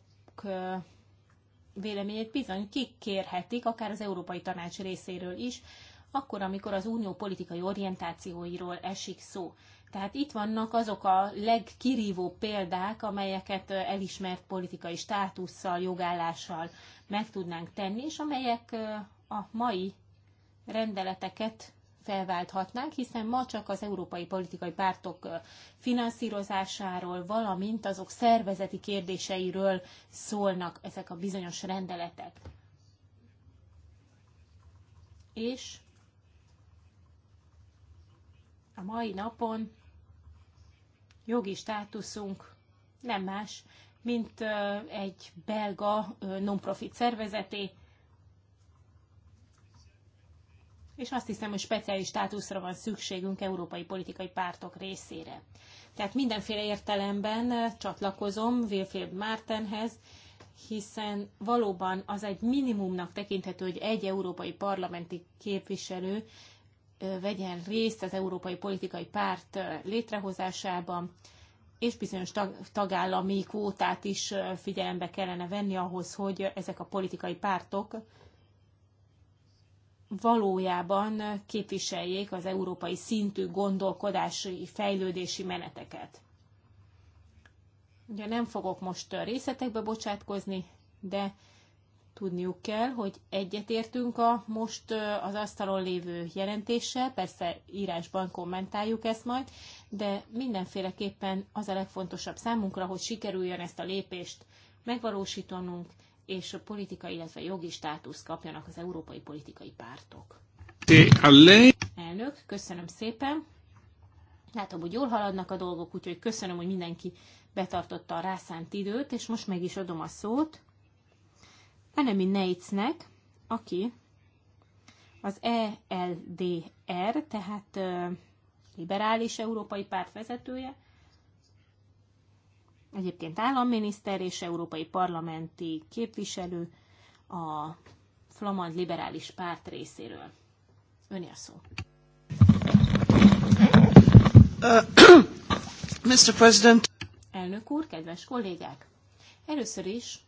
véleményét bizony kikérhetik, akár az Európai Tanács részéről is, akkor, amikor az unió politikai orientációiról esik szó. Tehát itt vannak azok a legkirívó példák, amelyeket elismert politikai státusszal, jogállással meg tudnánk tenni, és amelyek a mai rendeleteket felválthatnánk, hiszen ma csak az európai politikai pártok finanszírozásáról, valamint azok szervezeti kérdéseiről szólnak ezek a bizonyos rendeletek. És a mai napon jogi státuszunk nem más, mint egy belga non-profit szervezeté, és azt hiszem, hogy speciális státuszra van szükségünk európai politikai pártok részére. Tehát mindenféle értelemben csatlakozom Wilfried Mártenhez, hiszen valóban az egy minimumnak tekinthető, hogy egy európai parlamenti képviselő vegyen részt az európai politikai párt létrehozásában, és bizonyos tag, tagállami kvótát is figyelembe kellene venni ahhoz, hogy ezek a politikai pártok valójában képviseljék az európai szintű gondolkodási fejlődési meneteket. Ugye nem fogok most részletekbe bocsátkozni, de tudniuk kell, hogy egyetértünk a most az asztalon lévő jelentéssel, persze írásban kommentáljuk ezt majd, de mindenféleképpen az a legfontosabb számunkra, hogy sikerüljön ezt a lépést megvalósítanunk, és a politikai illetve jogi státusz kapjanak az európai politikai pártok. Elnök, köszönöm szépen. Látom, hogy jól haladnak a dolgok, úgyhogy köszönöm, hogy mindenki betartotta a rászánt időt, és most meg is adom a szót Enemi Neitznek, aki az ELDR, tehát liberális európai párt vezetője, egyébként államminiszter és európai parlamenti képviselő a Flamand Liberális Párt részéről. Ön a szó. Uh, *coughs* Mr. President. Elnök úr, kedves kollégák! Először is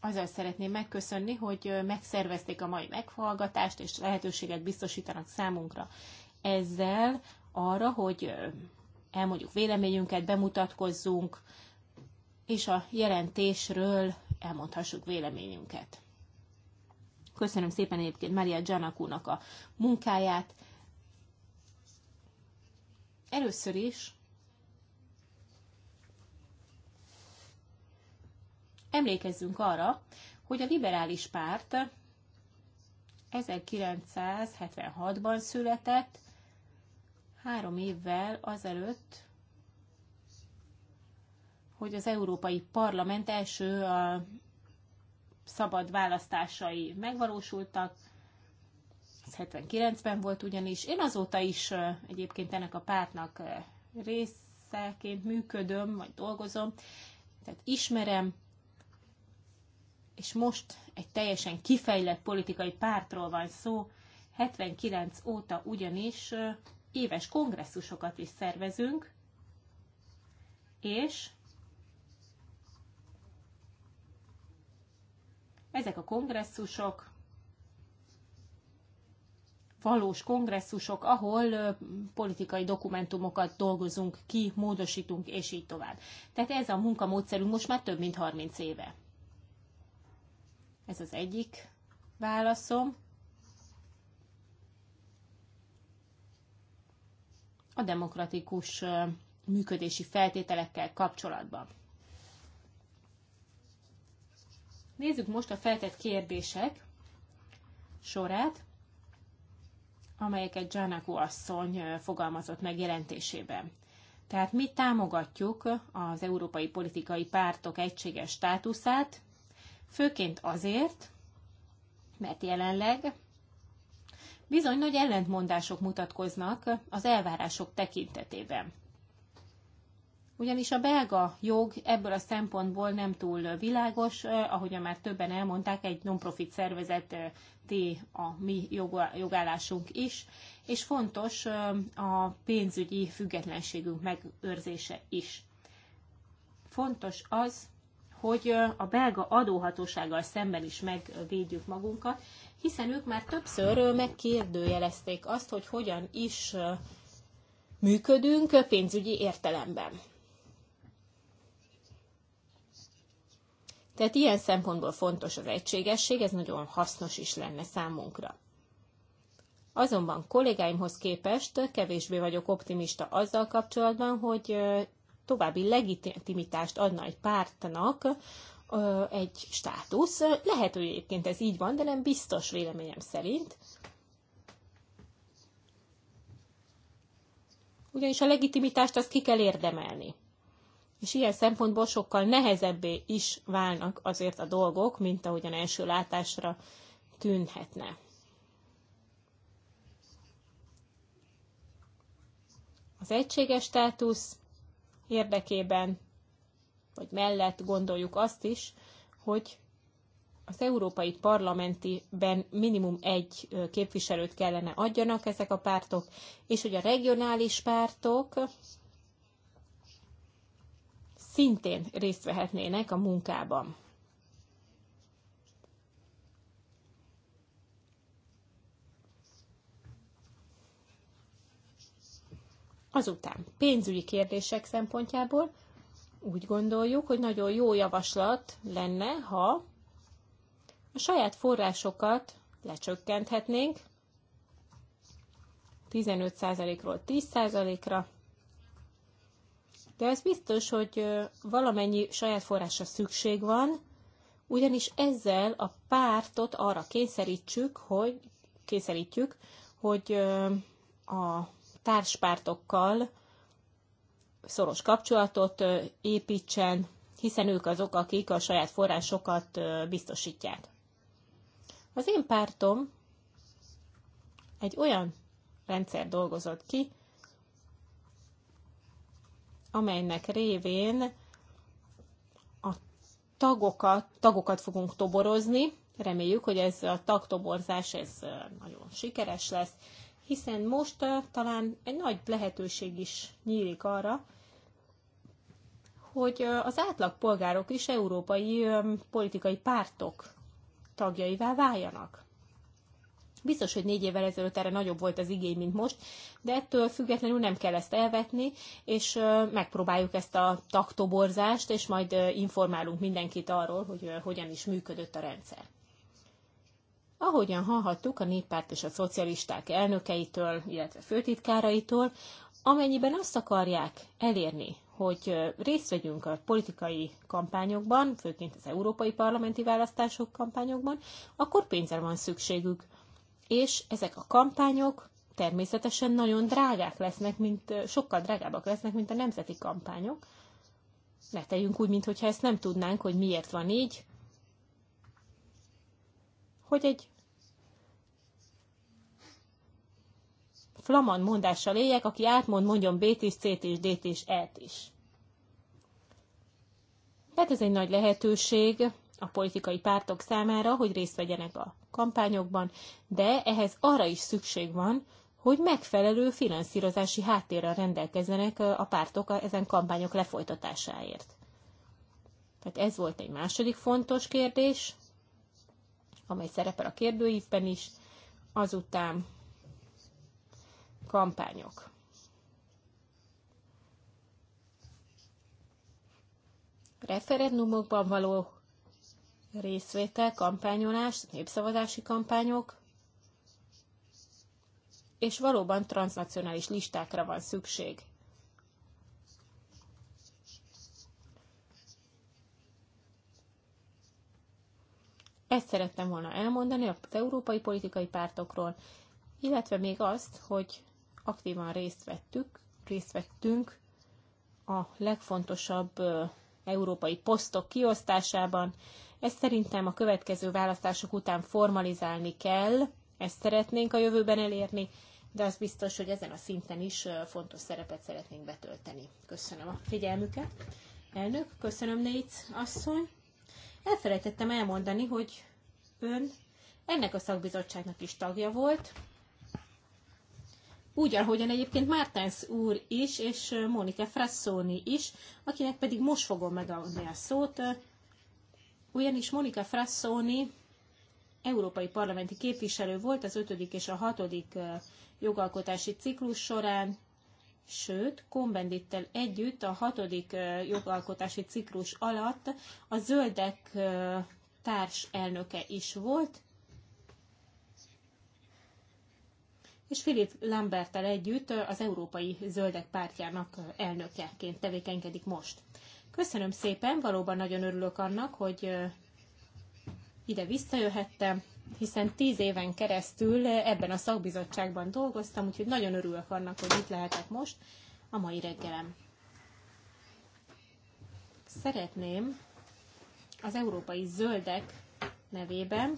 azzal szeretném megköszönni, hogy megszervezték a mai meghallgatást, és lehetőséget biztosítanak számunkra ezzel arra, hogy elmondjuk véleményünket, bemutatkozzunk, és a jelentésről elmondhassuk véleményünket. Köszönöm szépen egyébként Maria Gianakúnak a munkáját. Először is emlékezzünk arra, hogy a liberális párt 1976-ban született, három évvel azelőtt, hogy az Európai Parlament első a szabad választásai megvalósultak, ez 79-ben volt ugyanis. Én azóta is egyébként ennek a pártnak részeként működöm, vagy dolgozom, tehát ismerem, és most egy teljesen kifejlett politikai pártról van szó, 79 óta ugyanis éves kongresszusokat is szervezünk, és ezek a kongresszusok valós kongresszusok, ahol politikai dokumentumokat dolgozunk ki, módosítunk, és így tovább. Tehát ez a munkamódszerünk most már több mint 30 éve. Ez az egyik válaszom. a demokratikus működési feltételekkel kapcsolatban. Nézzük most a feltett kérdések sorát, amelyeket Janaku asszony fogalmazott meg jelentésében. Tehát mi támogatjuk az európai politikai pártok egységes státuszát, főként azért, mert jelenleg bizony nagy ellentmondások mutatkoznak az elvárások tekintetében. Ugyanis a belga jog ebből a szempontból nem túl világos, ahogyan már többen elmondták, egy non-profit szervezet té a mi jogállásunk is, és fontos a pénzügyi függetlenségünk megőrzése is. Fontos az, hogy a belga adóhatósággal szemben is megvédjük magunkat, hiszen ők már többször megkérdőjelezték azt, hogy hogyan is működünk pénzügyi értelemben. Tehát ilyen szempontból fontos az egységesség, ez nagyon hasznos is lenne számunkra. Azonban kollégáimhoz képest kevésbé vagyok optimista azzal kapcsolatban, hogy további legitimitást adna egy pártnak, egy státusz. Lehet, hogy egyébként ez így van, de nem biztos véleményem szerint. Ugyanis a legitimitást azt ki kell érdemelni. És ilyen szempontból sokkal nehezebbé is válnak azért a dolgok, mint ahogyan első látásra tűnhetne. Az egységes státusz érdekében vagy mellett gondoljuk azt is, hogy az európai parlamentiben minimum egy képviselőt kellene adjanak ezek a pártok, és hogy a regionális pártok szintén részt vehetnének a munkában. Azután pénzügyi kérdések szempontjából úgy gondoljuk, hogy nagyon jó javaslat lenne, ha a saját forrásokat lecsökkenthetnénk 15%-ról 10%-ra, de ez biztos, hogy valamennyi saját forrásra szükség van, ugyanis ezzel a pártot arra kényszerítsük, hogy kényszerítjük, hogy a társpártokkal szoros kapcsolatot építsen, hiszen ők azok, akik a saját forrásokat biztosítják. Az én pártom egy olyan rendszer dolgozott ki, amelynek révén a tagokat, tagokat fogunk toborozni. Reméljük, hogy ez a tagtoborzás ez nagyon sikeres lesz, hiszen most talán egy nagy lehetőség is nyílik arra, hogy az átlagpolgárok is európai politikai pártok tagjaivá váljanak. Biztos, hogy négy évvel ezelőtt erre nagyobb volt az igény, mint most, de ettől függetlenül nem kell ezt elvetni, és megpróbáljuk ezt a taktoborzást, és majd informálunk mindenkit arról, hogy hogyan is működött a rendszer. Ahogyan hallhattuk a néppárt és a szocialisták elnökeitől, illetve főtitkáraitól, amennyiben azt akarják elérni, hogy részt vegyünk a politikai kampányokban, főként az európai parlamenti választások kampányokban, akkor pénzre van szükségük. És ezek a kampányok természetesen nagyon drágák lesznek, mint, sokkal drágábbak lesznek, mint a nemzeti kampányok. Ne tegyünk úgy, mintha ezt nem tudnánk, hogy miért van így, hogy egy flamand mondással éljek, aki átmond, mondjon B-t is, C-t is, D-t is, E-t is. Tehát ez egy nagy lehetőség a politikai pártok számára, hogy részt vegyenek a kampányokban, de ehhez arra is szükség van, hogy megfelelő finanszírozási háttérrel rendelkezzenek a pártok ezen kampányok lefolytatásáért. Tehát ez volt egy második fontos kérdés, amely szerepel a kérdőívben is. Azután kampányok. Referendumokban való részvétel, kampányolás, népszavazási kampányok, és valóban transnacionális listákra van szükség. Ezt szerettem volna elmondani az európai politikai pártokról, illetve még azt, hogy aktívan részt vettük, részt vettünk a legfontosabb európai posztok kiosztásában. Ezt szerintem a következő választások után formalizálni kell, ezt szeretnénk a jövőben elérni, de az biztos, hogy ezen a szinten is fontos szerepet szeretnénk betölteni. Köszönöm a figyelmüket. Elnök, köszönöm Néic asszony. Elfelejtettem elmondani, hogy ön ennek a szakbizottságnak is tagja volt, úgy, ahogyan egyébként Mártens úr is, és Monika Frassoni is, akinek pedig most fogom megadni a szót. Ugyanis Monika Frassoni európai parlamenti képviselő volt az ötödik és a hatodik jogalkotási ciklus során, sőt, Kombendittel együtt a hatodik jogalkotási ciklus alatt a zöldek társ elnöke is volt, és Philip Lambertel együtt az Európai Zöldek Pártjának elnökeként tevékenykedik most. Köszönöm szépen, valóban nagyon örülök annak, hogy ide visszajöhettem, hiszen tíz éven keresztül ebben a szakbizottságban dolgoztam, úgyhogy nagyon örülök annak, hogy itt lehetek most a mai reggelem. Szeretném az Európai Zöldek nevében,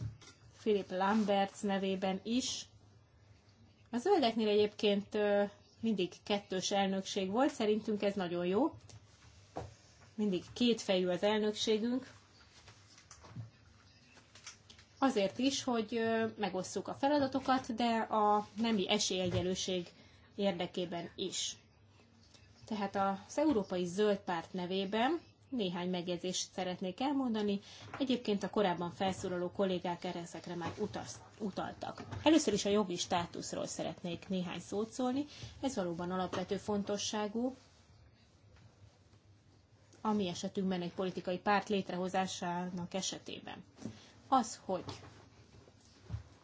Philip Lamberts nevében is a zöldeknél egyébként mindig kettős elnökség volt, szerintünk ez nagyon jó. Mindig kétfejű az elnökségünk. Azért is, hogy megosszuk a feladatokat, de a nemi esélyegyelőség érdekében is. Tehát az Európai Zöld Párt nevében néhány megjegyzést szeretnék elmondani. Egyébként a korábban felszólaló kollégák erre ezekre már utaz, utaltak. Először is a jogi státuszról szeretnék néhány szót szólni. Ez valóban alapvető fontosságú, ami esetünkben egy politikai párt létrehozásának esetében. Az, hogy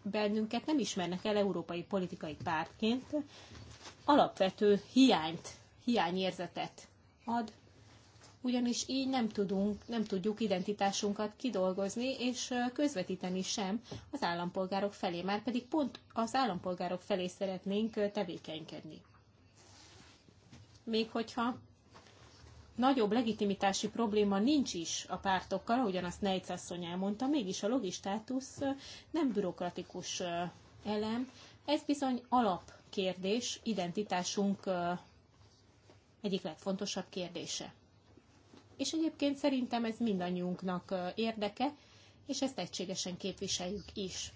bennünket nem ismernek el európai politikai pártként, alapvető hiányt, hiányérzetet ad ugyanis így nem, tudunk, nem tudjuk identitásunkat kidolgozni, és közvetíteni sem az állampolgárok felé, már pedig pont az állampolgárok felé szeretnénk tevékenykedni. Még hogyha nagyobb legitimitási probléma nincs is a pártokkal, ahogyan azt Nejc asszony elmondta, mégis a logi státusz nem bürokratikus elem, ez bizony alapkérdés, identitásunk egyik legfontosabb kérdése és egyébként szerintem ez mindannyiunknak érdeke, és ezt egységesen képviseljük is.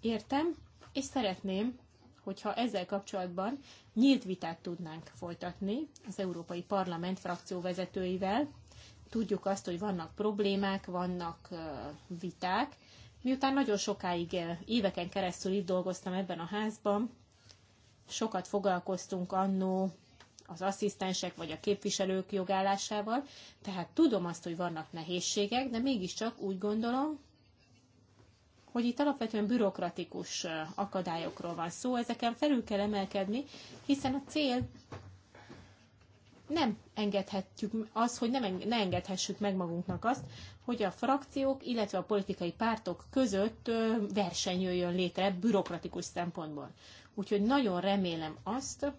Értem, és szeretném, hogyha ezzel kapcsolatban nyílt vitát tudnánk folytatni az Európai Parlament frakcióvezetőivel. Tudjuk azt, hogy vannak problémák, vannak viták. Miután nagyon sokáig, éveken keresztül itt dolgoztam ebben a házban, sokat foglalkoztunk annó az asszisztensek vagy a képviselők jogállásával, tehát tudom azt, hogy vannak nehézségek, de mégiscsak úgy gondolom, hogy itt alapvetően bürokratikus akadályokról van szó, ezeken felül kell emelkedni, hiszen a cél nem engedhetjük az, hogy nem ne engedhessük meg magunknak azt, hogy a frakciók, illetve a politikai pártok között verseny jöjjön létre bürokratikus szempontból. Úgyhogy nagyon remélem azt,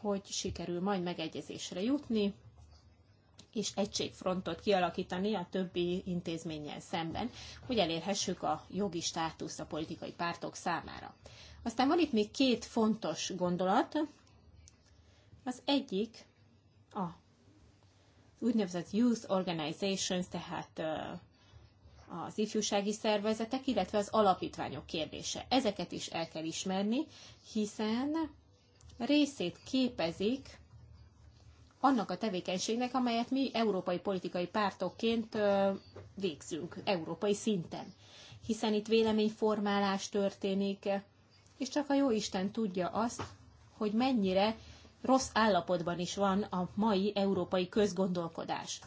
hogy sikerül majd megegyezésre jutni, és egységfrontot kialakítani a többi intézménnyel szemben, hogy elérhessük a jogi státusz a politikai pártok számára. Aztán van itt még két fontos gondolat. Az egyik a úgynevezett Youth Organizations, tehát az ifjúsági szervezetek, illetve az alapítványok kérdése. Ezeket is el kell ismerni, hiszen részét képezik annak a tevékenységnek, amelyet mi európai politikai pártokként végzünk, európai szinten. Hiszen itt véleményformálás történik, és csak a jó Isten tudja azt, hogy mennyire rossz állapotban is van a mai európai közgondolkodás.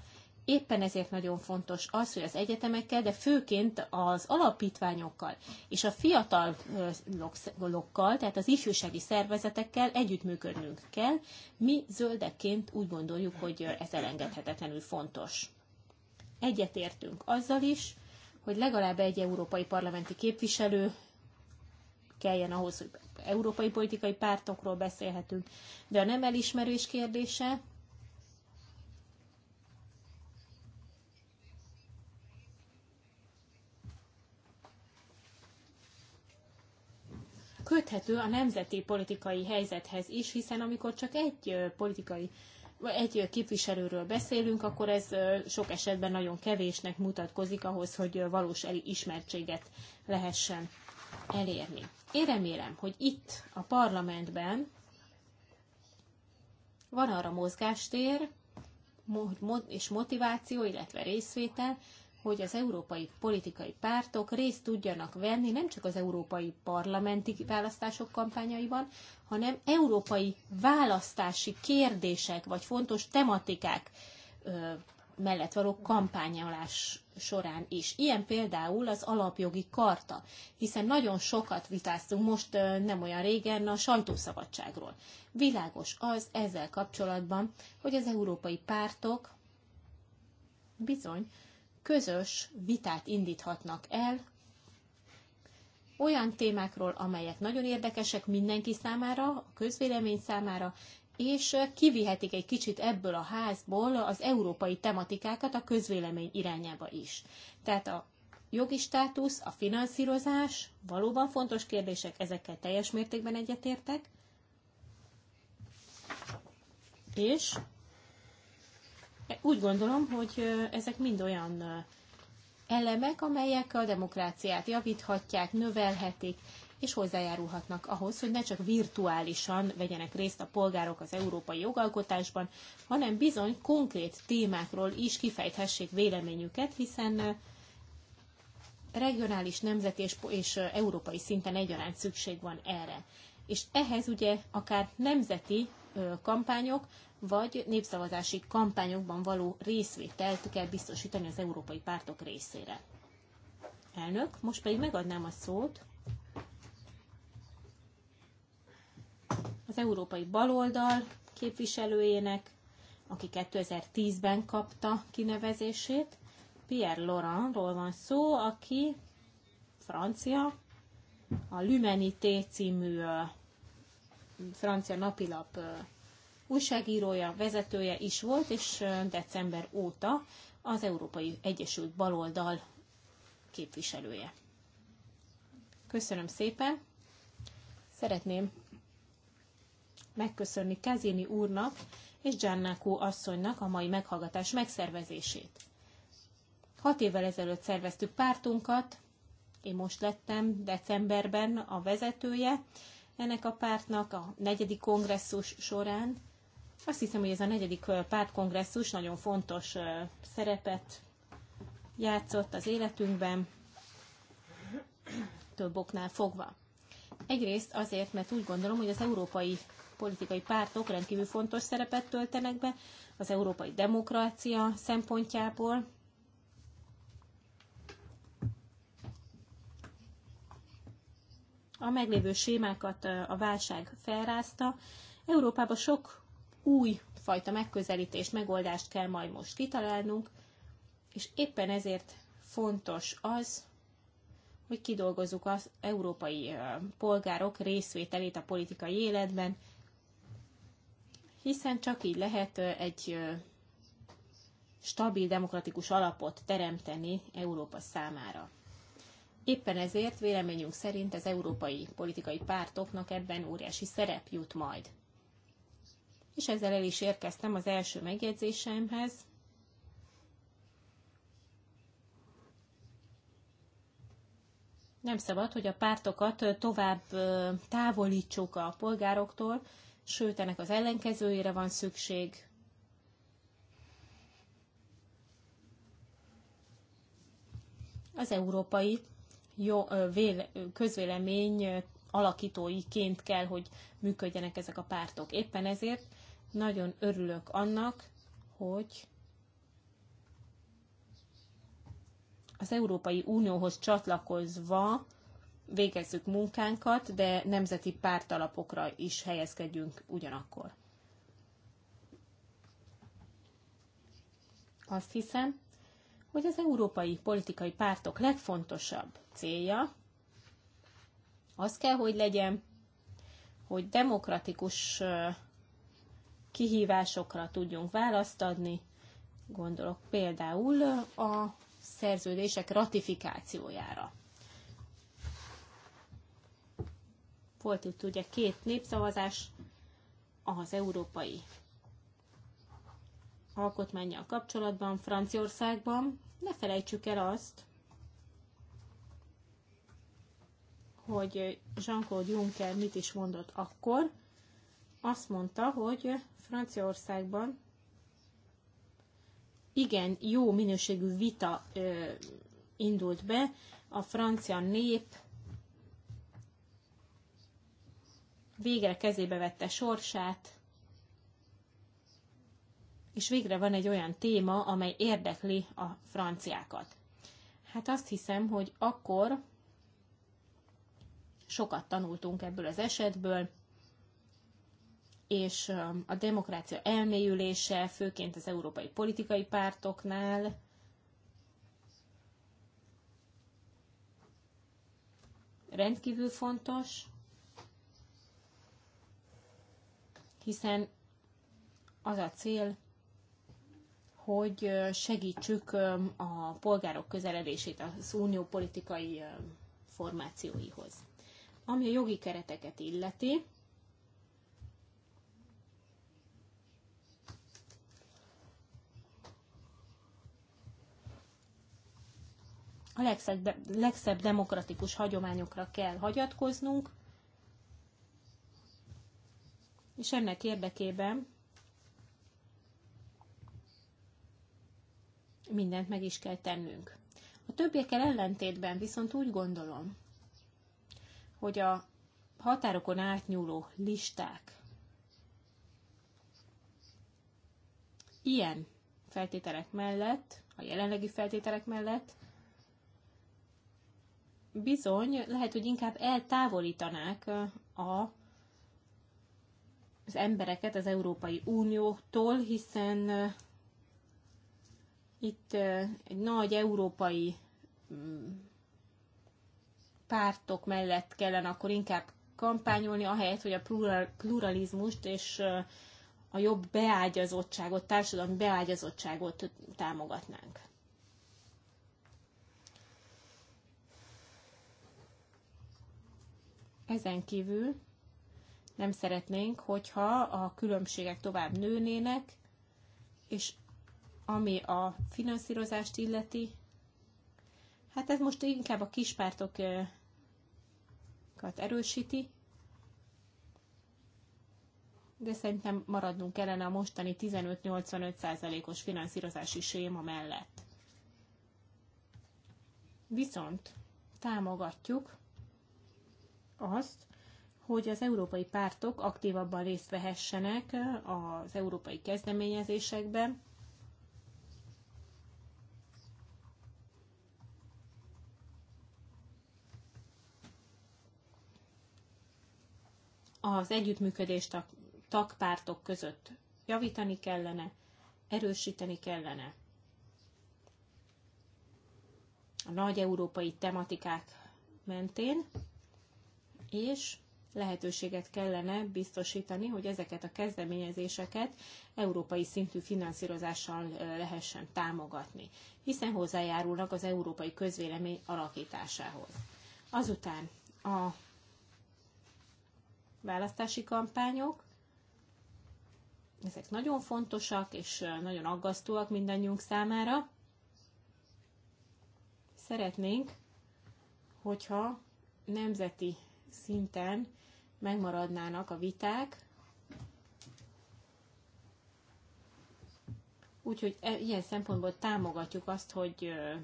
Éppen ezért nagyon fontos az, hogy az egyetemekkel, de főként az alapítványokkal és a fiatalokkal, tehát az ifjúsági szervezetekkel együttműködnünk kell. Mi zöldekként úgy gondoljuk, hogy ez elengedhetetlenül fontos. Egyetértünk azzal is, hogy legalább egy európai parlamenti képviselő kelljen ahhoz, hogy európai politikai pártokról beszélhetünk. De a nem elismerés kérdése köthető a nemzeti politikai helyzethez is, hiszen amikor csak egy politikai egy képviselőről beszélünk, akkor ez sok esetben nagyon kevésnek mutatkozik ahhoz, hogy valós ismertséget lehessen elérni. Én remélem, hogy itt a parlamentben van arra mozgástér és motiváció, illetve részvétel, hogy az európai politikai pártok részt tudjanak venni nem csak az európai parlamenti választások kampányaiban, hanem európai választási kérdések vagy fontos tematikák mellett való kampányolás során is. Ilyen például az alapjogi karta, hiszen nagyon sokat vitáztunk most nem olyan régen a sajtószabadságról. Világos az ezzel kapcsolatban, hogy az európai pártok bizony közös vitát indíthatnak el olyan témákról, amelyek nagyon érdekesek mindenki számára, a közvélemény számára, és kivihetik egy kicsit ebből a házból az európai tematikákat a közvélemény irányába is. Tehát a jogi státusz, a finanszírozás, valóban fontos kérdések, ezekkel teljes mértékben egyetértek. És úgy gondolom, hogy ezek mind olyan elemek, amelyek a demokráciát javíthatják, növelhetik, és hozzájárulhatnak ahhoz, hogy ne csak virtuálisan vegyenek részt a polgárok az európai jogalkotásban, hanem bizony konkrét témákról is kifejthessék véleményüket, hiszen regionális, nemzeti és, és európai szinten egyaránt szükség van erre. És ehhez ugye akár nemzeti kampányok, vagy népszavazási kampányokban való részvételt kell biztosítani az európai pártok részére. Elnök, most pedig megadnám a szót az európai baloldal képviselőjének, aki 2010-ben kapta kinevezését. Pierre Laurentról van szó, aki francia, a Lumenité című francia napilap újságírója, vezetője is volt, és december óta az Európai Egyesült Baloldal képviselője. Köszönöm szépen! Szeretném megköszönni Kezini úrnak és Giannaku asszonynak a mai meghallgatás megszervezését. Hat évvel ezelőtt szerveztük pártunkat, én most lettem decemberben a vezetője, ennek a pártnak a negyedik kongresszus során. Azt hiszem, hogy ez a negyedik pártkongresszus nagyon fontos szerepet játszott az életünkben, több oknál fogva. Egyrészt azért, mert úgy gondolom, hogy az európai politikai pártok rendkívül fontos szerepet töltenek be az európai demokrácia szempontjából, a meglévő sémákat a válság felrázta. Európában sok új fajta megközelítést, megoldást kell majd most kitalálnunk, és éppen ezért fontos az, hogy kidolgozzuk az európai polgárok részvételét a politikai életben, hiszen csak így lehet egy stabil demokratikus alapot teremteni Európa számára. Éppen ezért véleményünk szerint az európai politikai pártoknak ebben óriási szerep jut majd. És ezzel el is érkeztem az első megjegyzésemhez. Nem szabad, hogy a pártokat tovább távolítsuk a polgároktól, sőt, ennek az ellenkezőjére van szükség, az európai jó, véle, közvélemény alakítóiként kell, hogy működjenek ezek a pártok. Éppen ezért nagyon örülök annak, hogy az Európai Unióhoz csatlakozva végezzük munkánkat, de nemzeti pártalapokra is helyezkedjünk ugyanakkor. Azt hiszem, hogy az európai politikai pártok legfontosabb célja az kell, hogy legyen, hogy demokratikus kihívásokra tudjunk választ adni, gondolok például a szerződések ratifikációjára. Volt itt ugye két népszavazás az európai alkotmányjal kapcsolatban Franciaországban. Ne felejtsük el azt, hogy Jean-Claude Juncker mit is mondott akkor. Azt mondta, hogy Franciaországban igen jó minőségű vita ö, indult be, a francia nép végre kezébe vette sorsát, és végre van egy olyan téma, amely érdekli a franciákat. Hát azt hiszem, hogy akkor sokat tanultunk ebből az esetből, és um, a demokrácia elmélyülése, főként az európai politikai pártoknál, rendkívül fontos, hiszen az a cél, hogy segítsük a polgárok közeledését az unió politikai formációihoz. Ami a jogi kereteket illeti, a legszebb, legszebb demokratikus hagyományokra kell hagyatkoznunk, és ennek érdekében mindent meg is kell tennünk. A többiekkel ellentétben viszont úgy gondolom, hogy a határokon átnyúló listák ilyen feltételek mellett, a jelenlegi feltételek mellett bizony lehet, hogy inkább eltávolítanák a, az embereket az Európai Uniótól, hiszen itt egy nagy európai mm, pártok mellett kellene akkor inkább kampányolni, ahelyett, hogy a pluralizmust és a jobb beágyazottságot, társadalmi beágyazottságot támogatnánk. Ezen kívül nem szeretnénk, hogyha a különbségek tovább nőnének, és ami a finanszírozást illeti, hát ez most inkább a kispártokat erősíti, de szerintem maradnunk kellene a mostani 15-85%-os finanszírozási séma mellett. Viszont támogatjuk azt, hogy az európai pártok aktívabban részt vehessenek az európai kezdeményezésekben, az együttműködést a tagpártok között javítani kellene, erősíteni kellene. A nagy európai tematikák mentén, és lehetőséget kellene biztosítani, hogy ezeket a kezdeményezéseket európai szintű finanszírozással lehessen támogatni, hiszen hozzájárulnak az európai közvélemény alakításához. Azután a választási kampányok. Ezek nagyon fontosak és eh, nagyon aggasztóak mindannyiunk számára. Szeretnénk, hogyha nemzeti szinten megmaradnának a viták, Úgyhogy e, ilyen szempontból támogatjuk azt, hogy eh,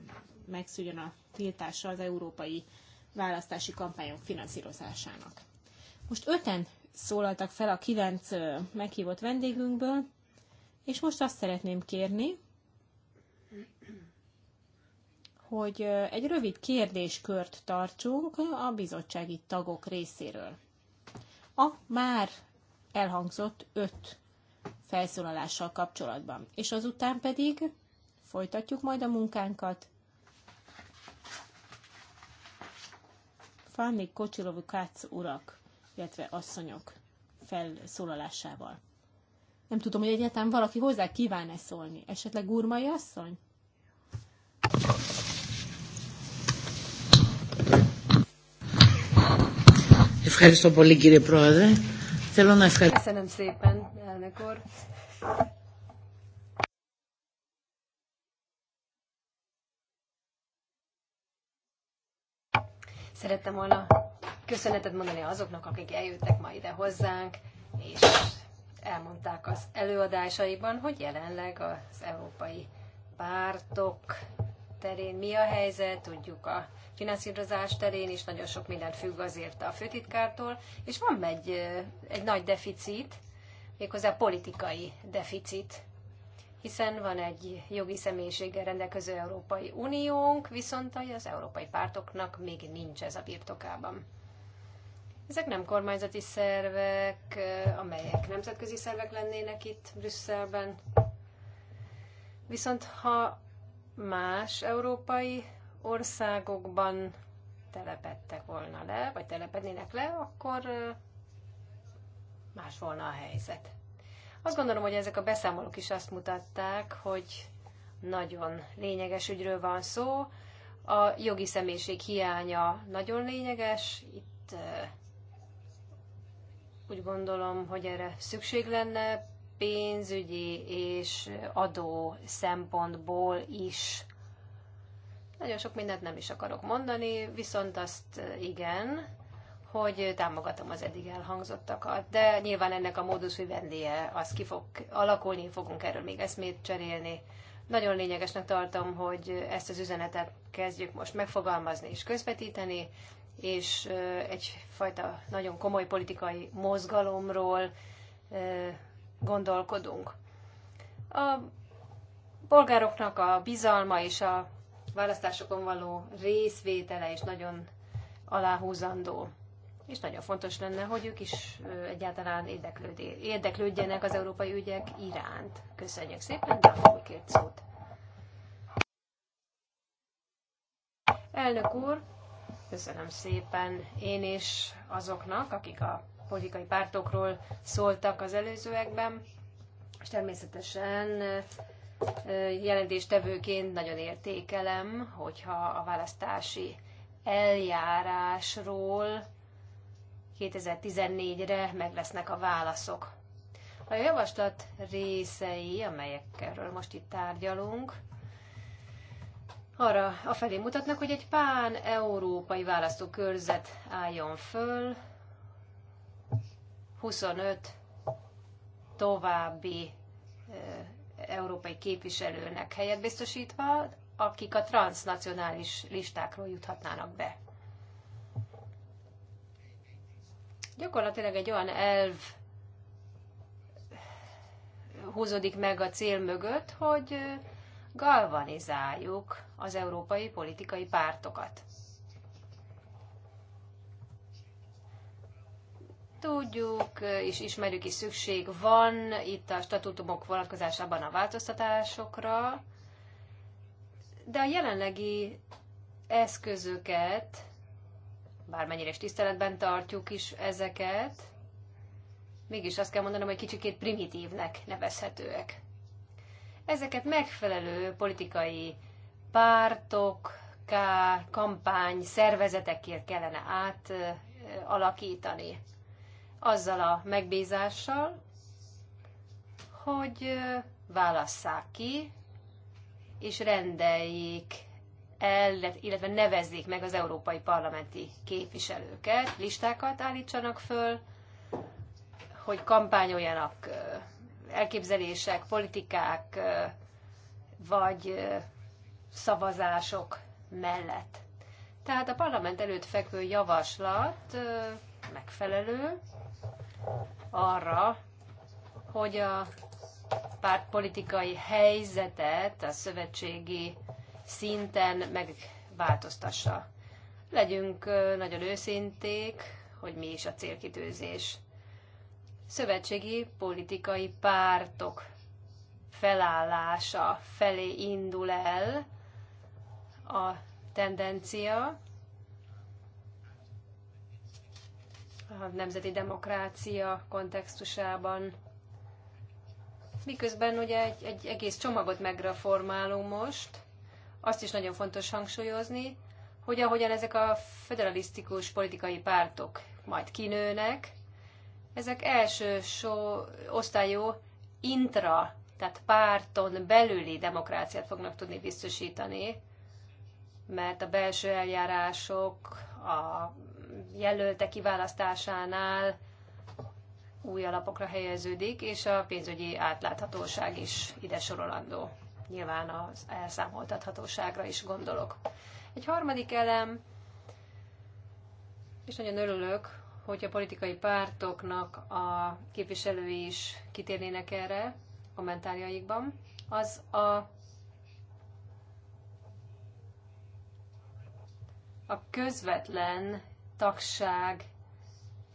megszűjön a tiltása az európai választási kampányok finanszírozásának. Most öten szólaltak fel a kilenc meghívott vendégünkből, és most azt szeretném kérni, hogy egy rövid kérdéskört tartsunk a bizottsági tagok részéről. A már elhangzott öt felszólalással kapcsolatban. És azután pedig folytatjuk majd a munkánkat. Fanni Kocsilovukács urak illetve asszonyok felszólalásával. Nem tudom, hogy egyáltalán valaki hozzá kíván-e szólni. Esetleg gurmai asszony? Ευχαριστώ πολύ κύριε Πρόεδρε. Köszönöm szépen, elnök úr. Szerettem volna köszönetet mondani azoknak, akik eljöttek ma ide hozzánk, és elmondták az előadásaiban, hogy jelenleg az európai pártok terén mi a helyzet, tudjuk a finanszírozás terén is nagyon sok minden függ azért a főtitkártól, és van egy, egy nagy deficit, méghozzá politikai deficit, hiszen van egy jogi személyiséggel rendelkező Európai Uniónk, viszont az európai pártoknak még nincs ez a birtokában. Ezek nem kormányzati szervek, eh, amelyek nemzetközi szervek lennének itt Brüsszelben. Viszont ha más európai országokban telepedtek volna le, vagy telepednének le, akkor eh, más volna a helyzet. Azt gondolom, hogy ezek a beszámolók is azt mutatták, hogy nagyon lényeges ügyről van szó. A jogi személyiség hiánya nagyon lényeges. Itt eh, úgy gondolom, hogy erre szükség lenne pénzügyi és adó szempontból is. Nagyon sok mindent nem is akarok mondani, viszont azt igen, hogy támogatom az eddig elhangzottakat, de nyilván ennek a módus vivendie az ki fog alakulni, fogunk erről még eszmét cserélni. Nagyon lényegesnek tartom, hogy ezt az üzenetet kezdjük most megfogalmazni és közvetíteni, és egyfajta nagyon komoly politikai mozgalomról gondolkodunk. A polgároknak a bizalma és a választásokon való részvétele is nagyon aláhúzandó. És nagyon fontos lenne, hogy ők is egyáltalán érdeklődjenek az európai ügyek iránt. Köszönjük szépen, de akkor két szót. Elnök úr, Köszönöm szépen én is azoknak, akik a politikai pártokról szóltak az előzőekben, és természetesen jelentéstevőként nagyon értékelem, hogyha a választási eljárásról 2014-re meg lesznek a válaszok. A javaslat részei, amelyekről most itt tárgyalunk, arra felé mutatnak, hogy egy pán-európai választókörzet álljon föl, 25 további eh, európai képviselőnek helyet biztosítva, akik a transnacionális listákról juthatnának be. Gyakorlatilag egy olyan elv eh, húzódik meg a cél mögött, hogy eh, galvanizáljuk az európai politikai pártokat. Tudjuk és ismerjük is szükség van itt a statutumok vonatkozásában a változtatásokra, de a jelenlegi eszközöket, bármennyire is tiszteletben tartjuk is ezeket, mégis azt kell mondanom, hogy kicsikét primitívnek nevezhetőek ezeket megfelelő politikai pártok, kampány, szervezetekért kellene átalakítani. Azzal a megbízással, hogy válasszák ki, és rendeljék el, illetve nevezzék meg az európai parlamenti képviselőket, listákat állítsanak föl, hogy kampányoljanak elképzelések, politikák vagy szavazások mellett. Tehát a parlament előtt fekvő javaslat megfelelő arra, hogy a pártpolitikai helyzetet a szövetségi szinten megváltoztassa. Legyünk nagyon őszinték, hogy mi is a célkitűzés szövetségi politikai pártok felállása felé indul el a tendencia, a nemzeti demokrácia kontextusában. Miközben ugye egy, egy egész csomagot megreformálunk most, azt is nagyon fontos hangsúlyozni, hogy ahogyan ezek a federalisztikus politikai pártok majd kinőnek, ezek első so, osztályú intra, tehát párton belüli demokráciát fognak tudni biztosítani, mert a belső eljárások a jelölte kiválasztásánál új alapokra helyeződik, és a pénzügyi átláthatóság is ide sorolandó. Nyilván az elszámoltathatóságra is gondolok. Egy harmadik elem, és nagyon örülök, hogy a politikai pártoknak a képviselői is kitérnének erre kommentárjaikban, az a a közvetlen tagság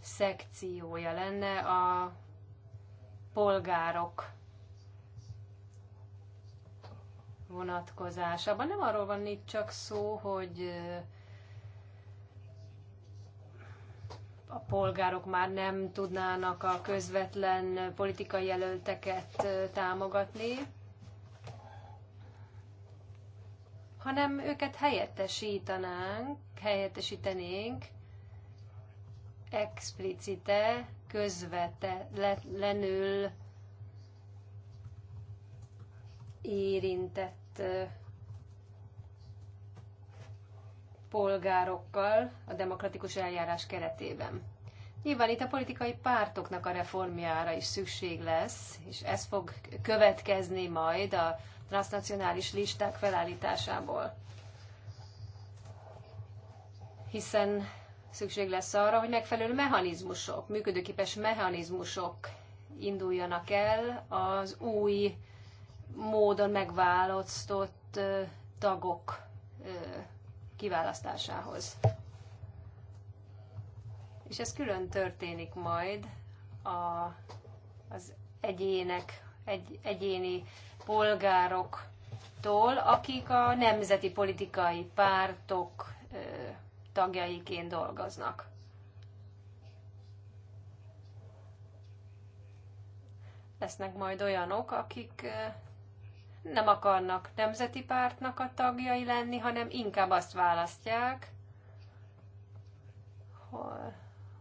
szekciója lenne a polgárok vonatkozásában. Nem arról van itt csak szó, hogy a polgárok már nem tudnának a közvetlen politikai jelölteket támogatni, hanem őket helyettesítanánk, helyettesítenénk explicite, közvetlenül érintett polgárokkal a demokratikus eljárás keretében. Nyilván itt a politikai pártoknak a reformjára is szükség lesz, és ez fog következni majd a transnacionális listák felállításából. Hiszen szükség lesz arra, hogy megfelelő mechanizmusok, működőképes mechanizmusok induljanak el az új módon megválasztott tagok kiválasztásához. És ez külön történik majd a, az egyének, egy, egyéni polgároktól, akik a nemzeti politikai pártok ö, tagjaiként dolgoznak. Lesznek majd olyanok, akik ö, nem akarnak nemzeti pártnak a tagjai lenni, hanem inkább azt választják,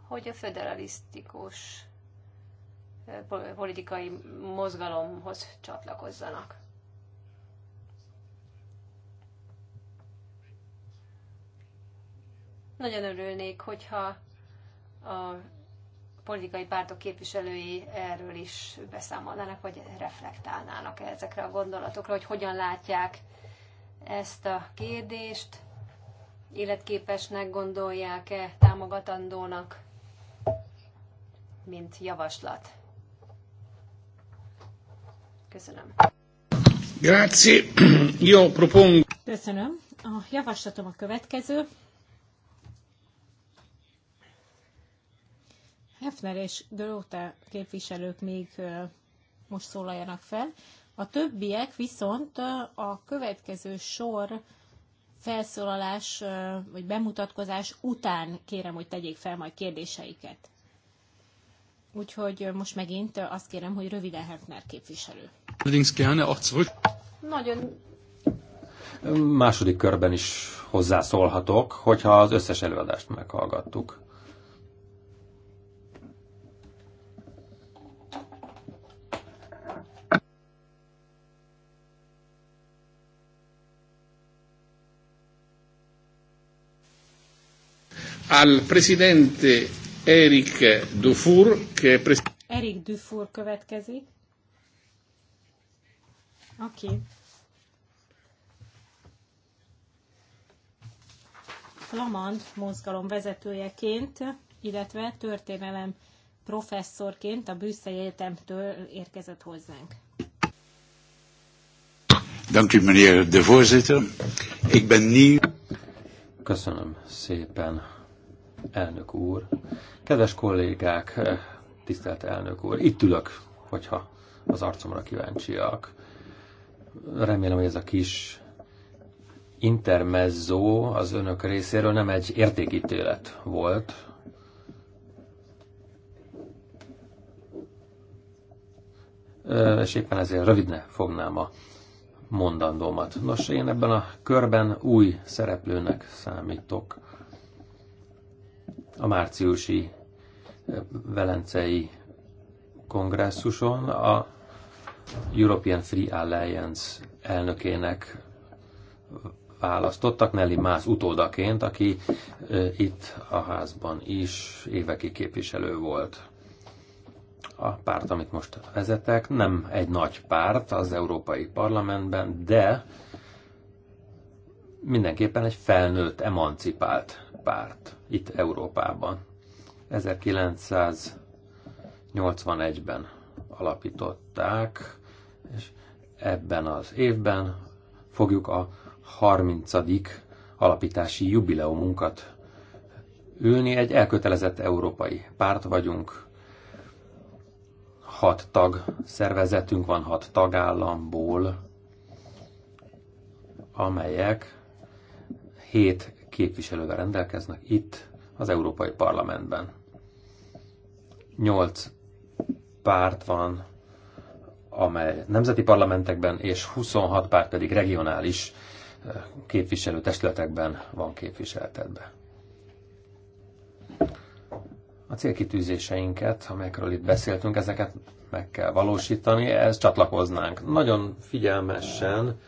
hogy a föderalisztikus eh, politikai mozgalomhoz csatlakozzanak. Nagyon örülnék, hogyha a politikai pártok képviselői erről is beszámolnának, vagy reflektálnának -e ezekre a gondolatokra, hogy hogyan látják ezt a kérdést, életképesnek gondolják-e, támogatandónak, mint javaslat. Köszönöm. Grazie. Io propongo. Köszönöm. A javaslatom a következő. Hefner és Dorota képviselők még most szólaljanak fel. A többiek viszont a következő sor felszólalás vagy bemutatkozás után kérem, hogy tegyék fel majd kérdéseiket. Úgyhogy most megint azt kérem, hogy röviden Hefner képviselő. Nagyon második körben is hozzászólhatok, hogyha az összes előadást meghallgattuk. al presidente Eric Dufour, che è presidente. Eric Dufour következik, aki okay. Flamand mozgalom vezetőjeként, illetve történelem professzorként a Brüsszeli Egyetemtől érkezett hozzánk. Dank u, meneer de voorzitter. Ik ben nieuw. Köszönöm szépen, Elnök úr, kedves kollégák, tisztelt elnök úr, itt ülök, hogyha az arcomra kíváncsiak. Remélem, hogy ez a kis intermezzo az önök részéről nem egy értékítélet volt. És éppen ezért rövidne fognám a mondandómat. Nos, én ebben a körben új szereplőnek számítok a márciusi eh, velencei kongresszuson a European Free Alliance elnökének választottak, Nelly Mász utódaként, aki eh, itt a házban is éveki képviselő volt. A párt, amit most vezetek, nem egy nagy párt az Európai Parlamentben, de mindenképpen egy felnőtt, emancipált párt itt Európában. 1981-ben alapították, és ebben az évben fogjuk a 30. alapítási jubileumunkat ülni. Egy elkötelezett európai párt vagyunk, hat tag szervezetünk van, hat tagállamból, amelyek hét képviselővel rendelkeznek itt az Európai Parlamentben. Nyolc párt van, amely nemzeti parlamentekben, és 26 párt pedig regionális eh, képviselő testületekben van képviseltetve. A célkitűzéseinket, amelyekről itt beszéltünk, ezeket meg kell valósítani, ehhez csatlakoznánk. Nagyon figyelmesen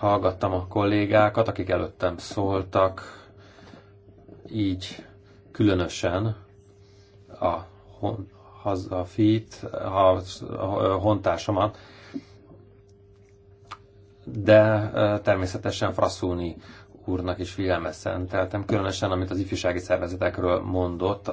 hallgattam a kollégákat, akik előttem szóltak, így különösen a hazafit, a, a hontársamat, de természetesen Fraszúni úrnak is figyelmet szenteltem, különösen amit az ifjúsági szervezetekről mondott,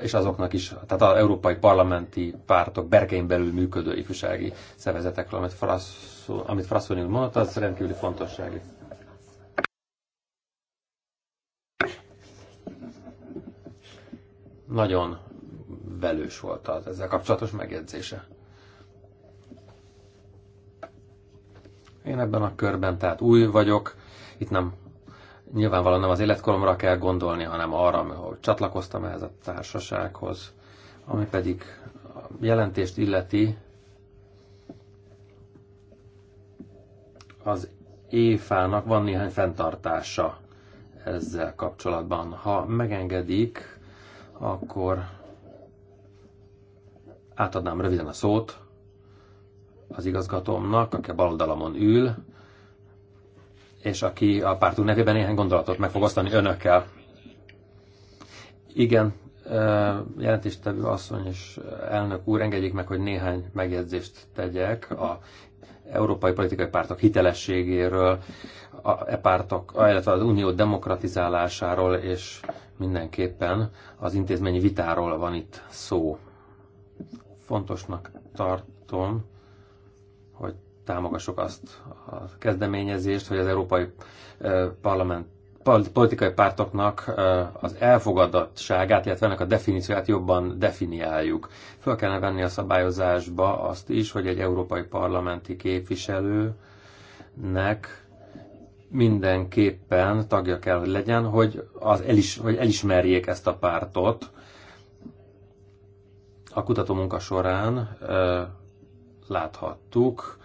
és azoknak is, tehát az európai parlamenti pártok berkein belül működő ifjúsági szervezetekről, amit Frasz Frasszul, amit Frasszul mondott, az rendkívül fontosságú. Nagyon velős volt az ezzel kapcsolatos megjegyzése. Én ebben a körben, tehát új vagyok, itt nem nyilvánvalóan nem az életkoromra kell gondolni, hanem arra, hogy csatlakoztam ehhez a társasághoz, ami pedig a jelentést illeti, az éfának van néhány fenntartása ezzel kapcsolatban. Ha megengedik, akkor átadnám röviden a szót az igazgatómnak, aki a bal oldalamon ül, és aki a pártunk nevében néhány gondolatot meg fog osztani önökkel. Igen, jelentéstevő asszony és elnök úr, engedjék meg, hogy néhány megjegyzést tegyek a európai politikai pártok hitelességéről, a, e pártok, illetve az unió demokratizálásáról, és mindenképpen az intézményi vitáról van itt szó. Fontosnak tartom, hogy támogassuk azt a kezdeményezést, hogy az Európai e, Parlament politikai pártoknak az elfogadottságát, illetve ennek a definícióját jobban definiáljuk. Föl kellene venni a szabályozásba azt is, hogy egy európai parlamenti képviselőnek mindenképpen tagja kell, hogy legyen, hogy, az elis, hogy elismerjék ezt a pártot. A kutatómunka során ö, láthattuk,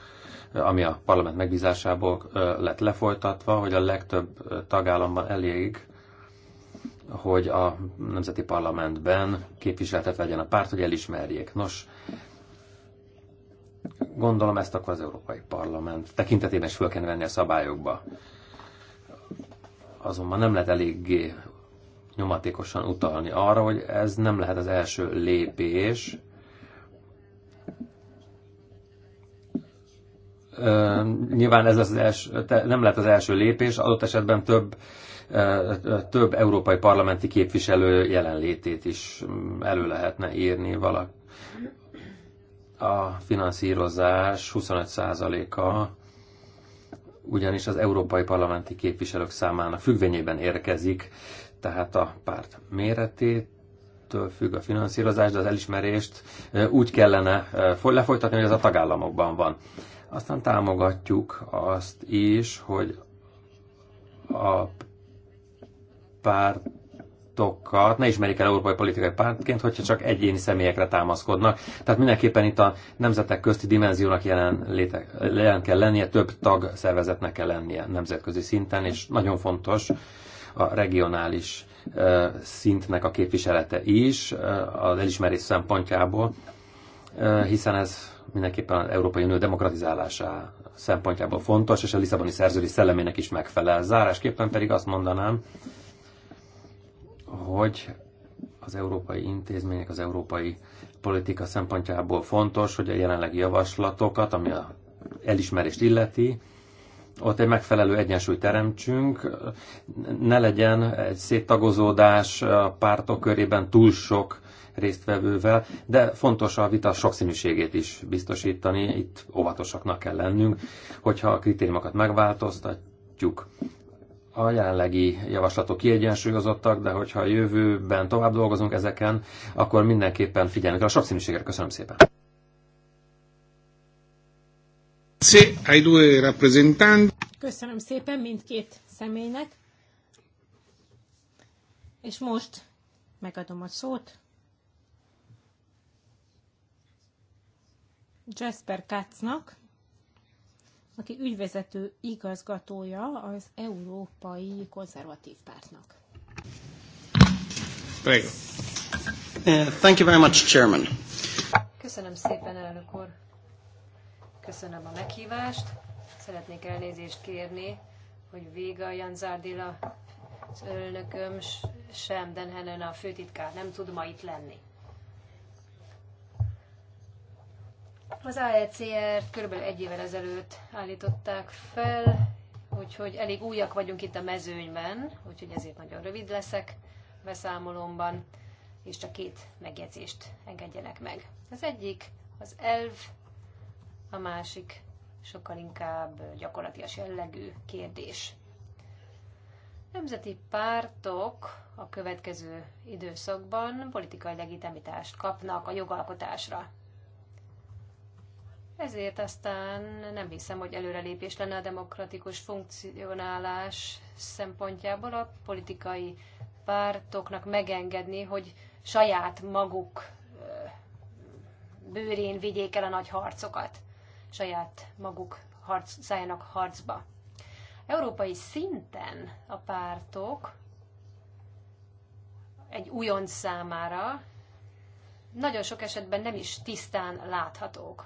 ami a parlament megbízásából lett lefolytatva, hogy a legtöbb tagállamban elég hogy a nemzeti parlamentben képviseletet vegyen a párt, hogy elismerjék. Nos, gondolom ezt akkor az Európai Parlament tekintetében is föl kell venni a szabályokba. Azonban nem lehet eléggé nyomatékosan utalni arra, hogy ez nem lehet az első lépés, nyilván ez az első, nem lehet az első lépés, adott esetben több, több európai parlamenti képviselő jelenlétét is elő lehetne írni valak. A finanszírozás 25%-a ugyanis az európai parlamenti képviselők számának függvényében érkezik, tehát a párt méretét függ a finanszírozás, de az elismerést úgy kellene lefolytatni, hogy ez a tagállamokban van. Aztán támogatjuk azt is, hogy a pártokat ne ismerik el európai politikai pártként, hogyha csak egyéni személyekre támaszkodnak. Tehát mindenképpen itt a nemzetek közti dimenziónak jelen, léte, jelen kell lennie, több tag szervezetnek kell lennie nemzetközi szinten, és nagyon fontos a regionális szintnek a képviselete is az elismerés szempontjából, hiszen ez mindenképpen az Európai Unió demokratizálása szempontjából fontos, és a Lisszaboni szerződés szellemének is megfelel. Zárásképpen pedig azt mondanám, hogy az európai intézmények, az európai politika szempontjából fontos, hogy a jelenlegi javaslatokat, ami a elismerést illeti, ott egy megfelelő egyensúly teremtsünk, ne legyen egy széttagozódás a pártok körében túl sok résztvevővel, de fontos a vita sokszínűségét is biztosítani, itt óvatosaknak kell lennünk, hogyha a kritériumokat megváltoztatjuk, a jelenlegi javaslatok kiegyensúlyozottak, de hogyha a jövőben tovább dolgozunk ezeken, akkor mindenképpen figyelni kell a sokszínűségre. Köszönöm szépen! Köszönöm szépen mindkét személynek, és most megadom a szót Jasper Katznak, aki ügyvezető igazgatója az Európai Konzervatív Pártnak. Prego. Uh, thank you very much, Chairman. Köszönöm szépen, elnök úr. Köszönöm a meghívást. Szeretnék elnézést kérni, hogy a Jan Zárdila, az önököm, sem Denhenen a főtitkár nem tud ma itt lenni. Az AECR-t kb. egy évvel ezelőtt állították fel, úgyhogy elég újak vagyunk itt a mezőnyben, úgyhogy ezért nagyon rövid leszek beszámolomban, és csak két megjegyzést engedjenek meg. Az egyik az elv, a másik sokkal inkább gyakorlatias jellegű kérdés. Nemzeti pártok a következő időszakban politikai legitimitást kapnak a jogalkotásra. Ezért aztán nem hiszem, hogy előrelépés lenne a demokratikus funkcionálás szempontjából a politikai pártoknak megengedni, hogy saját maguk bőrén vigyék el a nagy harcokat, saját maguk harc, szálljanak harcba. Európai szinten a pártok egy újon számára nagyon sok esetben nem is tisztán láthatók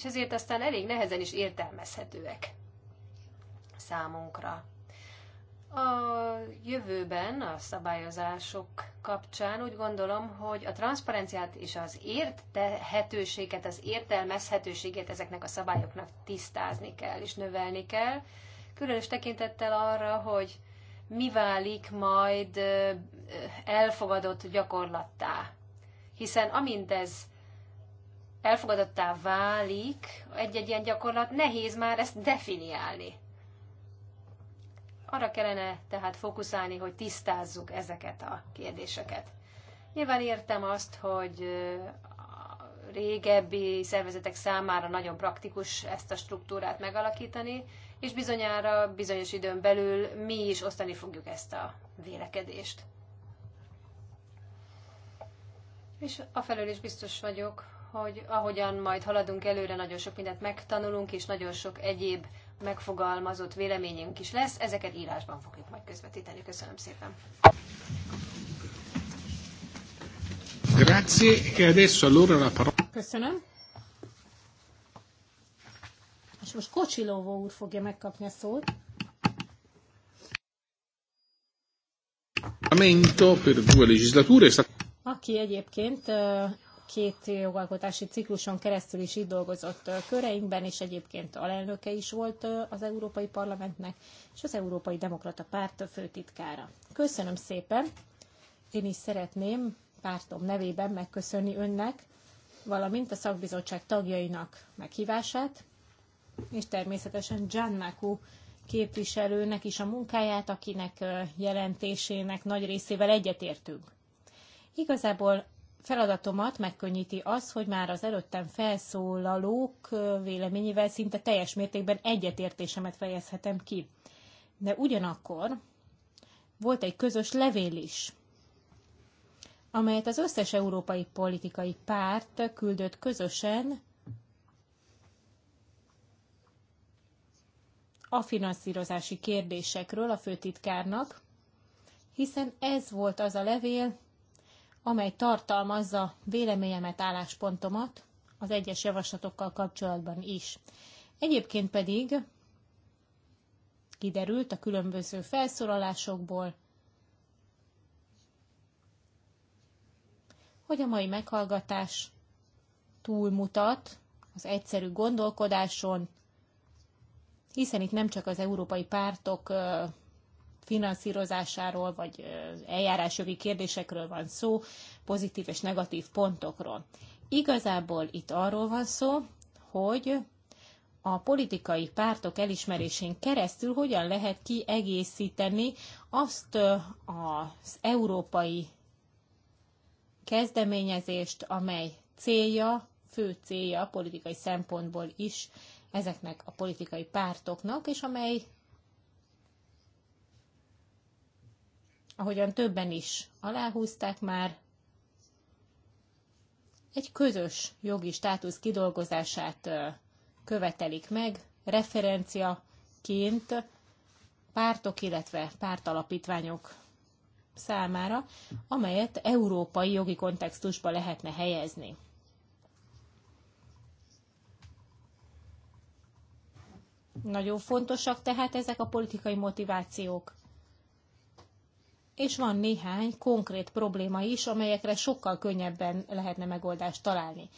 és ezért aztán elég nehezen is értelmezhetőek számunkra. A jövőben a szabályozások kapcsán úgy gondolom, hogy a transzparenciát és az értehetőséget, az értelmezhetőséget ezeknek a szabályoknak tisztázni kell és növelni kell, különös tekintettel arra, hogy mi válik majd elfogadott gyakorlattá. Hiszen amint ez elfogadottá válik egy-egy ilyen gyakorlat, nehéz már ezt definiálni. Arra kellene tehát fókuszálni, hogy tisztázzuk ezeket a kérdéseket. Nyilván értem azt, hogy régebbi szervezetek számára nagyon praktikus ezt a struktúrát megalakítani, és bizonyára bizonyos időn belül mi is osztani fogjuk ezt a vélekedést. És afelől is biztos vagyok, hogy ahogyan majd haladunk előre, nagyon sok mindent megtanulunk, és nagyon sok egyéb megfogalmazott véleményünk is lesz. Ezeket írásban fogjuk majd közvetíteni. Köszönöm szépen. Grazie, adesso allora la parola. Köszönöm. És most Kocsilóvó úr fogja megkapni a szót. per due legislature. Aki egyébként két jogalkotási cikluson keresztül is itt dolgozott köreinkben, és egyébként alelnöke is volt az Európai Parlamentnek, és az Európai Demokrata Párt főtitkára. Köszönöm szépen! Én is szeretném pártom nevében megköszönni önnek, valamint a szakbizottság tagjainak meghívását, és természetesen Giannaku képviselőnek is a munkáját, akinek jelentésének nagy részével egyetértünk. Igazából feladatomat megkönnyíti az, hogy már az előttem felszólalók véleményével szinte teljes mértékben egyetértésemet fejezhetem ki. De ugyanakkor volt egy közös levél is, amelyet az összes európai politikai párt küldött közösen a finanszírozási kérdésekről a főtitkárnak, hiszen ez volt az a levél, amely tartalmazza véleményemet, álláspontomat az egyes javaslatokkal kapcsolatban is. Egyébként pedig kiderült a különböző felszólalásokból, hogy a mai meghallgatás túlmutat az egyszerű gondolkodáson, hiszen itt nem csak az európai pártok finanszírozásáról, vagy eljárásjogi kérdésekről van szó, pozitív és negatív pontokról. Igazából itt arról van szó, hogy a politikai pártok elismerésén keresztül hogyan lehet kiegészíteni azt az európai kezdeményezést, amely célja, fő célja politikai szempontból is ezeknek a politikai pártoknak, és amely ahogyan többen is aláhúzták már, egy közös jogi státusz kidolgozását követelik meg, referenciaként pártok, illetve pártalapítványok számára, amelyet európai jogi kontextusba lehetne helyezni. Nagyon fontosak tehát ezek a politikai motivációk, és van néhány konkrét probléma is, amelyekre sokkal könnyebben lehetne megoldást találni.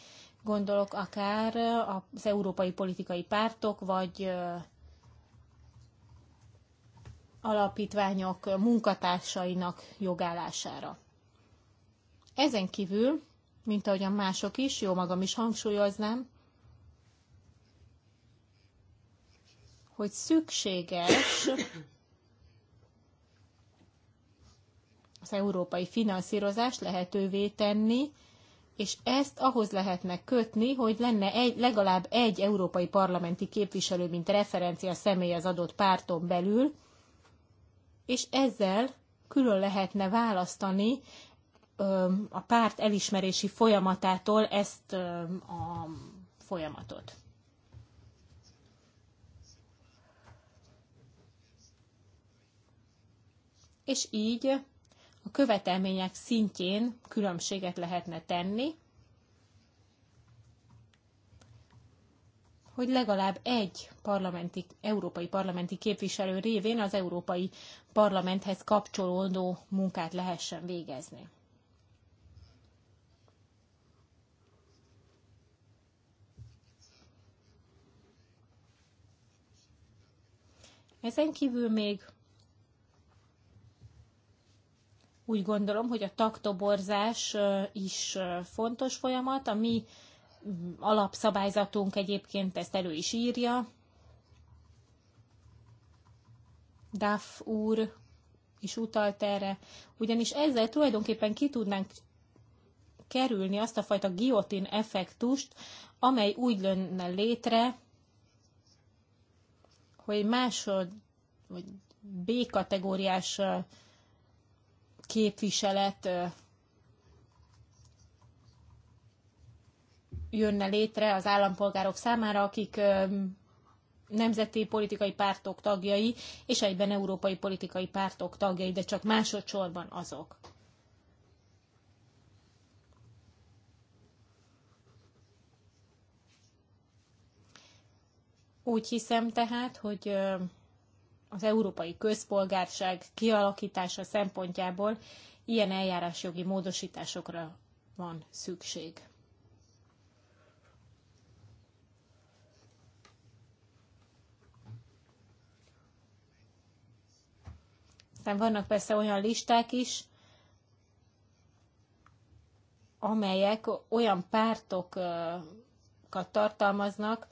Gondolok akár az európai politikai pártok, vagy alapítványok munkatársainak jogállására. Ezen kívül, mint ahogyan mások is, jó magam is hangsúlyoznám, hogy szükséges az európai finanszírozást lehetővé tenni, és ezt ahhoz lehetne kötni, hogy lenne egy, legalább egy európai parlamenti képviselő, mint referencia személy az adott párton belül, és ezzel külön lehetne választani a párt elismerési folyamatától ezt a folyamatot. És így a követelmények szintjén különbséget lehetne tenni, hogy legalább egy parlamenti, európai parlamenti képviselő révén az európai parlamenthez kapcsolódó munkát lehessen végezni. Ezen kívül még úgy gondolom, hogy a taktoborzás is fontos folyamat. A mi mm, alapszabályzatunk egyébként ezt elő is írja. Duff úr is utalt erre, ugyanis ezzel tulajdonképpen ki tudnánk kerülni azt a fajta giotin effektust, amely úgy lönne létre, hogy másod, vagy B-kategóriás képviselet jönne létre az állampolgárok számára, akik nemzeti politikai pártok tagjai, és egyben európai politikai pártok tagjai, de csak másodszorban azok. Úgy hiszem tehát, hogy az európai közpolgárság kialakítása szempontjából ilyen eljárásjogi módosításokra van szükség. Aztán vannak persze olyan listák is, amelyek olyan pártokat tartalmaznak,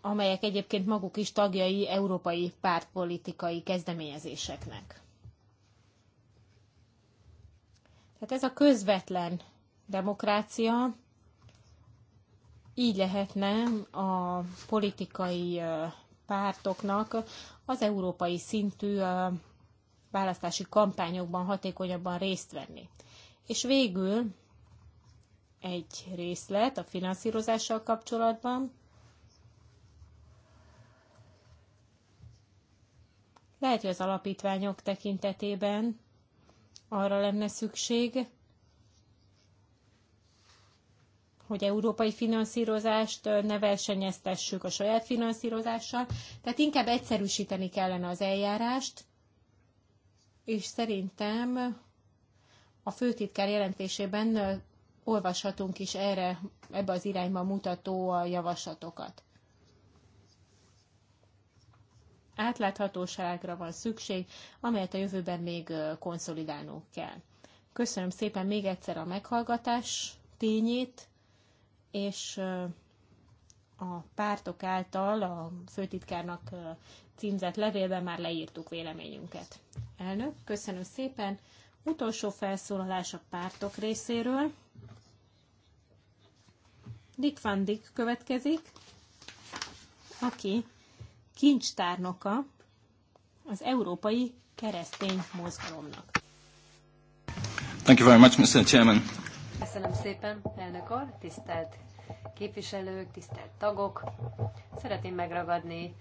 amelyek egyébként maguk is tagjai európai pártpolitikai kezdeményezéseknek. Tehát ez a közvetlen demokrácia így lehetne a politikai pártoknak az európai szintű választási kampányokban hatékonyabban részt venni. És végül egy részlet a finanszírozással kapcsolatban. Lehet, hogy az alapítványok tekintetében arra lenne szükség, hogy európai finanszírozást ne versenyeztessük a saját finanszírozással, tehát inkább egyszerűsíteni kellene az eljárást, és szerintem a főtitkár jelentésében olvashatunk is erre, ebbe az irányba mutató javaslatokat. átláthatóságra van szükség, amelyet a jövőben még konszolidálnunk kell. Köszönöm szépen még egyszer a meghallgatás tényét, és a pártok által a főtitkárnak címzett levélben már leírtuk véleményünket. Elnök, köszönöm szépen. Utolsó felszólalás a pártok részéről. Dick Van Dick következik, aki kincstárnoka az európai keresztény mozgalomnak. Thank you very much, Mr. Chairman. Köszönöm szépen, elnök úr, tisztelt képviselők, tisztelt tagok. Szeretném megragadni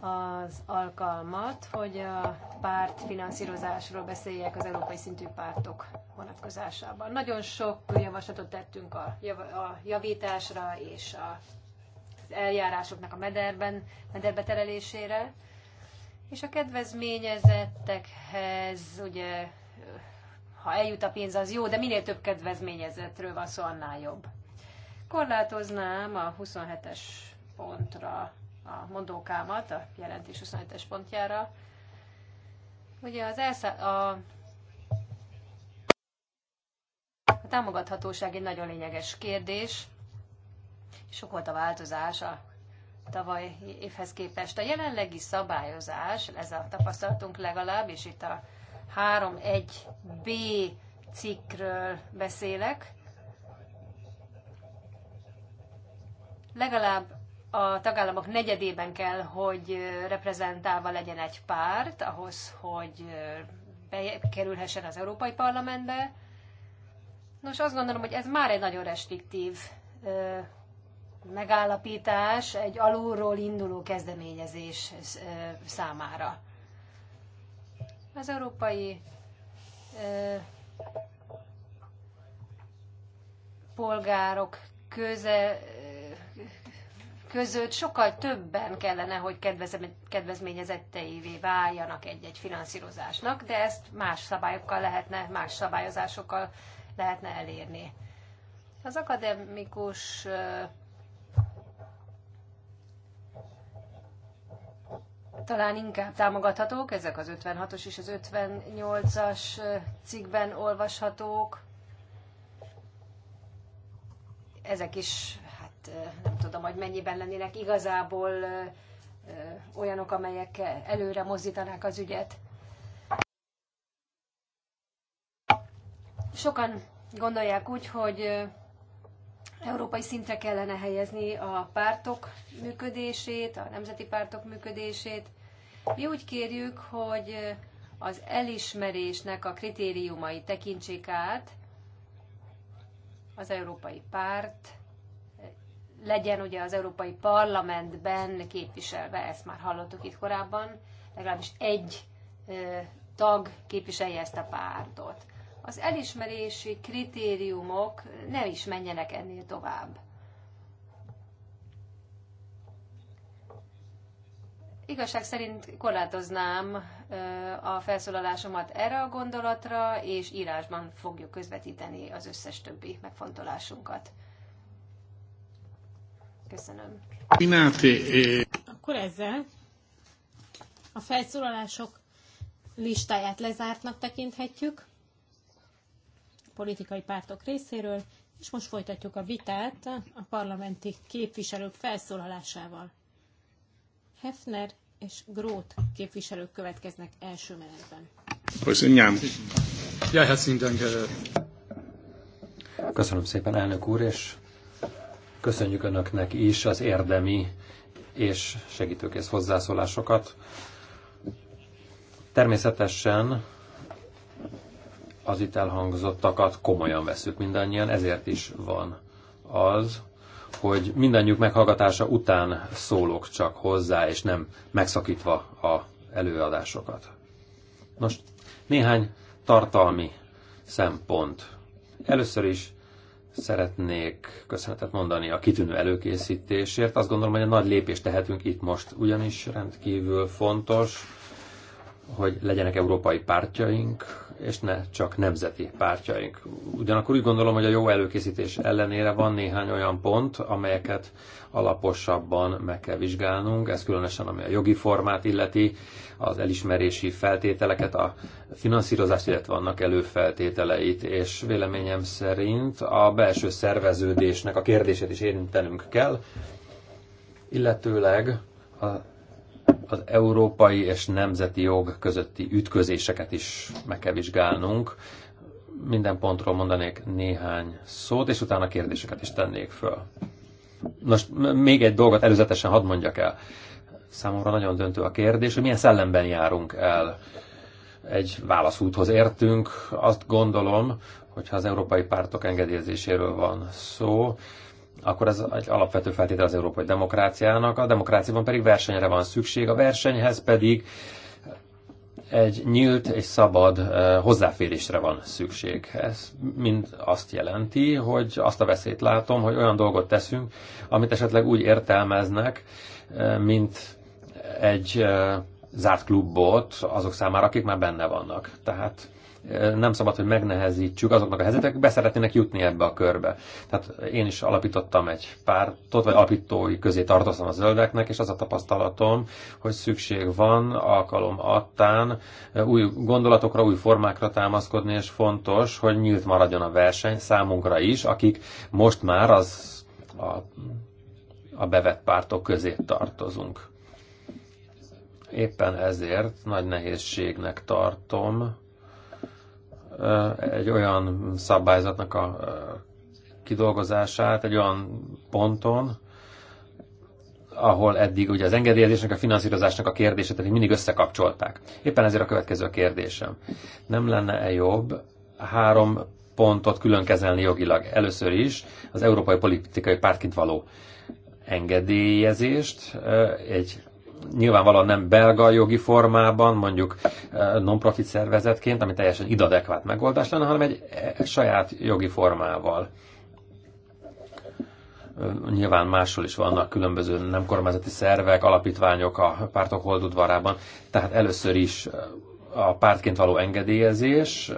az alkalmat, hogy a párt finanszírozásról beszéljek az európai szintű pártok vonatkozásában. Nagyon sok javaslatot tettünk a, jav- a javításra és a eljárásoknak a mederben, mederbe terelésére, és a kedvezményezettekhez, ugye, ha eljut a pénz, az jó, de minél több kedvezményezetről van szó, annál jobb. Korlátoznám a 27-es pontra a mondókámat, a jelentés 27-es pontjára. Ugye az elszá- a, a támogathatóság egy nagyon lényeges kérdés, sok volt a változás a tavaly évhez képest. A jelenlegi szabályozás, ez a tapasztalatunk legalább, és itt a 3.1b cikkről beszélek, legalább a tagállamok negyedében kell, hogy reprezentálva legyen egy párt, ahhoz, hogy bekerülhessen az Európai Parlamentbe. Nos, azt gondolom, hogy ez már egy nagyon restriktív megállapítás egy alulról induló kezdeményezés számára. Az európai polgárok köze, között sokkal többen kellene, hogy kedvezményezetteivé váljanak egy-egy finanszírozásnak, de ezt más szabályokkal lehetne, más szabályozásokkal lehetne elérni. Az akademikus talán inkább támogathatók, ezek az 56-os és az 58-as cikkben olvashatók. Ezek is, hát nem tudom, hogy mennyiben lennének igazából olyanok, amelyek előre mozdítanák az ügyet. Sokan gondolják úgy, hogy európai szintre kellene helyezni a pártok működését, a nemzeti pártok működését, mi úgy kérjük, hogy az elismerésnek a kritériumai tekintsék át az európai párt, legyen ugye az Európai Parlamentben képviselve, ezt már hallottuk itt korábban, legalábbis egy tag képviselje ezt a pártot. Az elismerési kritériumok nem is menjenek ennél tovább. igazság szerint korlátoznám a felszólalásomat erre a gondolatra, és írásban fogjuk közvetíteni az összes többi megfontolásunkat. Köszönöm. Akkor ezzel a felszólalások listáját lezártnak tekinthetjük politikai pártok részéről, és most folytatjuk a vitát a parlamenti képviselők felszólalásával. Hefner és Groth képviselők következnek első menetben. Köszönöm. Ja, herzlichen hát eh, Köszönöm szépen, elnök úr, és köszönjük önöknek is az érdemi és segítőkész hozzászólásokat. Természetesen az itt elhangzottakat komolyan veszük mindannyian, ezért is van az, hogy mindannyiuk meghallgatása után szólok csak hozzá, és nem megszakítva a előadásokat. Nos néhány tartalmi szempont. Először is szeretnék köszönetet mondani a kitűnő előkészítésért. Azt gondolom, hogy egy nagy lépést tehetünk itt most, ugyanis rendkívül fontos, hogy legyenek európai pártjaink, és ne csak nemzeti pártjaink. Ugyanakkor úgy gondolom, hogy a jó előkészítés ellenére van néhány olyan pont, amelyeket alaposabban meg kell vizsgálnunk, ez különösen ami a jogi formát illeti, az elismerési feltételeket, a finanszírozást, illetve annak előfeltételeit, és véleményem szerint a belső szerveződésnek a kérdését is érintenünk kell, illetőleg a az európai és nemzeti jog közötti ütközéseket is meg kell vizsgálnunk. Minden pontról mondanék néhány szót, és utána kérdéseket is tennék föl. Most még egy dolgot előzetesen hadd mondjak el. Számomra nagyon döntő a kérdés, hogy milyen szellemben járunk el. Egy válaszúthoz értünk. Azt gondolom, hogyha az európai pártok engedélyezéséről van szó, akkor ez egy alapvető feltétel az európai demokráciának. A demokráciában pedig versenyre van szükség, a versenyhez pedig egy nyílt és szabad eh, hozzáférésre van szükség. Ez mind azt jelenti, hogy azt a veszélyt látom, hogy olyan dolgot teszünk, amit esetleg úgy értelmeznek, eh, mint egy eh, zárt klubot azok számára, akik már benne vannak. Tehát nem szabad, hogy megnehezítsük azoknak a helyzetek, akik beszeretnének jutni ebbe a körbe. Tehát én is alapítottam egy pártot, vagy alapítói közé tartoztam a zöldeknek, és az a tapasztalatom, hogy szükség van alkalom attán új gondolatokra, új formákra támaszkodni, és fontos, hogy nyílt maradjon a verseny számunkra is, akik most már az a, a bevett pártok közé tartozunk. Éppen ezért nagy nehézségnek tartom, egy olyan szabályzatnak a kidolgozását egy olyan ponton, ahol eddig ugye az engedélyezésnek, a finanszírozásnak a kérdését pedig mindig összekapcsolták. Éppen ezért a következő a kérdésem. Nem lenne-e jobb három pontot külön kezelni jogilag? Először is az európai politikai pártként való engedélyezést, egy nyilvánvalóan nem belga jogi formában, mondjuk eh, non-profit szervezetként, ami teljesen idadekvát megoldás lenne, hanem egy eh, saját jogi formával. Eh, nyilván máshol is vannak különböző nem kormányzati szervek, alapítványok a pártok holdudvarában, tehát először is a pártként való engedélyezés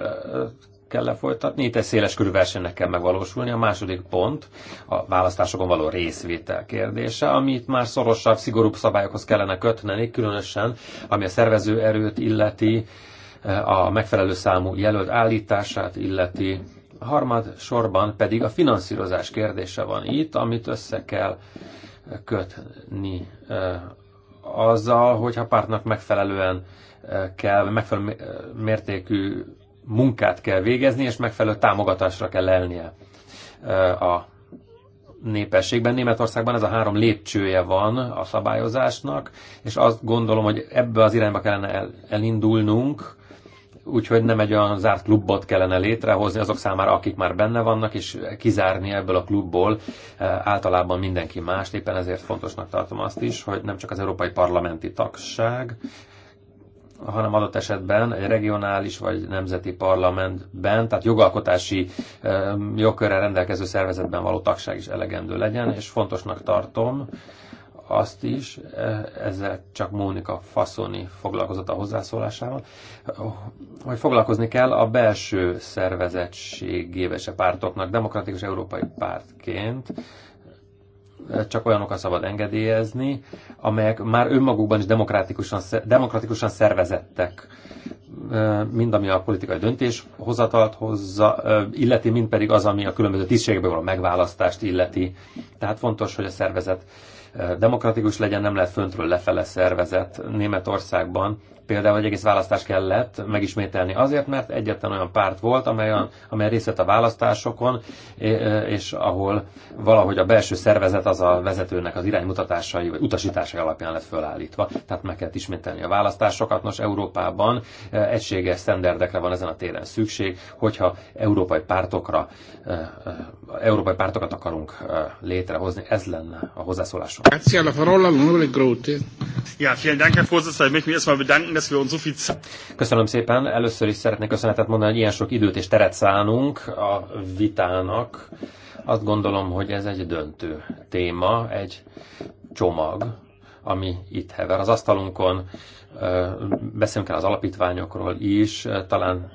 kell lefolytatni, itt egy körű versenynek kell megvalósulni. A második pont a választásokon való részvétel kérdése, amit már szorosabb, szigorúbb szabályokhoz kellene kötneni, különösen ami a szervező erőt illeti, a megfelelő számú jelölt állítását illeti, harmad sorban pedig a finanszírozás kérdése van itt, amit össze kell kötni azzal, hogyha pártnak megfelelően kell, megfelelő mértékű munkát kell végezni, és megfelelő támogatásra kell lelnie a népességben. Németországban ez a három lépcsője van a szabályozásnak, és azt gondolom, hogy ebbe az irányba kellene elindulnunk, úgyhogy nem egy olyan zárt klubot kellene létrehozni azok számára, akik már benne vannak, és kizárni ebből a klubból általában mindenki más. Éppen ezért fontosnak tartom azt is, hogy nem csak az Európai Parlamenti tagság hanem adott esetben egy regionális vagy nemzeti parlamentben, tehát jogalkotási jogkörrel rendelkező szervezetben való tagság is elegendő legyen, és fontosnak tartom azt is, e, ezzel csak Mónika Faszoni foglalkozott a hozzászólásával, hogy foglalkozni kell a belső szervezettségével se pártoknak, demokratikus európai pártként, csak olyanokat szabad engedélyezni, amelyek már önmagukban is demokratikusan, demokratikusan szervezettek, mind ami a politikai döntéshozatalt hozza, illeti, mind pedig az, ami a különböző tisztségekben való megválasztást illeti. Tehát fontos, hogy a szervezet demokratikus legyen, nem lehet föntről lefele szervezet. Németországban például egy egész választás kellett megismételni azért, mert egyetlen olyan párt volt, amely, amely részt vett a választásokon, és ahol valahogy a belső szervezet az a vezetőnek az iránymutatásai vagy utasításai alapján lett fölállítva. Tehát meg kellett ismételni a választásokat. Nos, Európában e, egységes szenderdekre van ezen a téren szükség, hogyha európai pártokra, e, e, európai pártokat akarunk létrehozni. Ez lenne a hozzászólásom. Ja, vielen Dank, Herr Vorsitzender. Ich möchte mich erstmal bedanken, Köszönöm szépen. Először is szeretnék köszönetet mondani, hogy ilyen sok időt és teret szánunk a vitának. Azt gondolom, hogy ez egy döntő téma, egy csomag, ami itt hever az asztalunkon. Beszélünk el az alapítványokról is, talán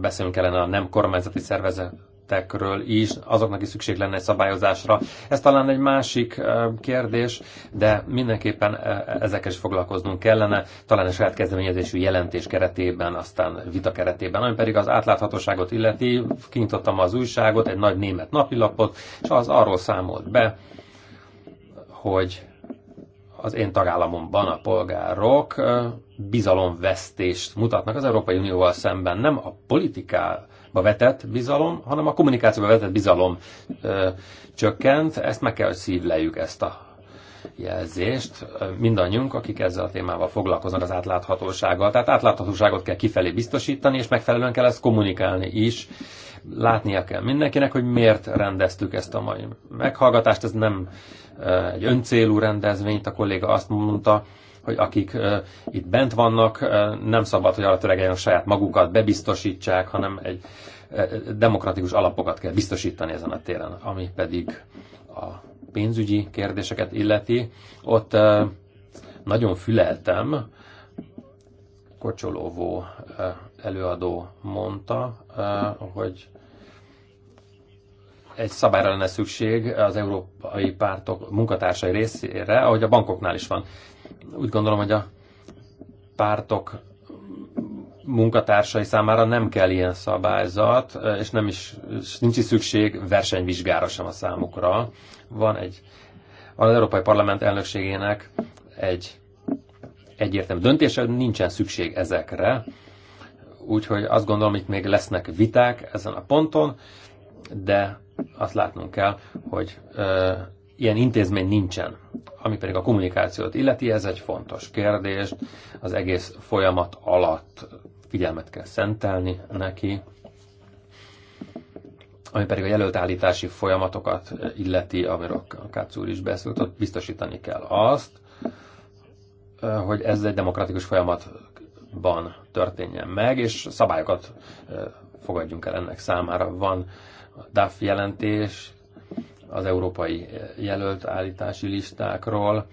beszélünk kellene a nem kormányzati szervezet területekről is, azoknak is szükség lenne egy szabályozásra. Ez talán egy másik kérdés, de mindenképpen ezekkel is foglalkoznunk kellene, talán a saját kezdeményezésű jelentés keretében, aztán vita keretében, ami pedig az átláthatóságot illeti, kinyitottam az újságot, egy nagy német napilapot, és az arról számolt be, hogy az én tagállamomban a polgárok bizalomvesztést mutatnak az Európai Unióval szemben. Nem a politikával, kommunikációba vetett bizalom, hanem a kommunikációba vetett bizalom ö, csökkent. Ezt meg kell, hogy szívlejük ezt a jelzést. Mindannyiunk, akik ezzel a témával foglalkoznak, az átláthatósággal. Tehát átláthatóságot kell kifelé biztosítani, és megfelelően kell ezt kommunikálni is. Látnia kell mindenkinek, hogy miért rendeztük ezt a mai meghallgatást. Ez nem egy öncélú rendezvényt, a kolléga azt mondta, hogy akik itt bent vannak, nem szabad, hogy arra töregeljenek saját magukat, bebiztosítsák, hanem egy demokratikus alapokat kell biztosítani ezen a téren, ami pedig a pénzügyi kérdéseket illeti. Ott nagyon füleltem, Kocsolóvó előadó mondta, hogy egy szabályra lenne szükség az európai pártok munkatársai részére, ahogy a bankoknál is van. Úgy gondolom, hogy a pártok munkatársai számára nem kell ilyen szabályzat, és nem is, és nincs is szükség versenyvizsgára sem a számukra. Van egy, van az Európai Parlament elnökségének egy egyértelmű döntése, nincsen szükség ezekre. Úgyhogy azt gondolom, itt még lesznek viták ezen a ponton, de azt látnunk kell, hogy ilyen intézmény nincsen. Ami pedig a kommunikációt illeti, ez egy fontos kérdés. Az egész folyamat alatt figyelmet kell szentelni neki. Ami pedig a jelöltállítási folyamatokat illeti, amiről Kácz úr is beszélt, ott biztosítani kell azt, hogy ez egy demokratikus folyamatban történjen meg, és szabályokat fogadjunk el ennek számára. Van a DAF jelentés, az európai jelölt állítási listákról,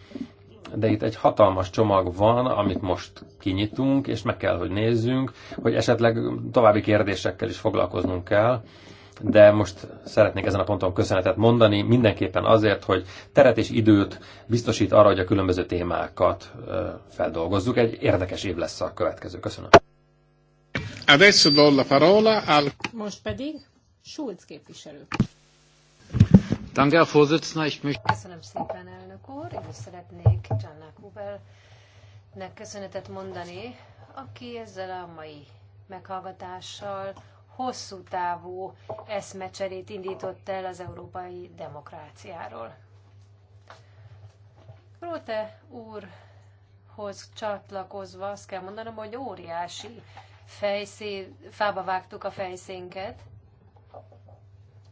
de itt egy hatalmas csomag van, amit most kinyitunk, és meg kell, hogy nézzünk, hogy esetleg további kérdésekkel is foglalkoznunk kell, de most szeretnék ezen a ponton köszönetet mondani, mindenképpen azért, hogy teret és időt biztosít arra, hogy a különböző témákat feldolgozzuk. Egy érdekes év lesz a következő. Köszönöm. Adesso do la parola al... Most pedig Schulz képviselő. Köszönöm szépen, elnök úr. Én is szeretnék Csanna Kubelnek köszönetet mondani, aki ezzel a mai meghallgatással hosszú távú eszmecserét indított el az európai demokráciáról. Róte úrhoz csatlakozva azt kell mondanom, hogy óriási fejszé, fába vágtuk a fejszénket,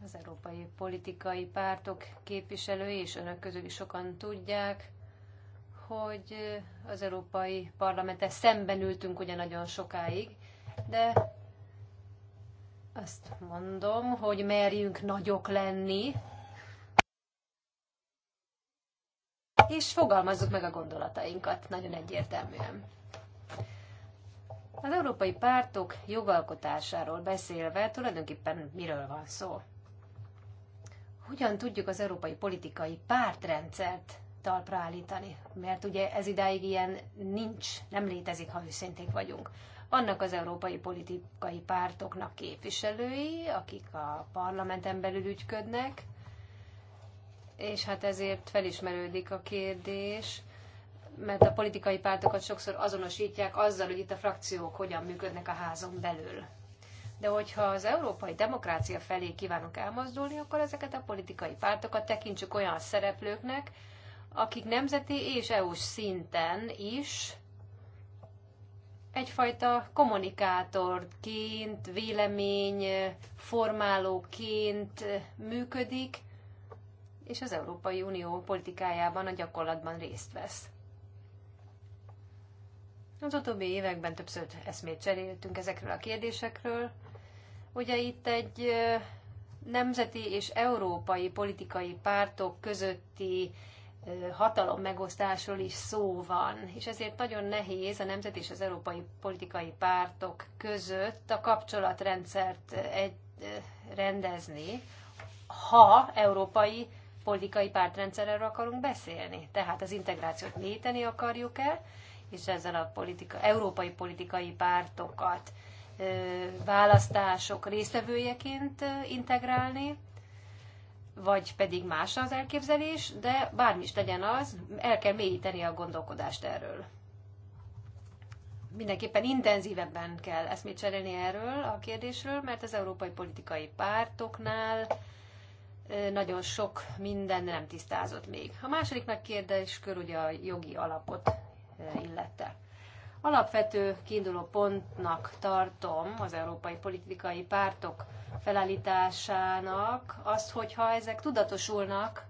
az európai politikai pártok képviselői, és önök közül is sokan tudják, hogy az európai parlamenttel szemben ültünk ugye nagyon sokáig, de azt mondom, hogy merjünk nagyok lenni, és fogalmazzuk meg a gondolatainkat nagyon egyértelműen. Az európai pártok jogalkotásáról beszélve tulajdonképpen miről van szó? hogyan tudjuk az európai politikai pártrendszert talpra állítani. Mert ugye ez idáig ilyen nincs, nem létezik, ha őszinték vagyunk. Vannak az európai politikai pártoknak képviselői, akik a parlamenten belül ügyködnek, és hát ezért felismerődik a kérdés, mert a politikai pártokat sokszor azonosítják azzal, hogy itt a frakciók hogyan működnek a házon belül. De hogyha az európai demokrácia felé kívánunk elmozdulni, akkor ezeket a politikai pártokat tekintsük olyan szereplőknek, akik nemzeti és EU-s szinten is egyfajta kommunikátorként, vélemény formálóként működik, és az Európai Unió politikájában a gyakorlatban részt vesz. Az utóbbi években többször eszmét cseréltünk ezekről a kérdésekről, Ugye itt egy nemzeti és európai politikai pártok közötti hatalom megosztásról is szó van, és ezért nagyon nehéz a nemzeti és az európai politikai pártok között a kapcsolatrendszert egy, rendezni, ha európai politikai pártrendszerről akarunk beszélni. Tehát az integrációt méteni akarjuk el, és ezzel a politika, európai politikai pártokat választások résztvevőjeként integrálni, vagy pedig más az elképzelés, de bármi is legyen az, el kell mélyíteni a gondolkodást erről. Mindenképpen intenzívebben kell eszmét cserélni erről a kérdésről, mert az európai politikai pártoknál nagyon sok minden nem tisztázott még. A második kérdéskör ugye a jogi alapot illette. Alapvető kiinduló pontnak tartom az európai politikai pártok felállításának azt, hogyha ezek tudatosulnak,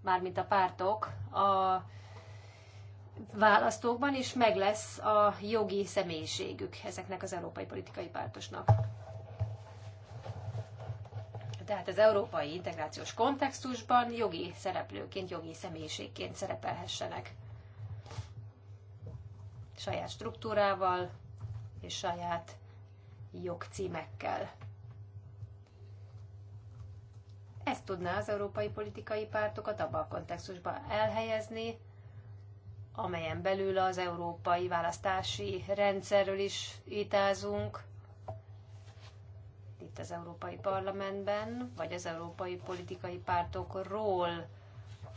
mármint a pártok, a választókban, is meg lesz a jogi személyiségük ezeknek az európai politikai pártosnak. Tehát az európai integrációs kontextusban jogi szereplőként, jogi személyiségként szerepelhessenek saját struktúrával és saját jogcímekkel. Ez tudná az európai politikai pártokat abban a kontextusban elhelyezni, amelyen belül az európai választási rendszerről is vitázunk, itt az Európai Parlamentben, vagy az európai politikai pártokról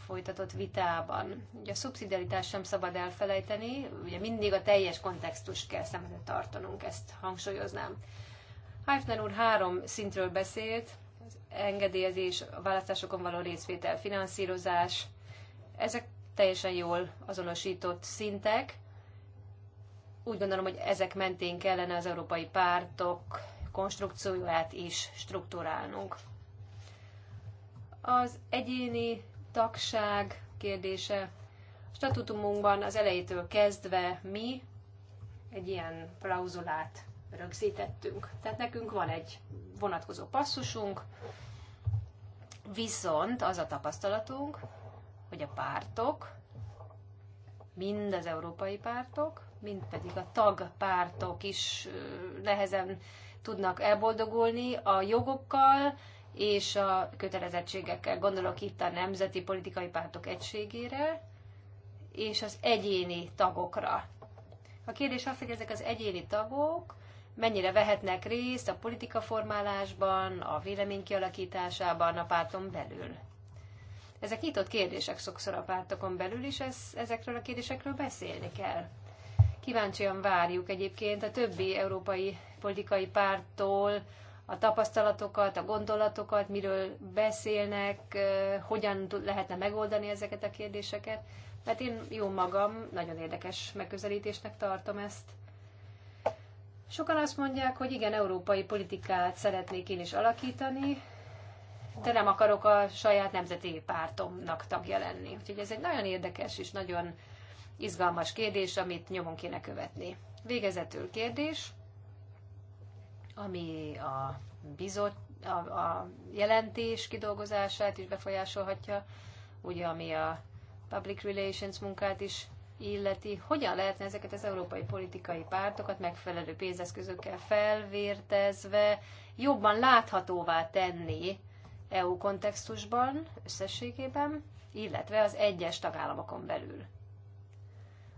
folytatott vitában. Ugye a szubszidiaritást sem szabad elfelejteni, ugye mindig a teljes kontextus kell szemben tartanunk, ezt hangsúlyoznám. Heifner úr három szintről beszélt, az engedélyezés, a választásokon való részvétel, finanszírozás, ezek teljesen jól azonosított szintek. Úgy gondolom, hogy ezek mentén kellene az európai pártok konstrukcióját is struktúrálnunk. Az egyéni tagság kérdése. A statutumunkban az elejétől kezdve mi egy ilyen klauzulát rögzítettünk. Tehát nekünk van egy vonatkozó passzusunk, viszont az a tapasztalatunk, hogy a pártok, mind az európai pártok, mind pedig a tagpártok is nehezen tudnak elboldogulni a jogokkal, és a kötelezettségekkel. Gondolok itt a nemzeti politikai pártok egységére, és az egyéni tagokra. A kérdés az, hogy ezek az egyéni tagok mennyire vehetnek részt a politika formálásban, a vélemény kialakításában a párton belül. Ezek nyitott kérdések sokszor a pártokon belül, is, ez, ezekről a kérdésekről beszélni kell. Kíváncsian várjuk egyébként a többi európai politikai párttól, a tapasztalatokat, a gondolatokat, miről beszélnek, hogyan lehetne megoldani ezeket a kérdéseket. Tehát én jó magam, nagyon érdekes megközelítésnek tartom ezt. Sokan azt mondják, hogy igen, európai politikát szeretnék én is alakítani, de nem akarok a saját nemzeti pártomnak tagja lenni. Úgyhogy ez egy nagyon érdekes és nagyon izgalmas kérdés, amit nyomon kéne követni. Végezetül kérdés, ami a, bizot, a, a jelentés kidolgozását is befolyásolhatja, ugye ami a public relations munkát is illeti, hogyan lehetne ezeket az európai politikai pártokat megfelelő pénzeszközökkel felvértezve jobban láthatóvá tenni EU kontextusban összességében, illetve az egyes tagállamokon belül.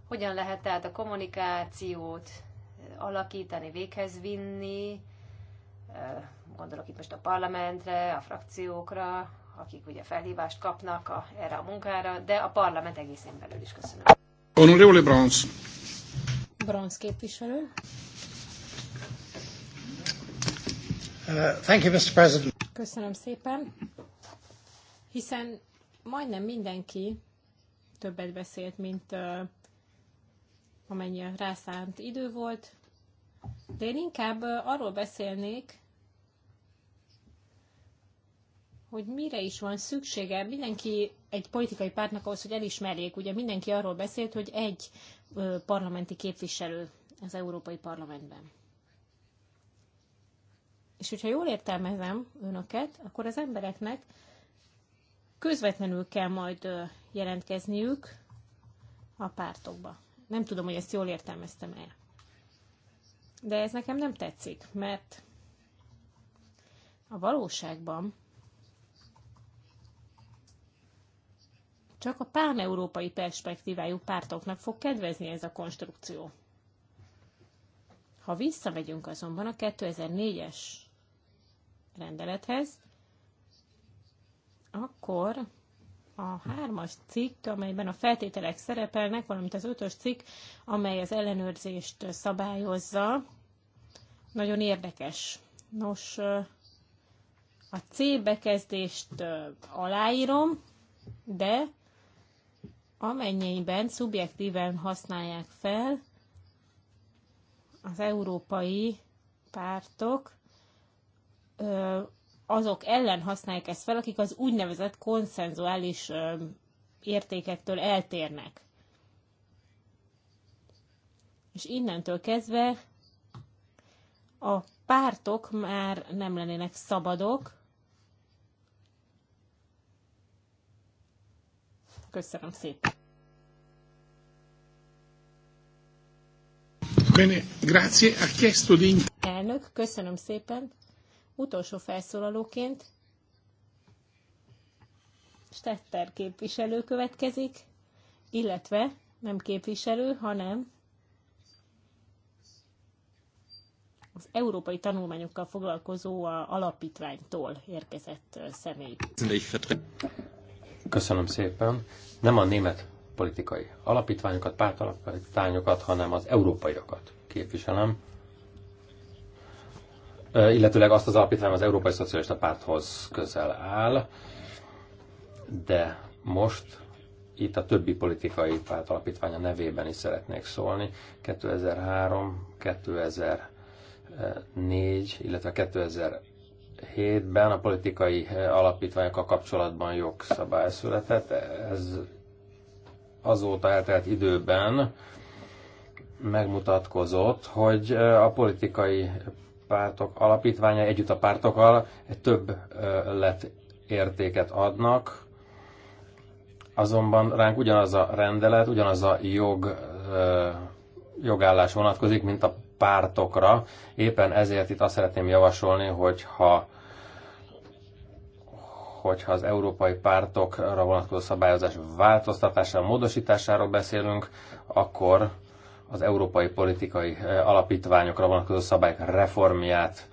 Hogyan lehet tehát a kommunikációt alakítani, véghez vinni, gondolok itt most a parlamentre, a frakciókra, akik ugye felhívást kapnak a, erre a munkára, de a parlament egészén belül is köszönöm. Honorable Brons. Brons képviselő. Uh, thank you, Mr. President. Köszönöm szépen. Hiszen majdnem mindenki többet beszélt, mint uh, amennyi rászánt idő volt, de én inkább arról beszélnék, hogy mire is van szüksége. Mindenki egy politikai pártnak ahhoz, hogy elismerjék. Ugye mindenki arról beszélt, hogy egy parlamenti képviselő az Európai Parlamentben. És hogyha jól értelmezem önöket, akkor az embereknek közvetlenül kell majd jelentkezniük a pártokba. Nem tudom, hogy ezt jól értelmeztem el. De ez nekem nem tetszik, mert a valóságban csak a európai perspektívájú pártoknak fog kedvezni ez a konstrukció. Ha visszamegyünk azonban a 2004-es rendelethez, akkor a hármas cikk, amelyben a feltételek szerepelnek, valamint az ötös cikk, amely az ellenőrzést szabályozza, nagyon érdekes. Nos, a C bekezdést aláírom, de amennyiben szubjektíven használják fel az európai pártok azok ellen használják ezt fel, akik az úgynevezett konszenzuális értékektől eltérnek. És innentől kezdve a pártok már nem lennének szabadok. Köszönöm szépen. Bene, grazie. Ha chiesto di... Elnök, köszönöm szépen. Utolsó felszólalóként Stetter képviselő következik, illetve nem képviselő, hanem az európai tanulmányokkal foglalkozó alapítványtól érkezett személy. Köszönöm szépen. Nem a német politikai alapítványokat, pártalapítványokat, hanem az európaiakat képviselem illetőleg azt az alapítvány az Európai Szocialista Párthoz közel áll, de most itt a többi politikai párt alapítványa nevében is szeretnék szólni. 2003, 2004, illetve 2007-ben a politikai alapítványokkal kapcsolatban jogszabály született. Ez azóta eltelt időben megmutatkozott, hogy a politikai pártok alapítványa együtt a pártokkal egy több lett értéket adnak, azonban ránk ugyanaz a rendelet, ugyanaz a jog, jogállás vonatkozik, mint a pártokra. Éppen ezért itt azt szeretném javasolni, hogyha hogyha az európai pártokra vonatkozó szabályozás változtatására, módosításáról beszélünk, akkor az európai politikai eh, alapítványokra vonatkozó szabályok reformját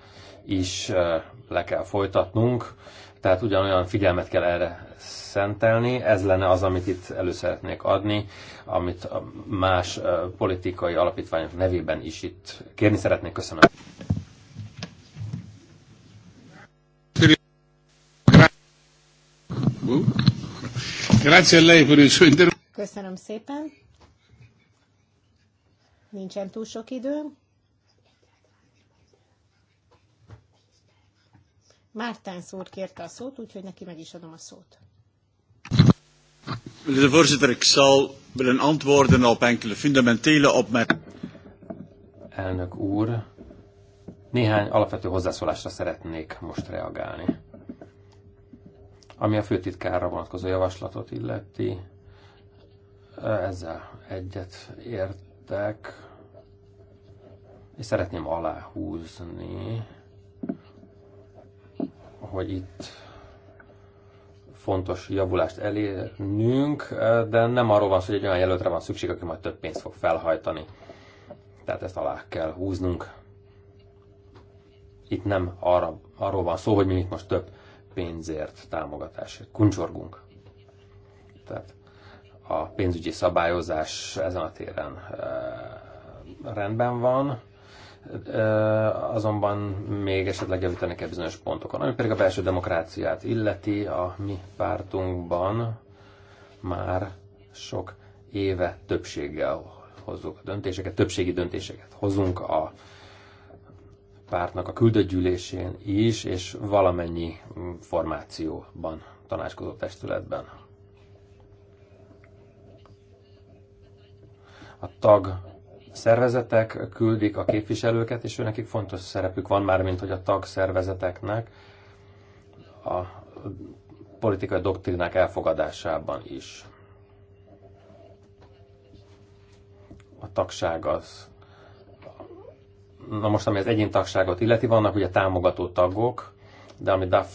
is eh, le kell folytatnunk, tehát ugyanolyan figyelmet kell erre szentelni. Ez lenne az, amit itt elő szeretnék adni, amit más eh, politikai alapítványok nevében is itt kérni szeretnék. Köszönöm. Köszönöm szépen. Nincsen túl sok időm. Mártán szót kérte a szót, úgyhogy neki meg is adom a szót. Meneer de voorzitter, ik zal willen antwoorden op enkele fundamentele opmerkingen. Elnök úr, néhány alapvető hozzászólásra szeretnék most reagálni. Ami a főtitkárra vonatkozó javaslatot illeti, ezzel egyet ért jöttek, és szeretném aláhúzni, hogy itt fontos javulást elérnünk, de nem arról van szó, hogy egy olyan jelöltre van szükség, aki majd több pénzt fog felhajtani. Tehát ezt alá kell húznunk. Itt nem arra, arról van szó, hogy mi itt most több pénzért támogatásért kuncsorgunk. Tehát a pénzügyi szabályozás ezen a téren eh, rendben van, eh, azonban még esetleg javítani kell bizonyos pontokon. Ami pedig a belső demokráciát illeti, a mi pártunkban már sok éve többséggel hozzuk a döntéseket, többségi döntéseket hozunk a pártnak a küldött is, és valamennyi formációban, tanácskozó testületben a tag szervezetek küldik a képviselőket, és őnekik fontos szerepük van már, mint hogy a tag szervezeteknek a politikai doktrinák elfogadásában is. A tagság az. Na most, ami az tagságot illeti, vannak ugye támogató tagok, de ami Duff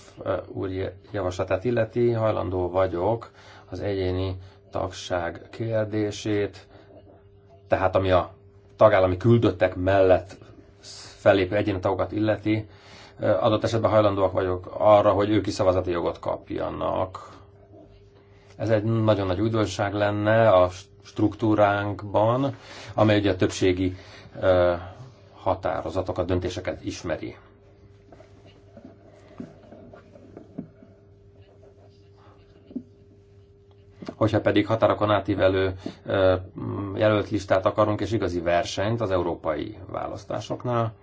úr javaslatát illeti, hajlandó vagyok az egyéni tagság kérdését tehát ami a tagállami küldöttek mellett fellépő egyéni tagokat illeti, adott esetben hajlandóak vagyok arra, hogy ők is szavazati jogot kapjanak. Ez egy nagyon nagy újdonság lenne a struktúránkban, amely ugye a többségi határozatokat, döntéseket ismeri. Hogyha pedig határokon átívelő jelölt listát akarunk, és igazi versenyt az európai választásoknál,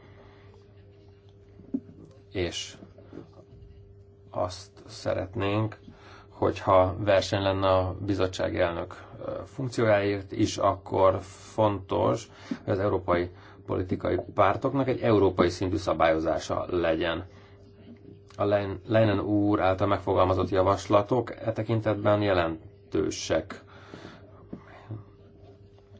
és azt szeretnénk, hogyha verseny lenne a bizottság elnök funkciójáért is, akkor fontos, hogy az európai politikai pártoknak egy európai szintű szabályozása legyen. A Leinen úr által megfogalmazott javaslatok e tekintetben jelent kettősek.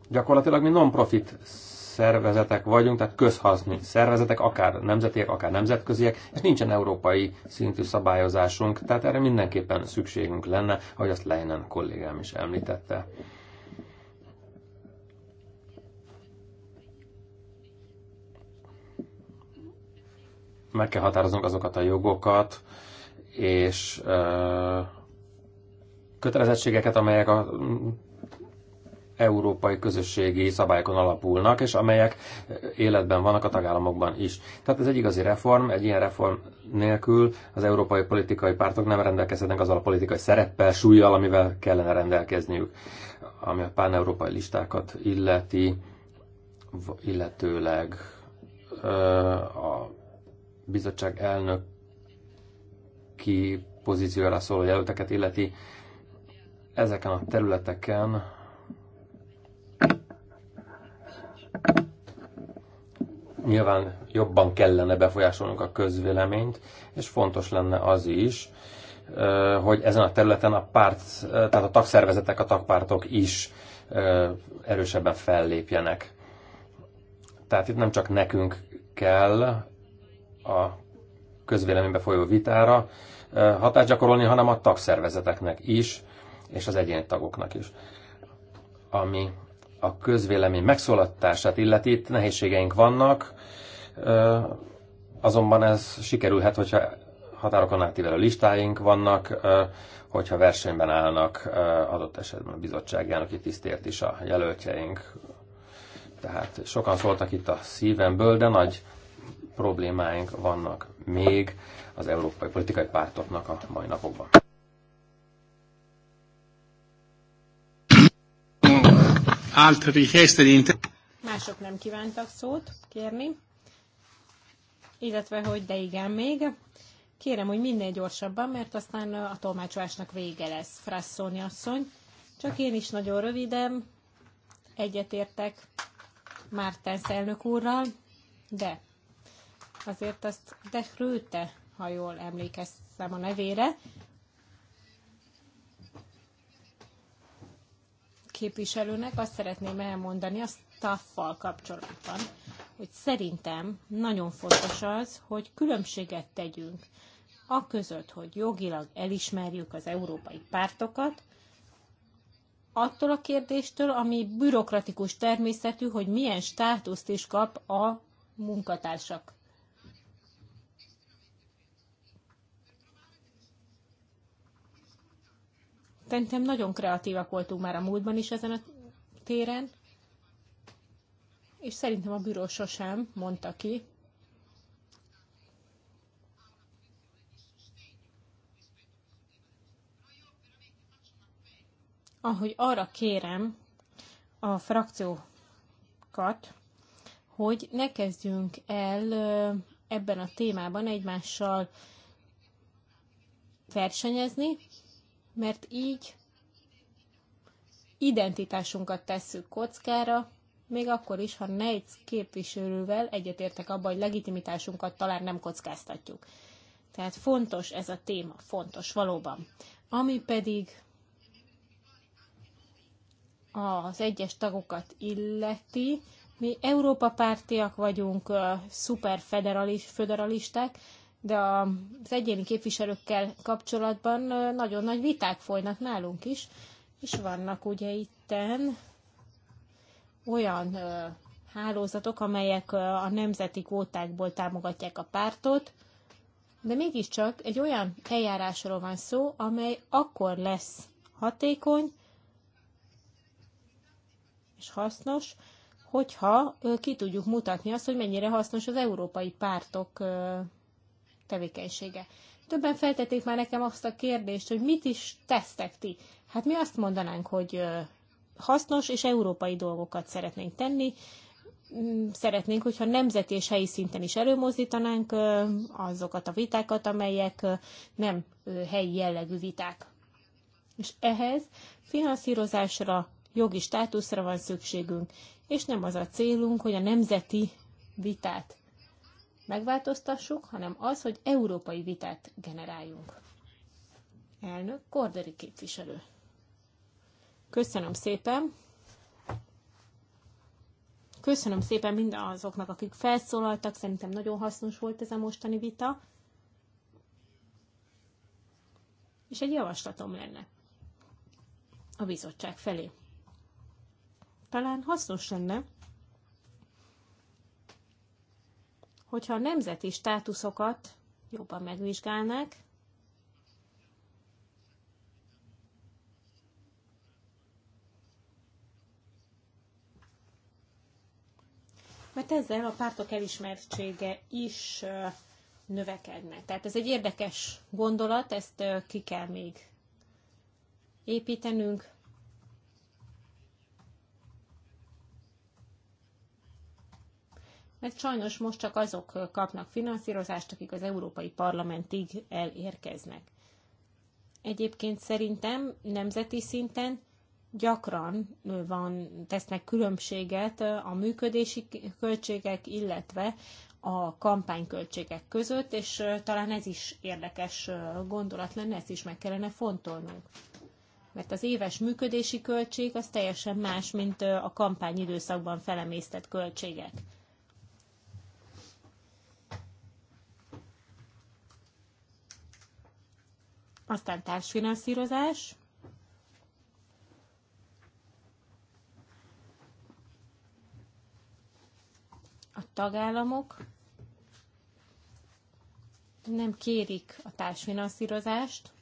Gyakorlatilag mi non-profit szervezetek vagyunk, tehát közhasznú szervezetek, akár nemzetiek, akár nemzetköziek, és nincsen európai szintű szabályozásunk, tehát erre mindenképpen szükségünk lenne, ahogy azt Leinen kollégám is említette. Meg kell határoznunk azokat a jogokat, és kötelezettségeket, amelyek a mm, európai közösségi szabályokon alapulnak, és amelyek életben vannak a tagállamokban is. Tehát ez egy igazi reform, egy ilyen reform nélkül az európai politikai pártok nem rendelkezhetnek azzal a politikai szereppel, súlyjal, amivel kellene rendelkezniük, ami a pán-európai listákat illeti, illetőleg a bizottság elnök ki pozícióra szóló jelölteket illeti, ezeken a területeken nyilván jobban kellene befolyásolnunk a közvéleményt, és fontos lenne az is, hogy ezen a területen a párt, tehát a tagszervezetek, a tagpártok is erősebben fellépjenek. Tehát itt nem csak nekünk kell a közvéleménybe folyó vitára hatást gyakorolni, hanem a tagszervezeteknek is, és az egyéni tagoknak is. Ami a közvélemény megszólatását illeti, itt nehézségeink vannak, azonban ez sikerülhet, hogyha határokon átívelő listáink vannak, hogyha versenyben állnak adott esetben a bizottság elnöki tisztért is a jelöltjeink. Tehát sokan szóltak itt a szívemből, de nagy problémáink vannak még az európai politikai pártoknak a mai napokban. Mások nem kívántak szót kérni, illetve hogy de igen még. Kérem, hogy minél gyorsabban, mert aztán a tolmácsolásnak vége lesz, Frasszóni asszony. Csak én is nagyon röviden egyetértek Mártens elnök úrral, de azért azt de Rőte, ha jól emlékeztem a nevére, képviselőnek azt szeretném elmondani a staffal kapcsolatban, hogy szerintem nagyon fontos az, hogy különbséget tegyünk a között, hogy jogilag elismerjük az európai pártokat, attól a kérdéstől, ami bürokratikus természetű, hogy milyen státuszt is kap a munkatársak Szerintem nagyon kreatívak voltunk már a múltban is ezen a téren, és szerintem a bűró sosem mondta ki, ahogy arra kérem a frakciókat, hogy ne kezdjünk el ebben a témában egymással versenyezni, mert így identitásunkat tesszük kockára, még akkor is, ha Neitz képviselővel egyetértek abban, hogy legitimitásunkat talán nem kockáztatjuk. Tehát fontos ez a téma, fontos valóban. Ami pedig az egyes tagokat illeti, mi Európa pártiak vagyunk, federalisták, de az egyéni képviselőkkel kapcsolatban nagyon nagy viták folynak nálunk is, és vannak ugye itten olyan hálózatok, amelyek a nemzeti kvótákból támogatják a pártot, de mégiscsak egy olyan eljárásról van szó, amely akkor lesz hatékony és hasznos, hogyha ki tudjuk mutatni azt, hogy mennyire hasznos az európai pártok tevékenysége. Többen feltették már nekem azt a kérdést, hogy mit is tesztek ti. Hát mi azt mondanánk, hogy hasznos és európai dolgokat szeretnénk tenni, mm, szeretnénk, hogyha nemzeti és helyi szinten is előmozdítanánk azokat a vitákat, amelyek nem helyi jellegű viták. És ehhez finanszírozásra, jogi státuszra van szükségünk, és nem az a célunk, hogy a nemzeti vitát megváltoztassuk, hanem az, hogy európai vitát generáljunk. Elnök, Korderi képviselő. Köszönöm szépen. Köszönöm szépen mindazoknak, akik felszólaltak. Szerintem nagyon hasznos volt ez a mostani vita. És egy javaslatom lenne a bizottság felé. Talán hasznos lenne, hogyha a nemzeti státuszokat jobban megvizsgálnák, mert ezzel a pártok elismertsége is növekedne. Tehát ez egy érdekes gondolat, ezt ki kell még építenünk. mert sajnos most csak azok kapnak finanszírozást, akik az Európai Parlamentig elérkeznek. Egyébként szerintem nemzeti szinten gyakran van, tesznek különbséget a működési költségek, illetve a kampányköltségek között, és talán ez is érdekes gondolat lenne, ezt is meg kellene fontolnunk. Mert az éves működési költség az teljesen más, mint a kampányidőszakban felemésztett költségek. Aztán társfinanszírozás. A tagállamok nem kérik a társfinanszírozást,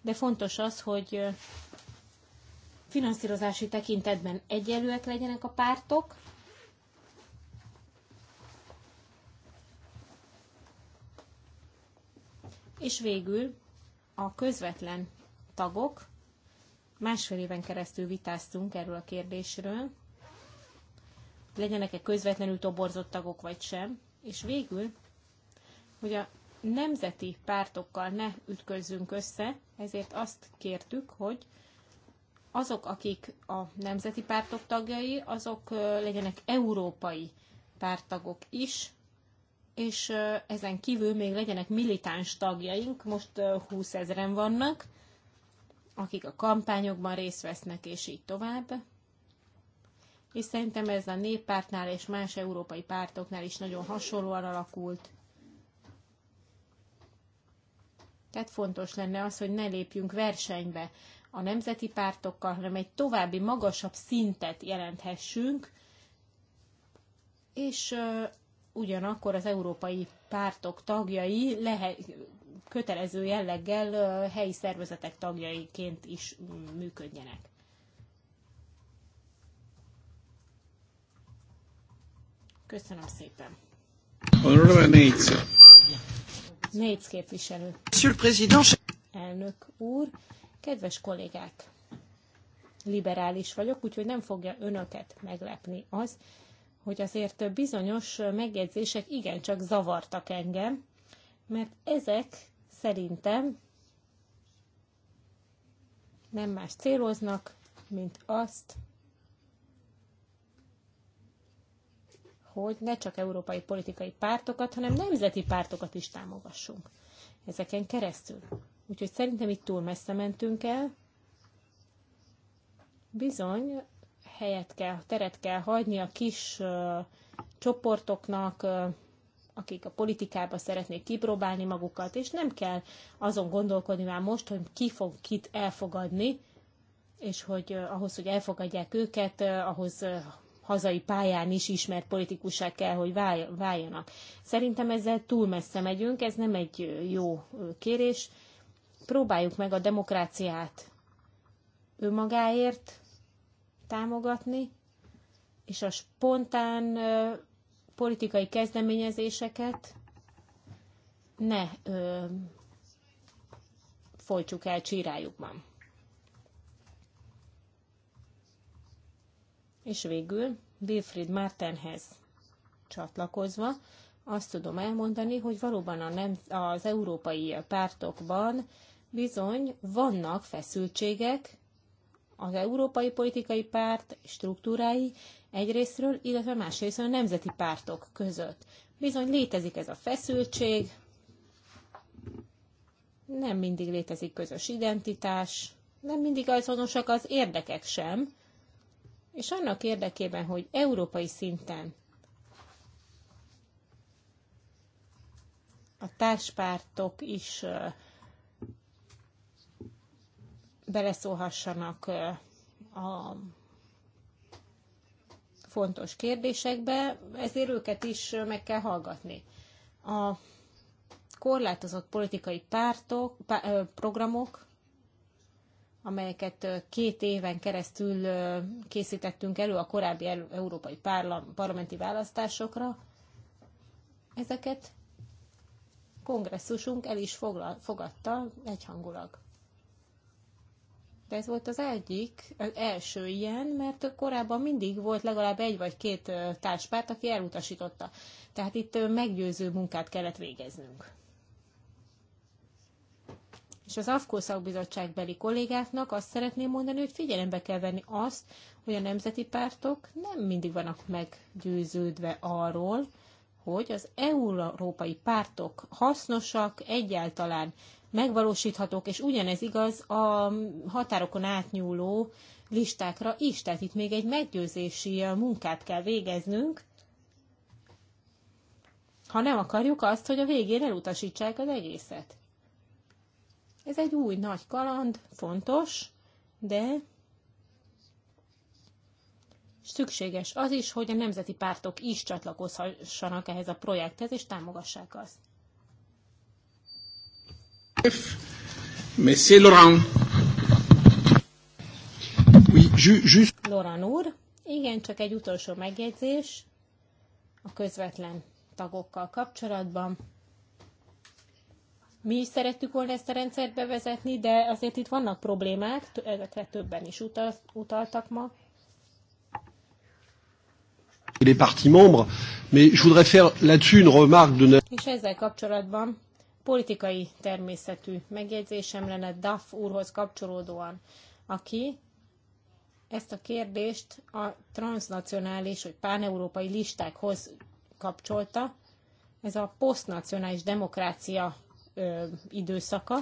de fontos az, hogy finanszírozási tekintetben egyenlőek legyenek a pártok, És végül a közvetlen tagok, másfél éven keresztül vitáztunk erről a kérdésről, legyenek-e közvetlenül toborzott tagok vagy sem, és végül, hogy a nemzeti pártokkal ne ütközzünk össze, ezért azt kértük, hogy azok, akik a nemzeti pártok tagjai, azok legyenek európai párttagok is, és ezen kívül még legyenek militáns tagjaink, most 20 ezeren vannak, akik a kampányokban részt vesznek, és így tovább. És szerintem ez a néppártnál és más európai pártoknál is nagyon hasonlóan alakult. Tehát fontos lenne az, hogy ne lépjünk versenybe a nemzeti pártokkal, hanem egy további magasabb szintet jelenthessünk, és ugyanakkor az európai pártok tagjai lehe, kötelező jelleggel helyi szervezetek tagjaiként is működjenek. Köszönöm szépen. Négy képviselő. Monsieur le Président. Elnök úr, kedves kollégák, liberális vagyok, úgyhogy nem fogja önöket meglepni az, hogy azért bizonyos megjegyzések igencsak zavartak engem, mert ezek szerintem nem más céloznak, mint azt, hogy ne csak európai politikai pártokat, hanem nemzeti pártokat is támogassunk ezeken keresztül. Úgyhogy szerintem itt túl messze mentünk el. Bizony, helyet kell, teret kell hagyni a kis ö, csoportoknak, ö, akik a politikába szeretnék kipróbálni magukat, és nem kell azon gondolkodni már most, hogy ki fog kit elfogadni, és hogy ö, ahhoz, hogy elfogadják őket, ö, ahhoz ö, hazai pályán is ismert politikussá kell, hogy váljanak. Szerintem ezzel túl messze megyünk, ez nem egy jó kérés. Próbáljuk meg a demokráciát önmagáért, támogatni, és a spontán politikai kezdeményezéseket ne ö, folytsuk el csírájukban. És végül Wilfried Martenhez csatlakozva azt tudom elmondani, hogy valóban a nem, az európai pártokban bizony vannak feszültségek, az európai politikai párt struktúrái egyrésztről, illetve másrésztről a nemzeti pártok között. Bizony létezik ez a feszültség, nem mindig létezik közös identitás, nem mindig azonosak az érdekek sem, és annak érdekében, hogy európai szinten a társpártok is beleszólhassanak a fontos kérdésekbe, ezért őket is meg kell hallgatni. A korlátozott politikai pártok, programok, amelyeket két éven keresztül készítettünk elő a korábbi európai parlamenti választásokra, ezeket kongresszusunk el is fogadta egyhangulag. De ez volt az egyik, az első ilyen, mert korábban mindig volt legalább egy vagy két társpárt, aki elutasította. Tehát itt meggyőző munkát kellett végeznünk. És az AFKO szakbizottságbeli kollégáknak azt szeretném mondani, hogy figyelembe kell venni azt, hogy a nemzeti pártok nem mindig vannak meggyőződve arról, hogy az európai pártok hasznosak, egyáltalán megvalósíthatók, és ugyanez igaz a határokon átnyúló listákra is, tehát itt még egy meggyőzési munkát kell végeznünk, ha nem akarjuk azt, hogy a végén elutasítsák az egészet. Ez egy új nagy kaland, fontos, de szükséges az is, hogy a nemzeti pártok is csatlakozhassanak ehhez a projekthez, és támogassák azt. Monsieur Laurent. Oui, ju, Laurent úr, igen, csak egy utolsó megjegyzés a közvetlen tagokkal kapcsolatban. Mi is szerettük volna ezt a rendszert bevezetni, de azért itt vannak problémák, ezekre többen is utal, utaltak ma. Les partis membres, mais je voudrais faire là-dessus une remarque de... És ezzel kapcsolatban politikai természetű megjegyzésem lenne Duff úrhoz kapcsolódóan, aki ezt a kérdést a transnacionális vagy páneurópai listákhoz kapcsolta. Ez a posztnacionális demokrácia ö, időszaka,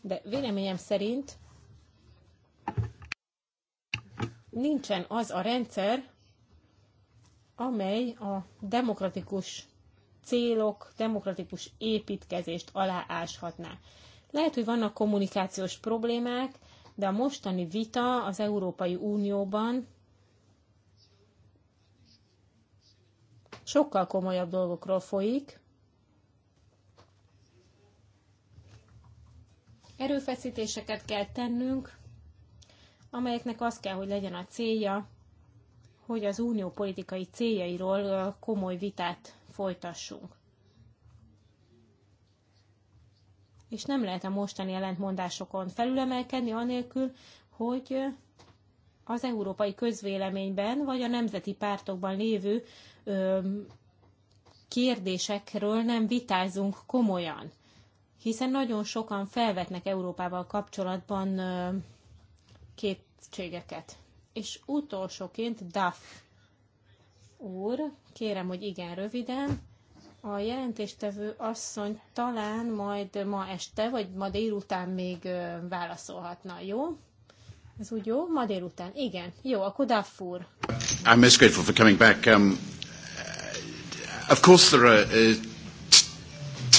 de véleményem szerint nincsen az a rendszer, amely a demokratikus célok demokratikus építkezést alááshatná. Lehet, hogy vannak kommunikációs problémák, de a mostani vita az Európai Unióban sokkal komolyabb dolgokról folyik. Erőfeszítéseket kell tennünk, amelyeknek az kell, hogy legyen a célja, hogy az unió politikai céljairól komoly vitát folytassunk. És nem lehet a mostani ellentmondásokon felülemelkedni, anélkül, hogy az európai közvéleményben vagy a nemzeti pártokban lévő ö, kérdésekről nem vitázunk komolyan. Hiszen nagyon sokan felvetnek Európával kapcsolatban ö, kétségeket. És utolsóként DAF úr, kérem, hogy igen röviden. A jelentéstevő asszony talán majd ma este, vagy ma délután még válaszolhatna, jó? Ez úgy jó? Ma délután. Igen. Jó, akkor Daffur. I'm most grateful for coming back. Um, of course there are uh,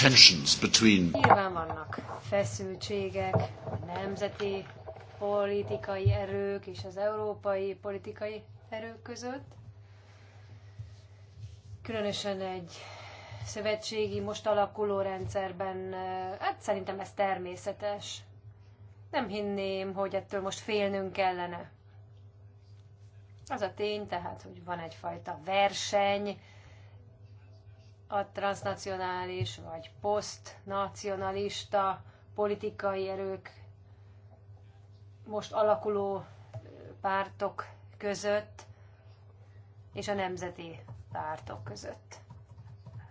tensions between... Nyilván vannak feszültségek, a nemzeti politikai erők és az európai politikai erők között különösen egy szövetségi, most alakuló rendszerben, eh, hát szerintem ez természetes. Nem hinném, hogy ettől most félnünk kellene. Az a tény tehát, hogy van egyfajta verseny a transnacionális vagy posztnacionalista politikai erők most alakuló pártok között és a nemzeti pártok között,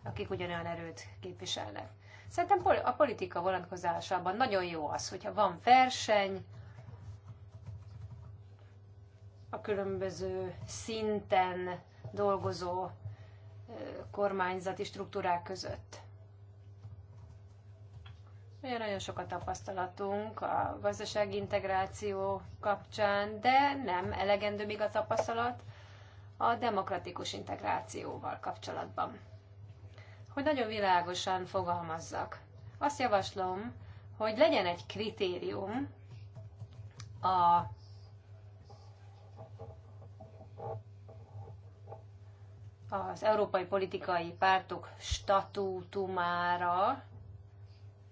akik ugyanolyan erőt képviselnek. Szerintem a politika vonatkozásában nagyon jó az, hogyha van verseny, a különböző szinten dolgozó kormányzati struktúrák között. Olyan nagyon sokat a tapasztalatunk a gazdasági integráció kapcsán, de nem elegendő még a tapasztalat, a demokratikus integrációval kapcsolatban. Hogy nagyon világosan fogalmazzak. Azt javaslom, hogy legyen egy kritérium a az európai politikai pártok statútumára,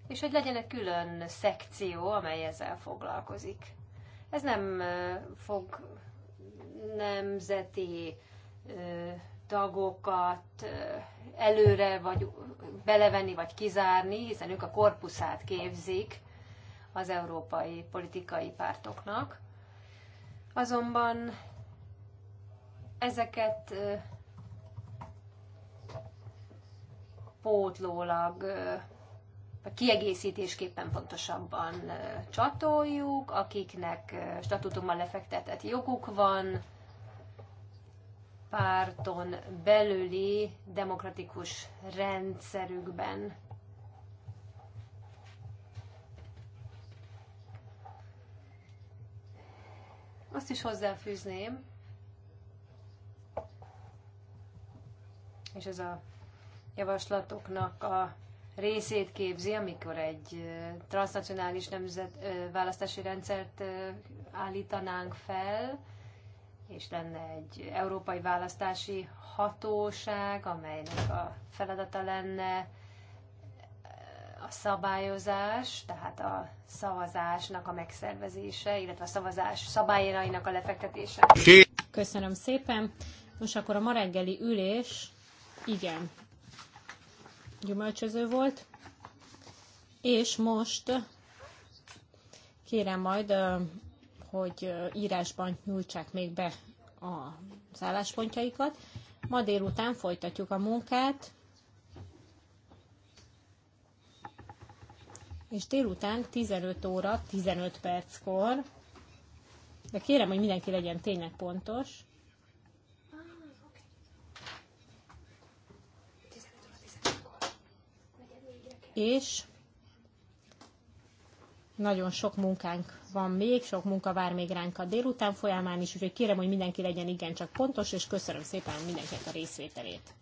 és hogy legyen egy külön szekció, amely ezzel foglalkozik. Ez nem fog nemzeti tagokat előre vagy belevenni, vagy kizárni, hiszen ők a korpuszát képzik az európai politikai pártoknak. Azonban ezeket pótlólag vagy kiegészítésképpen pontosabban csatoljuk, akiknek statutumban lefektetett joguk van, párton belüli demokratikus rendszerükben. Azt is hozzáfűzném, és ez a javaslatoknak a részét képzi, amikor egy transnacionális nemzet választási rendszert állítanánk fel, és lenne egy európai választási hatóság, amelynek a feladata lenne a szabályozás, tehát a szavazásnak a megszervezése, illetve a szavazás szabályainak a lefektetése. Köszönöm szépen. Most akkor a ma reggeli ülés igen gyümölcsöző volt, és most kérem majd, hogy írásban nyújtsák még be a álláspontjaikat. Ma délután folytatjuk a munkát, és délután 15 óra 15 perckor, de kérem, hogy mindenki legyen tényleg pontos, és nagyon sok munkánk van még, sok munka vár még ránk a délután folyamán is, úgyhogy kérem, hogy mindenki legyen igencsak pontos, és köszönöm szépen mindenkinek a részvételét.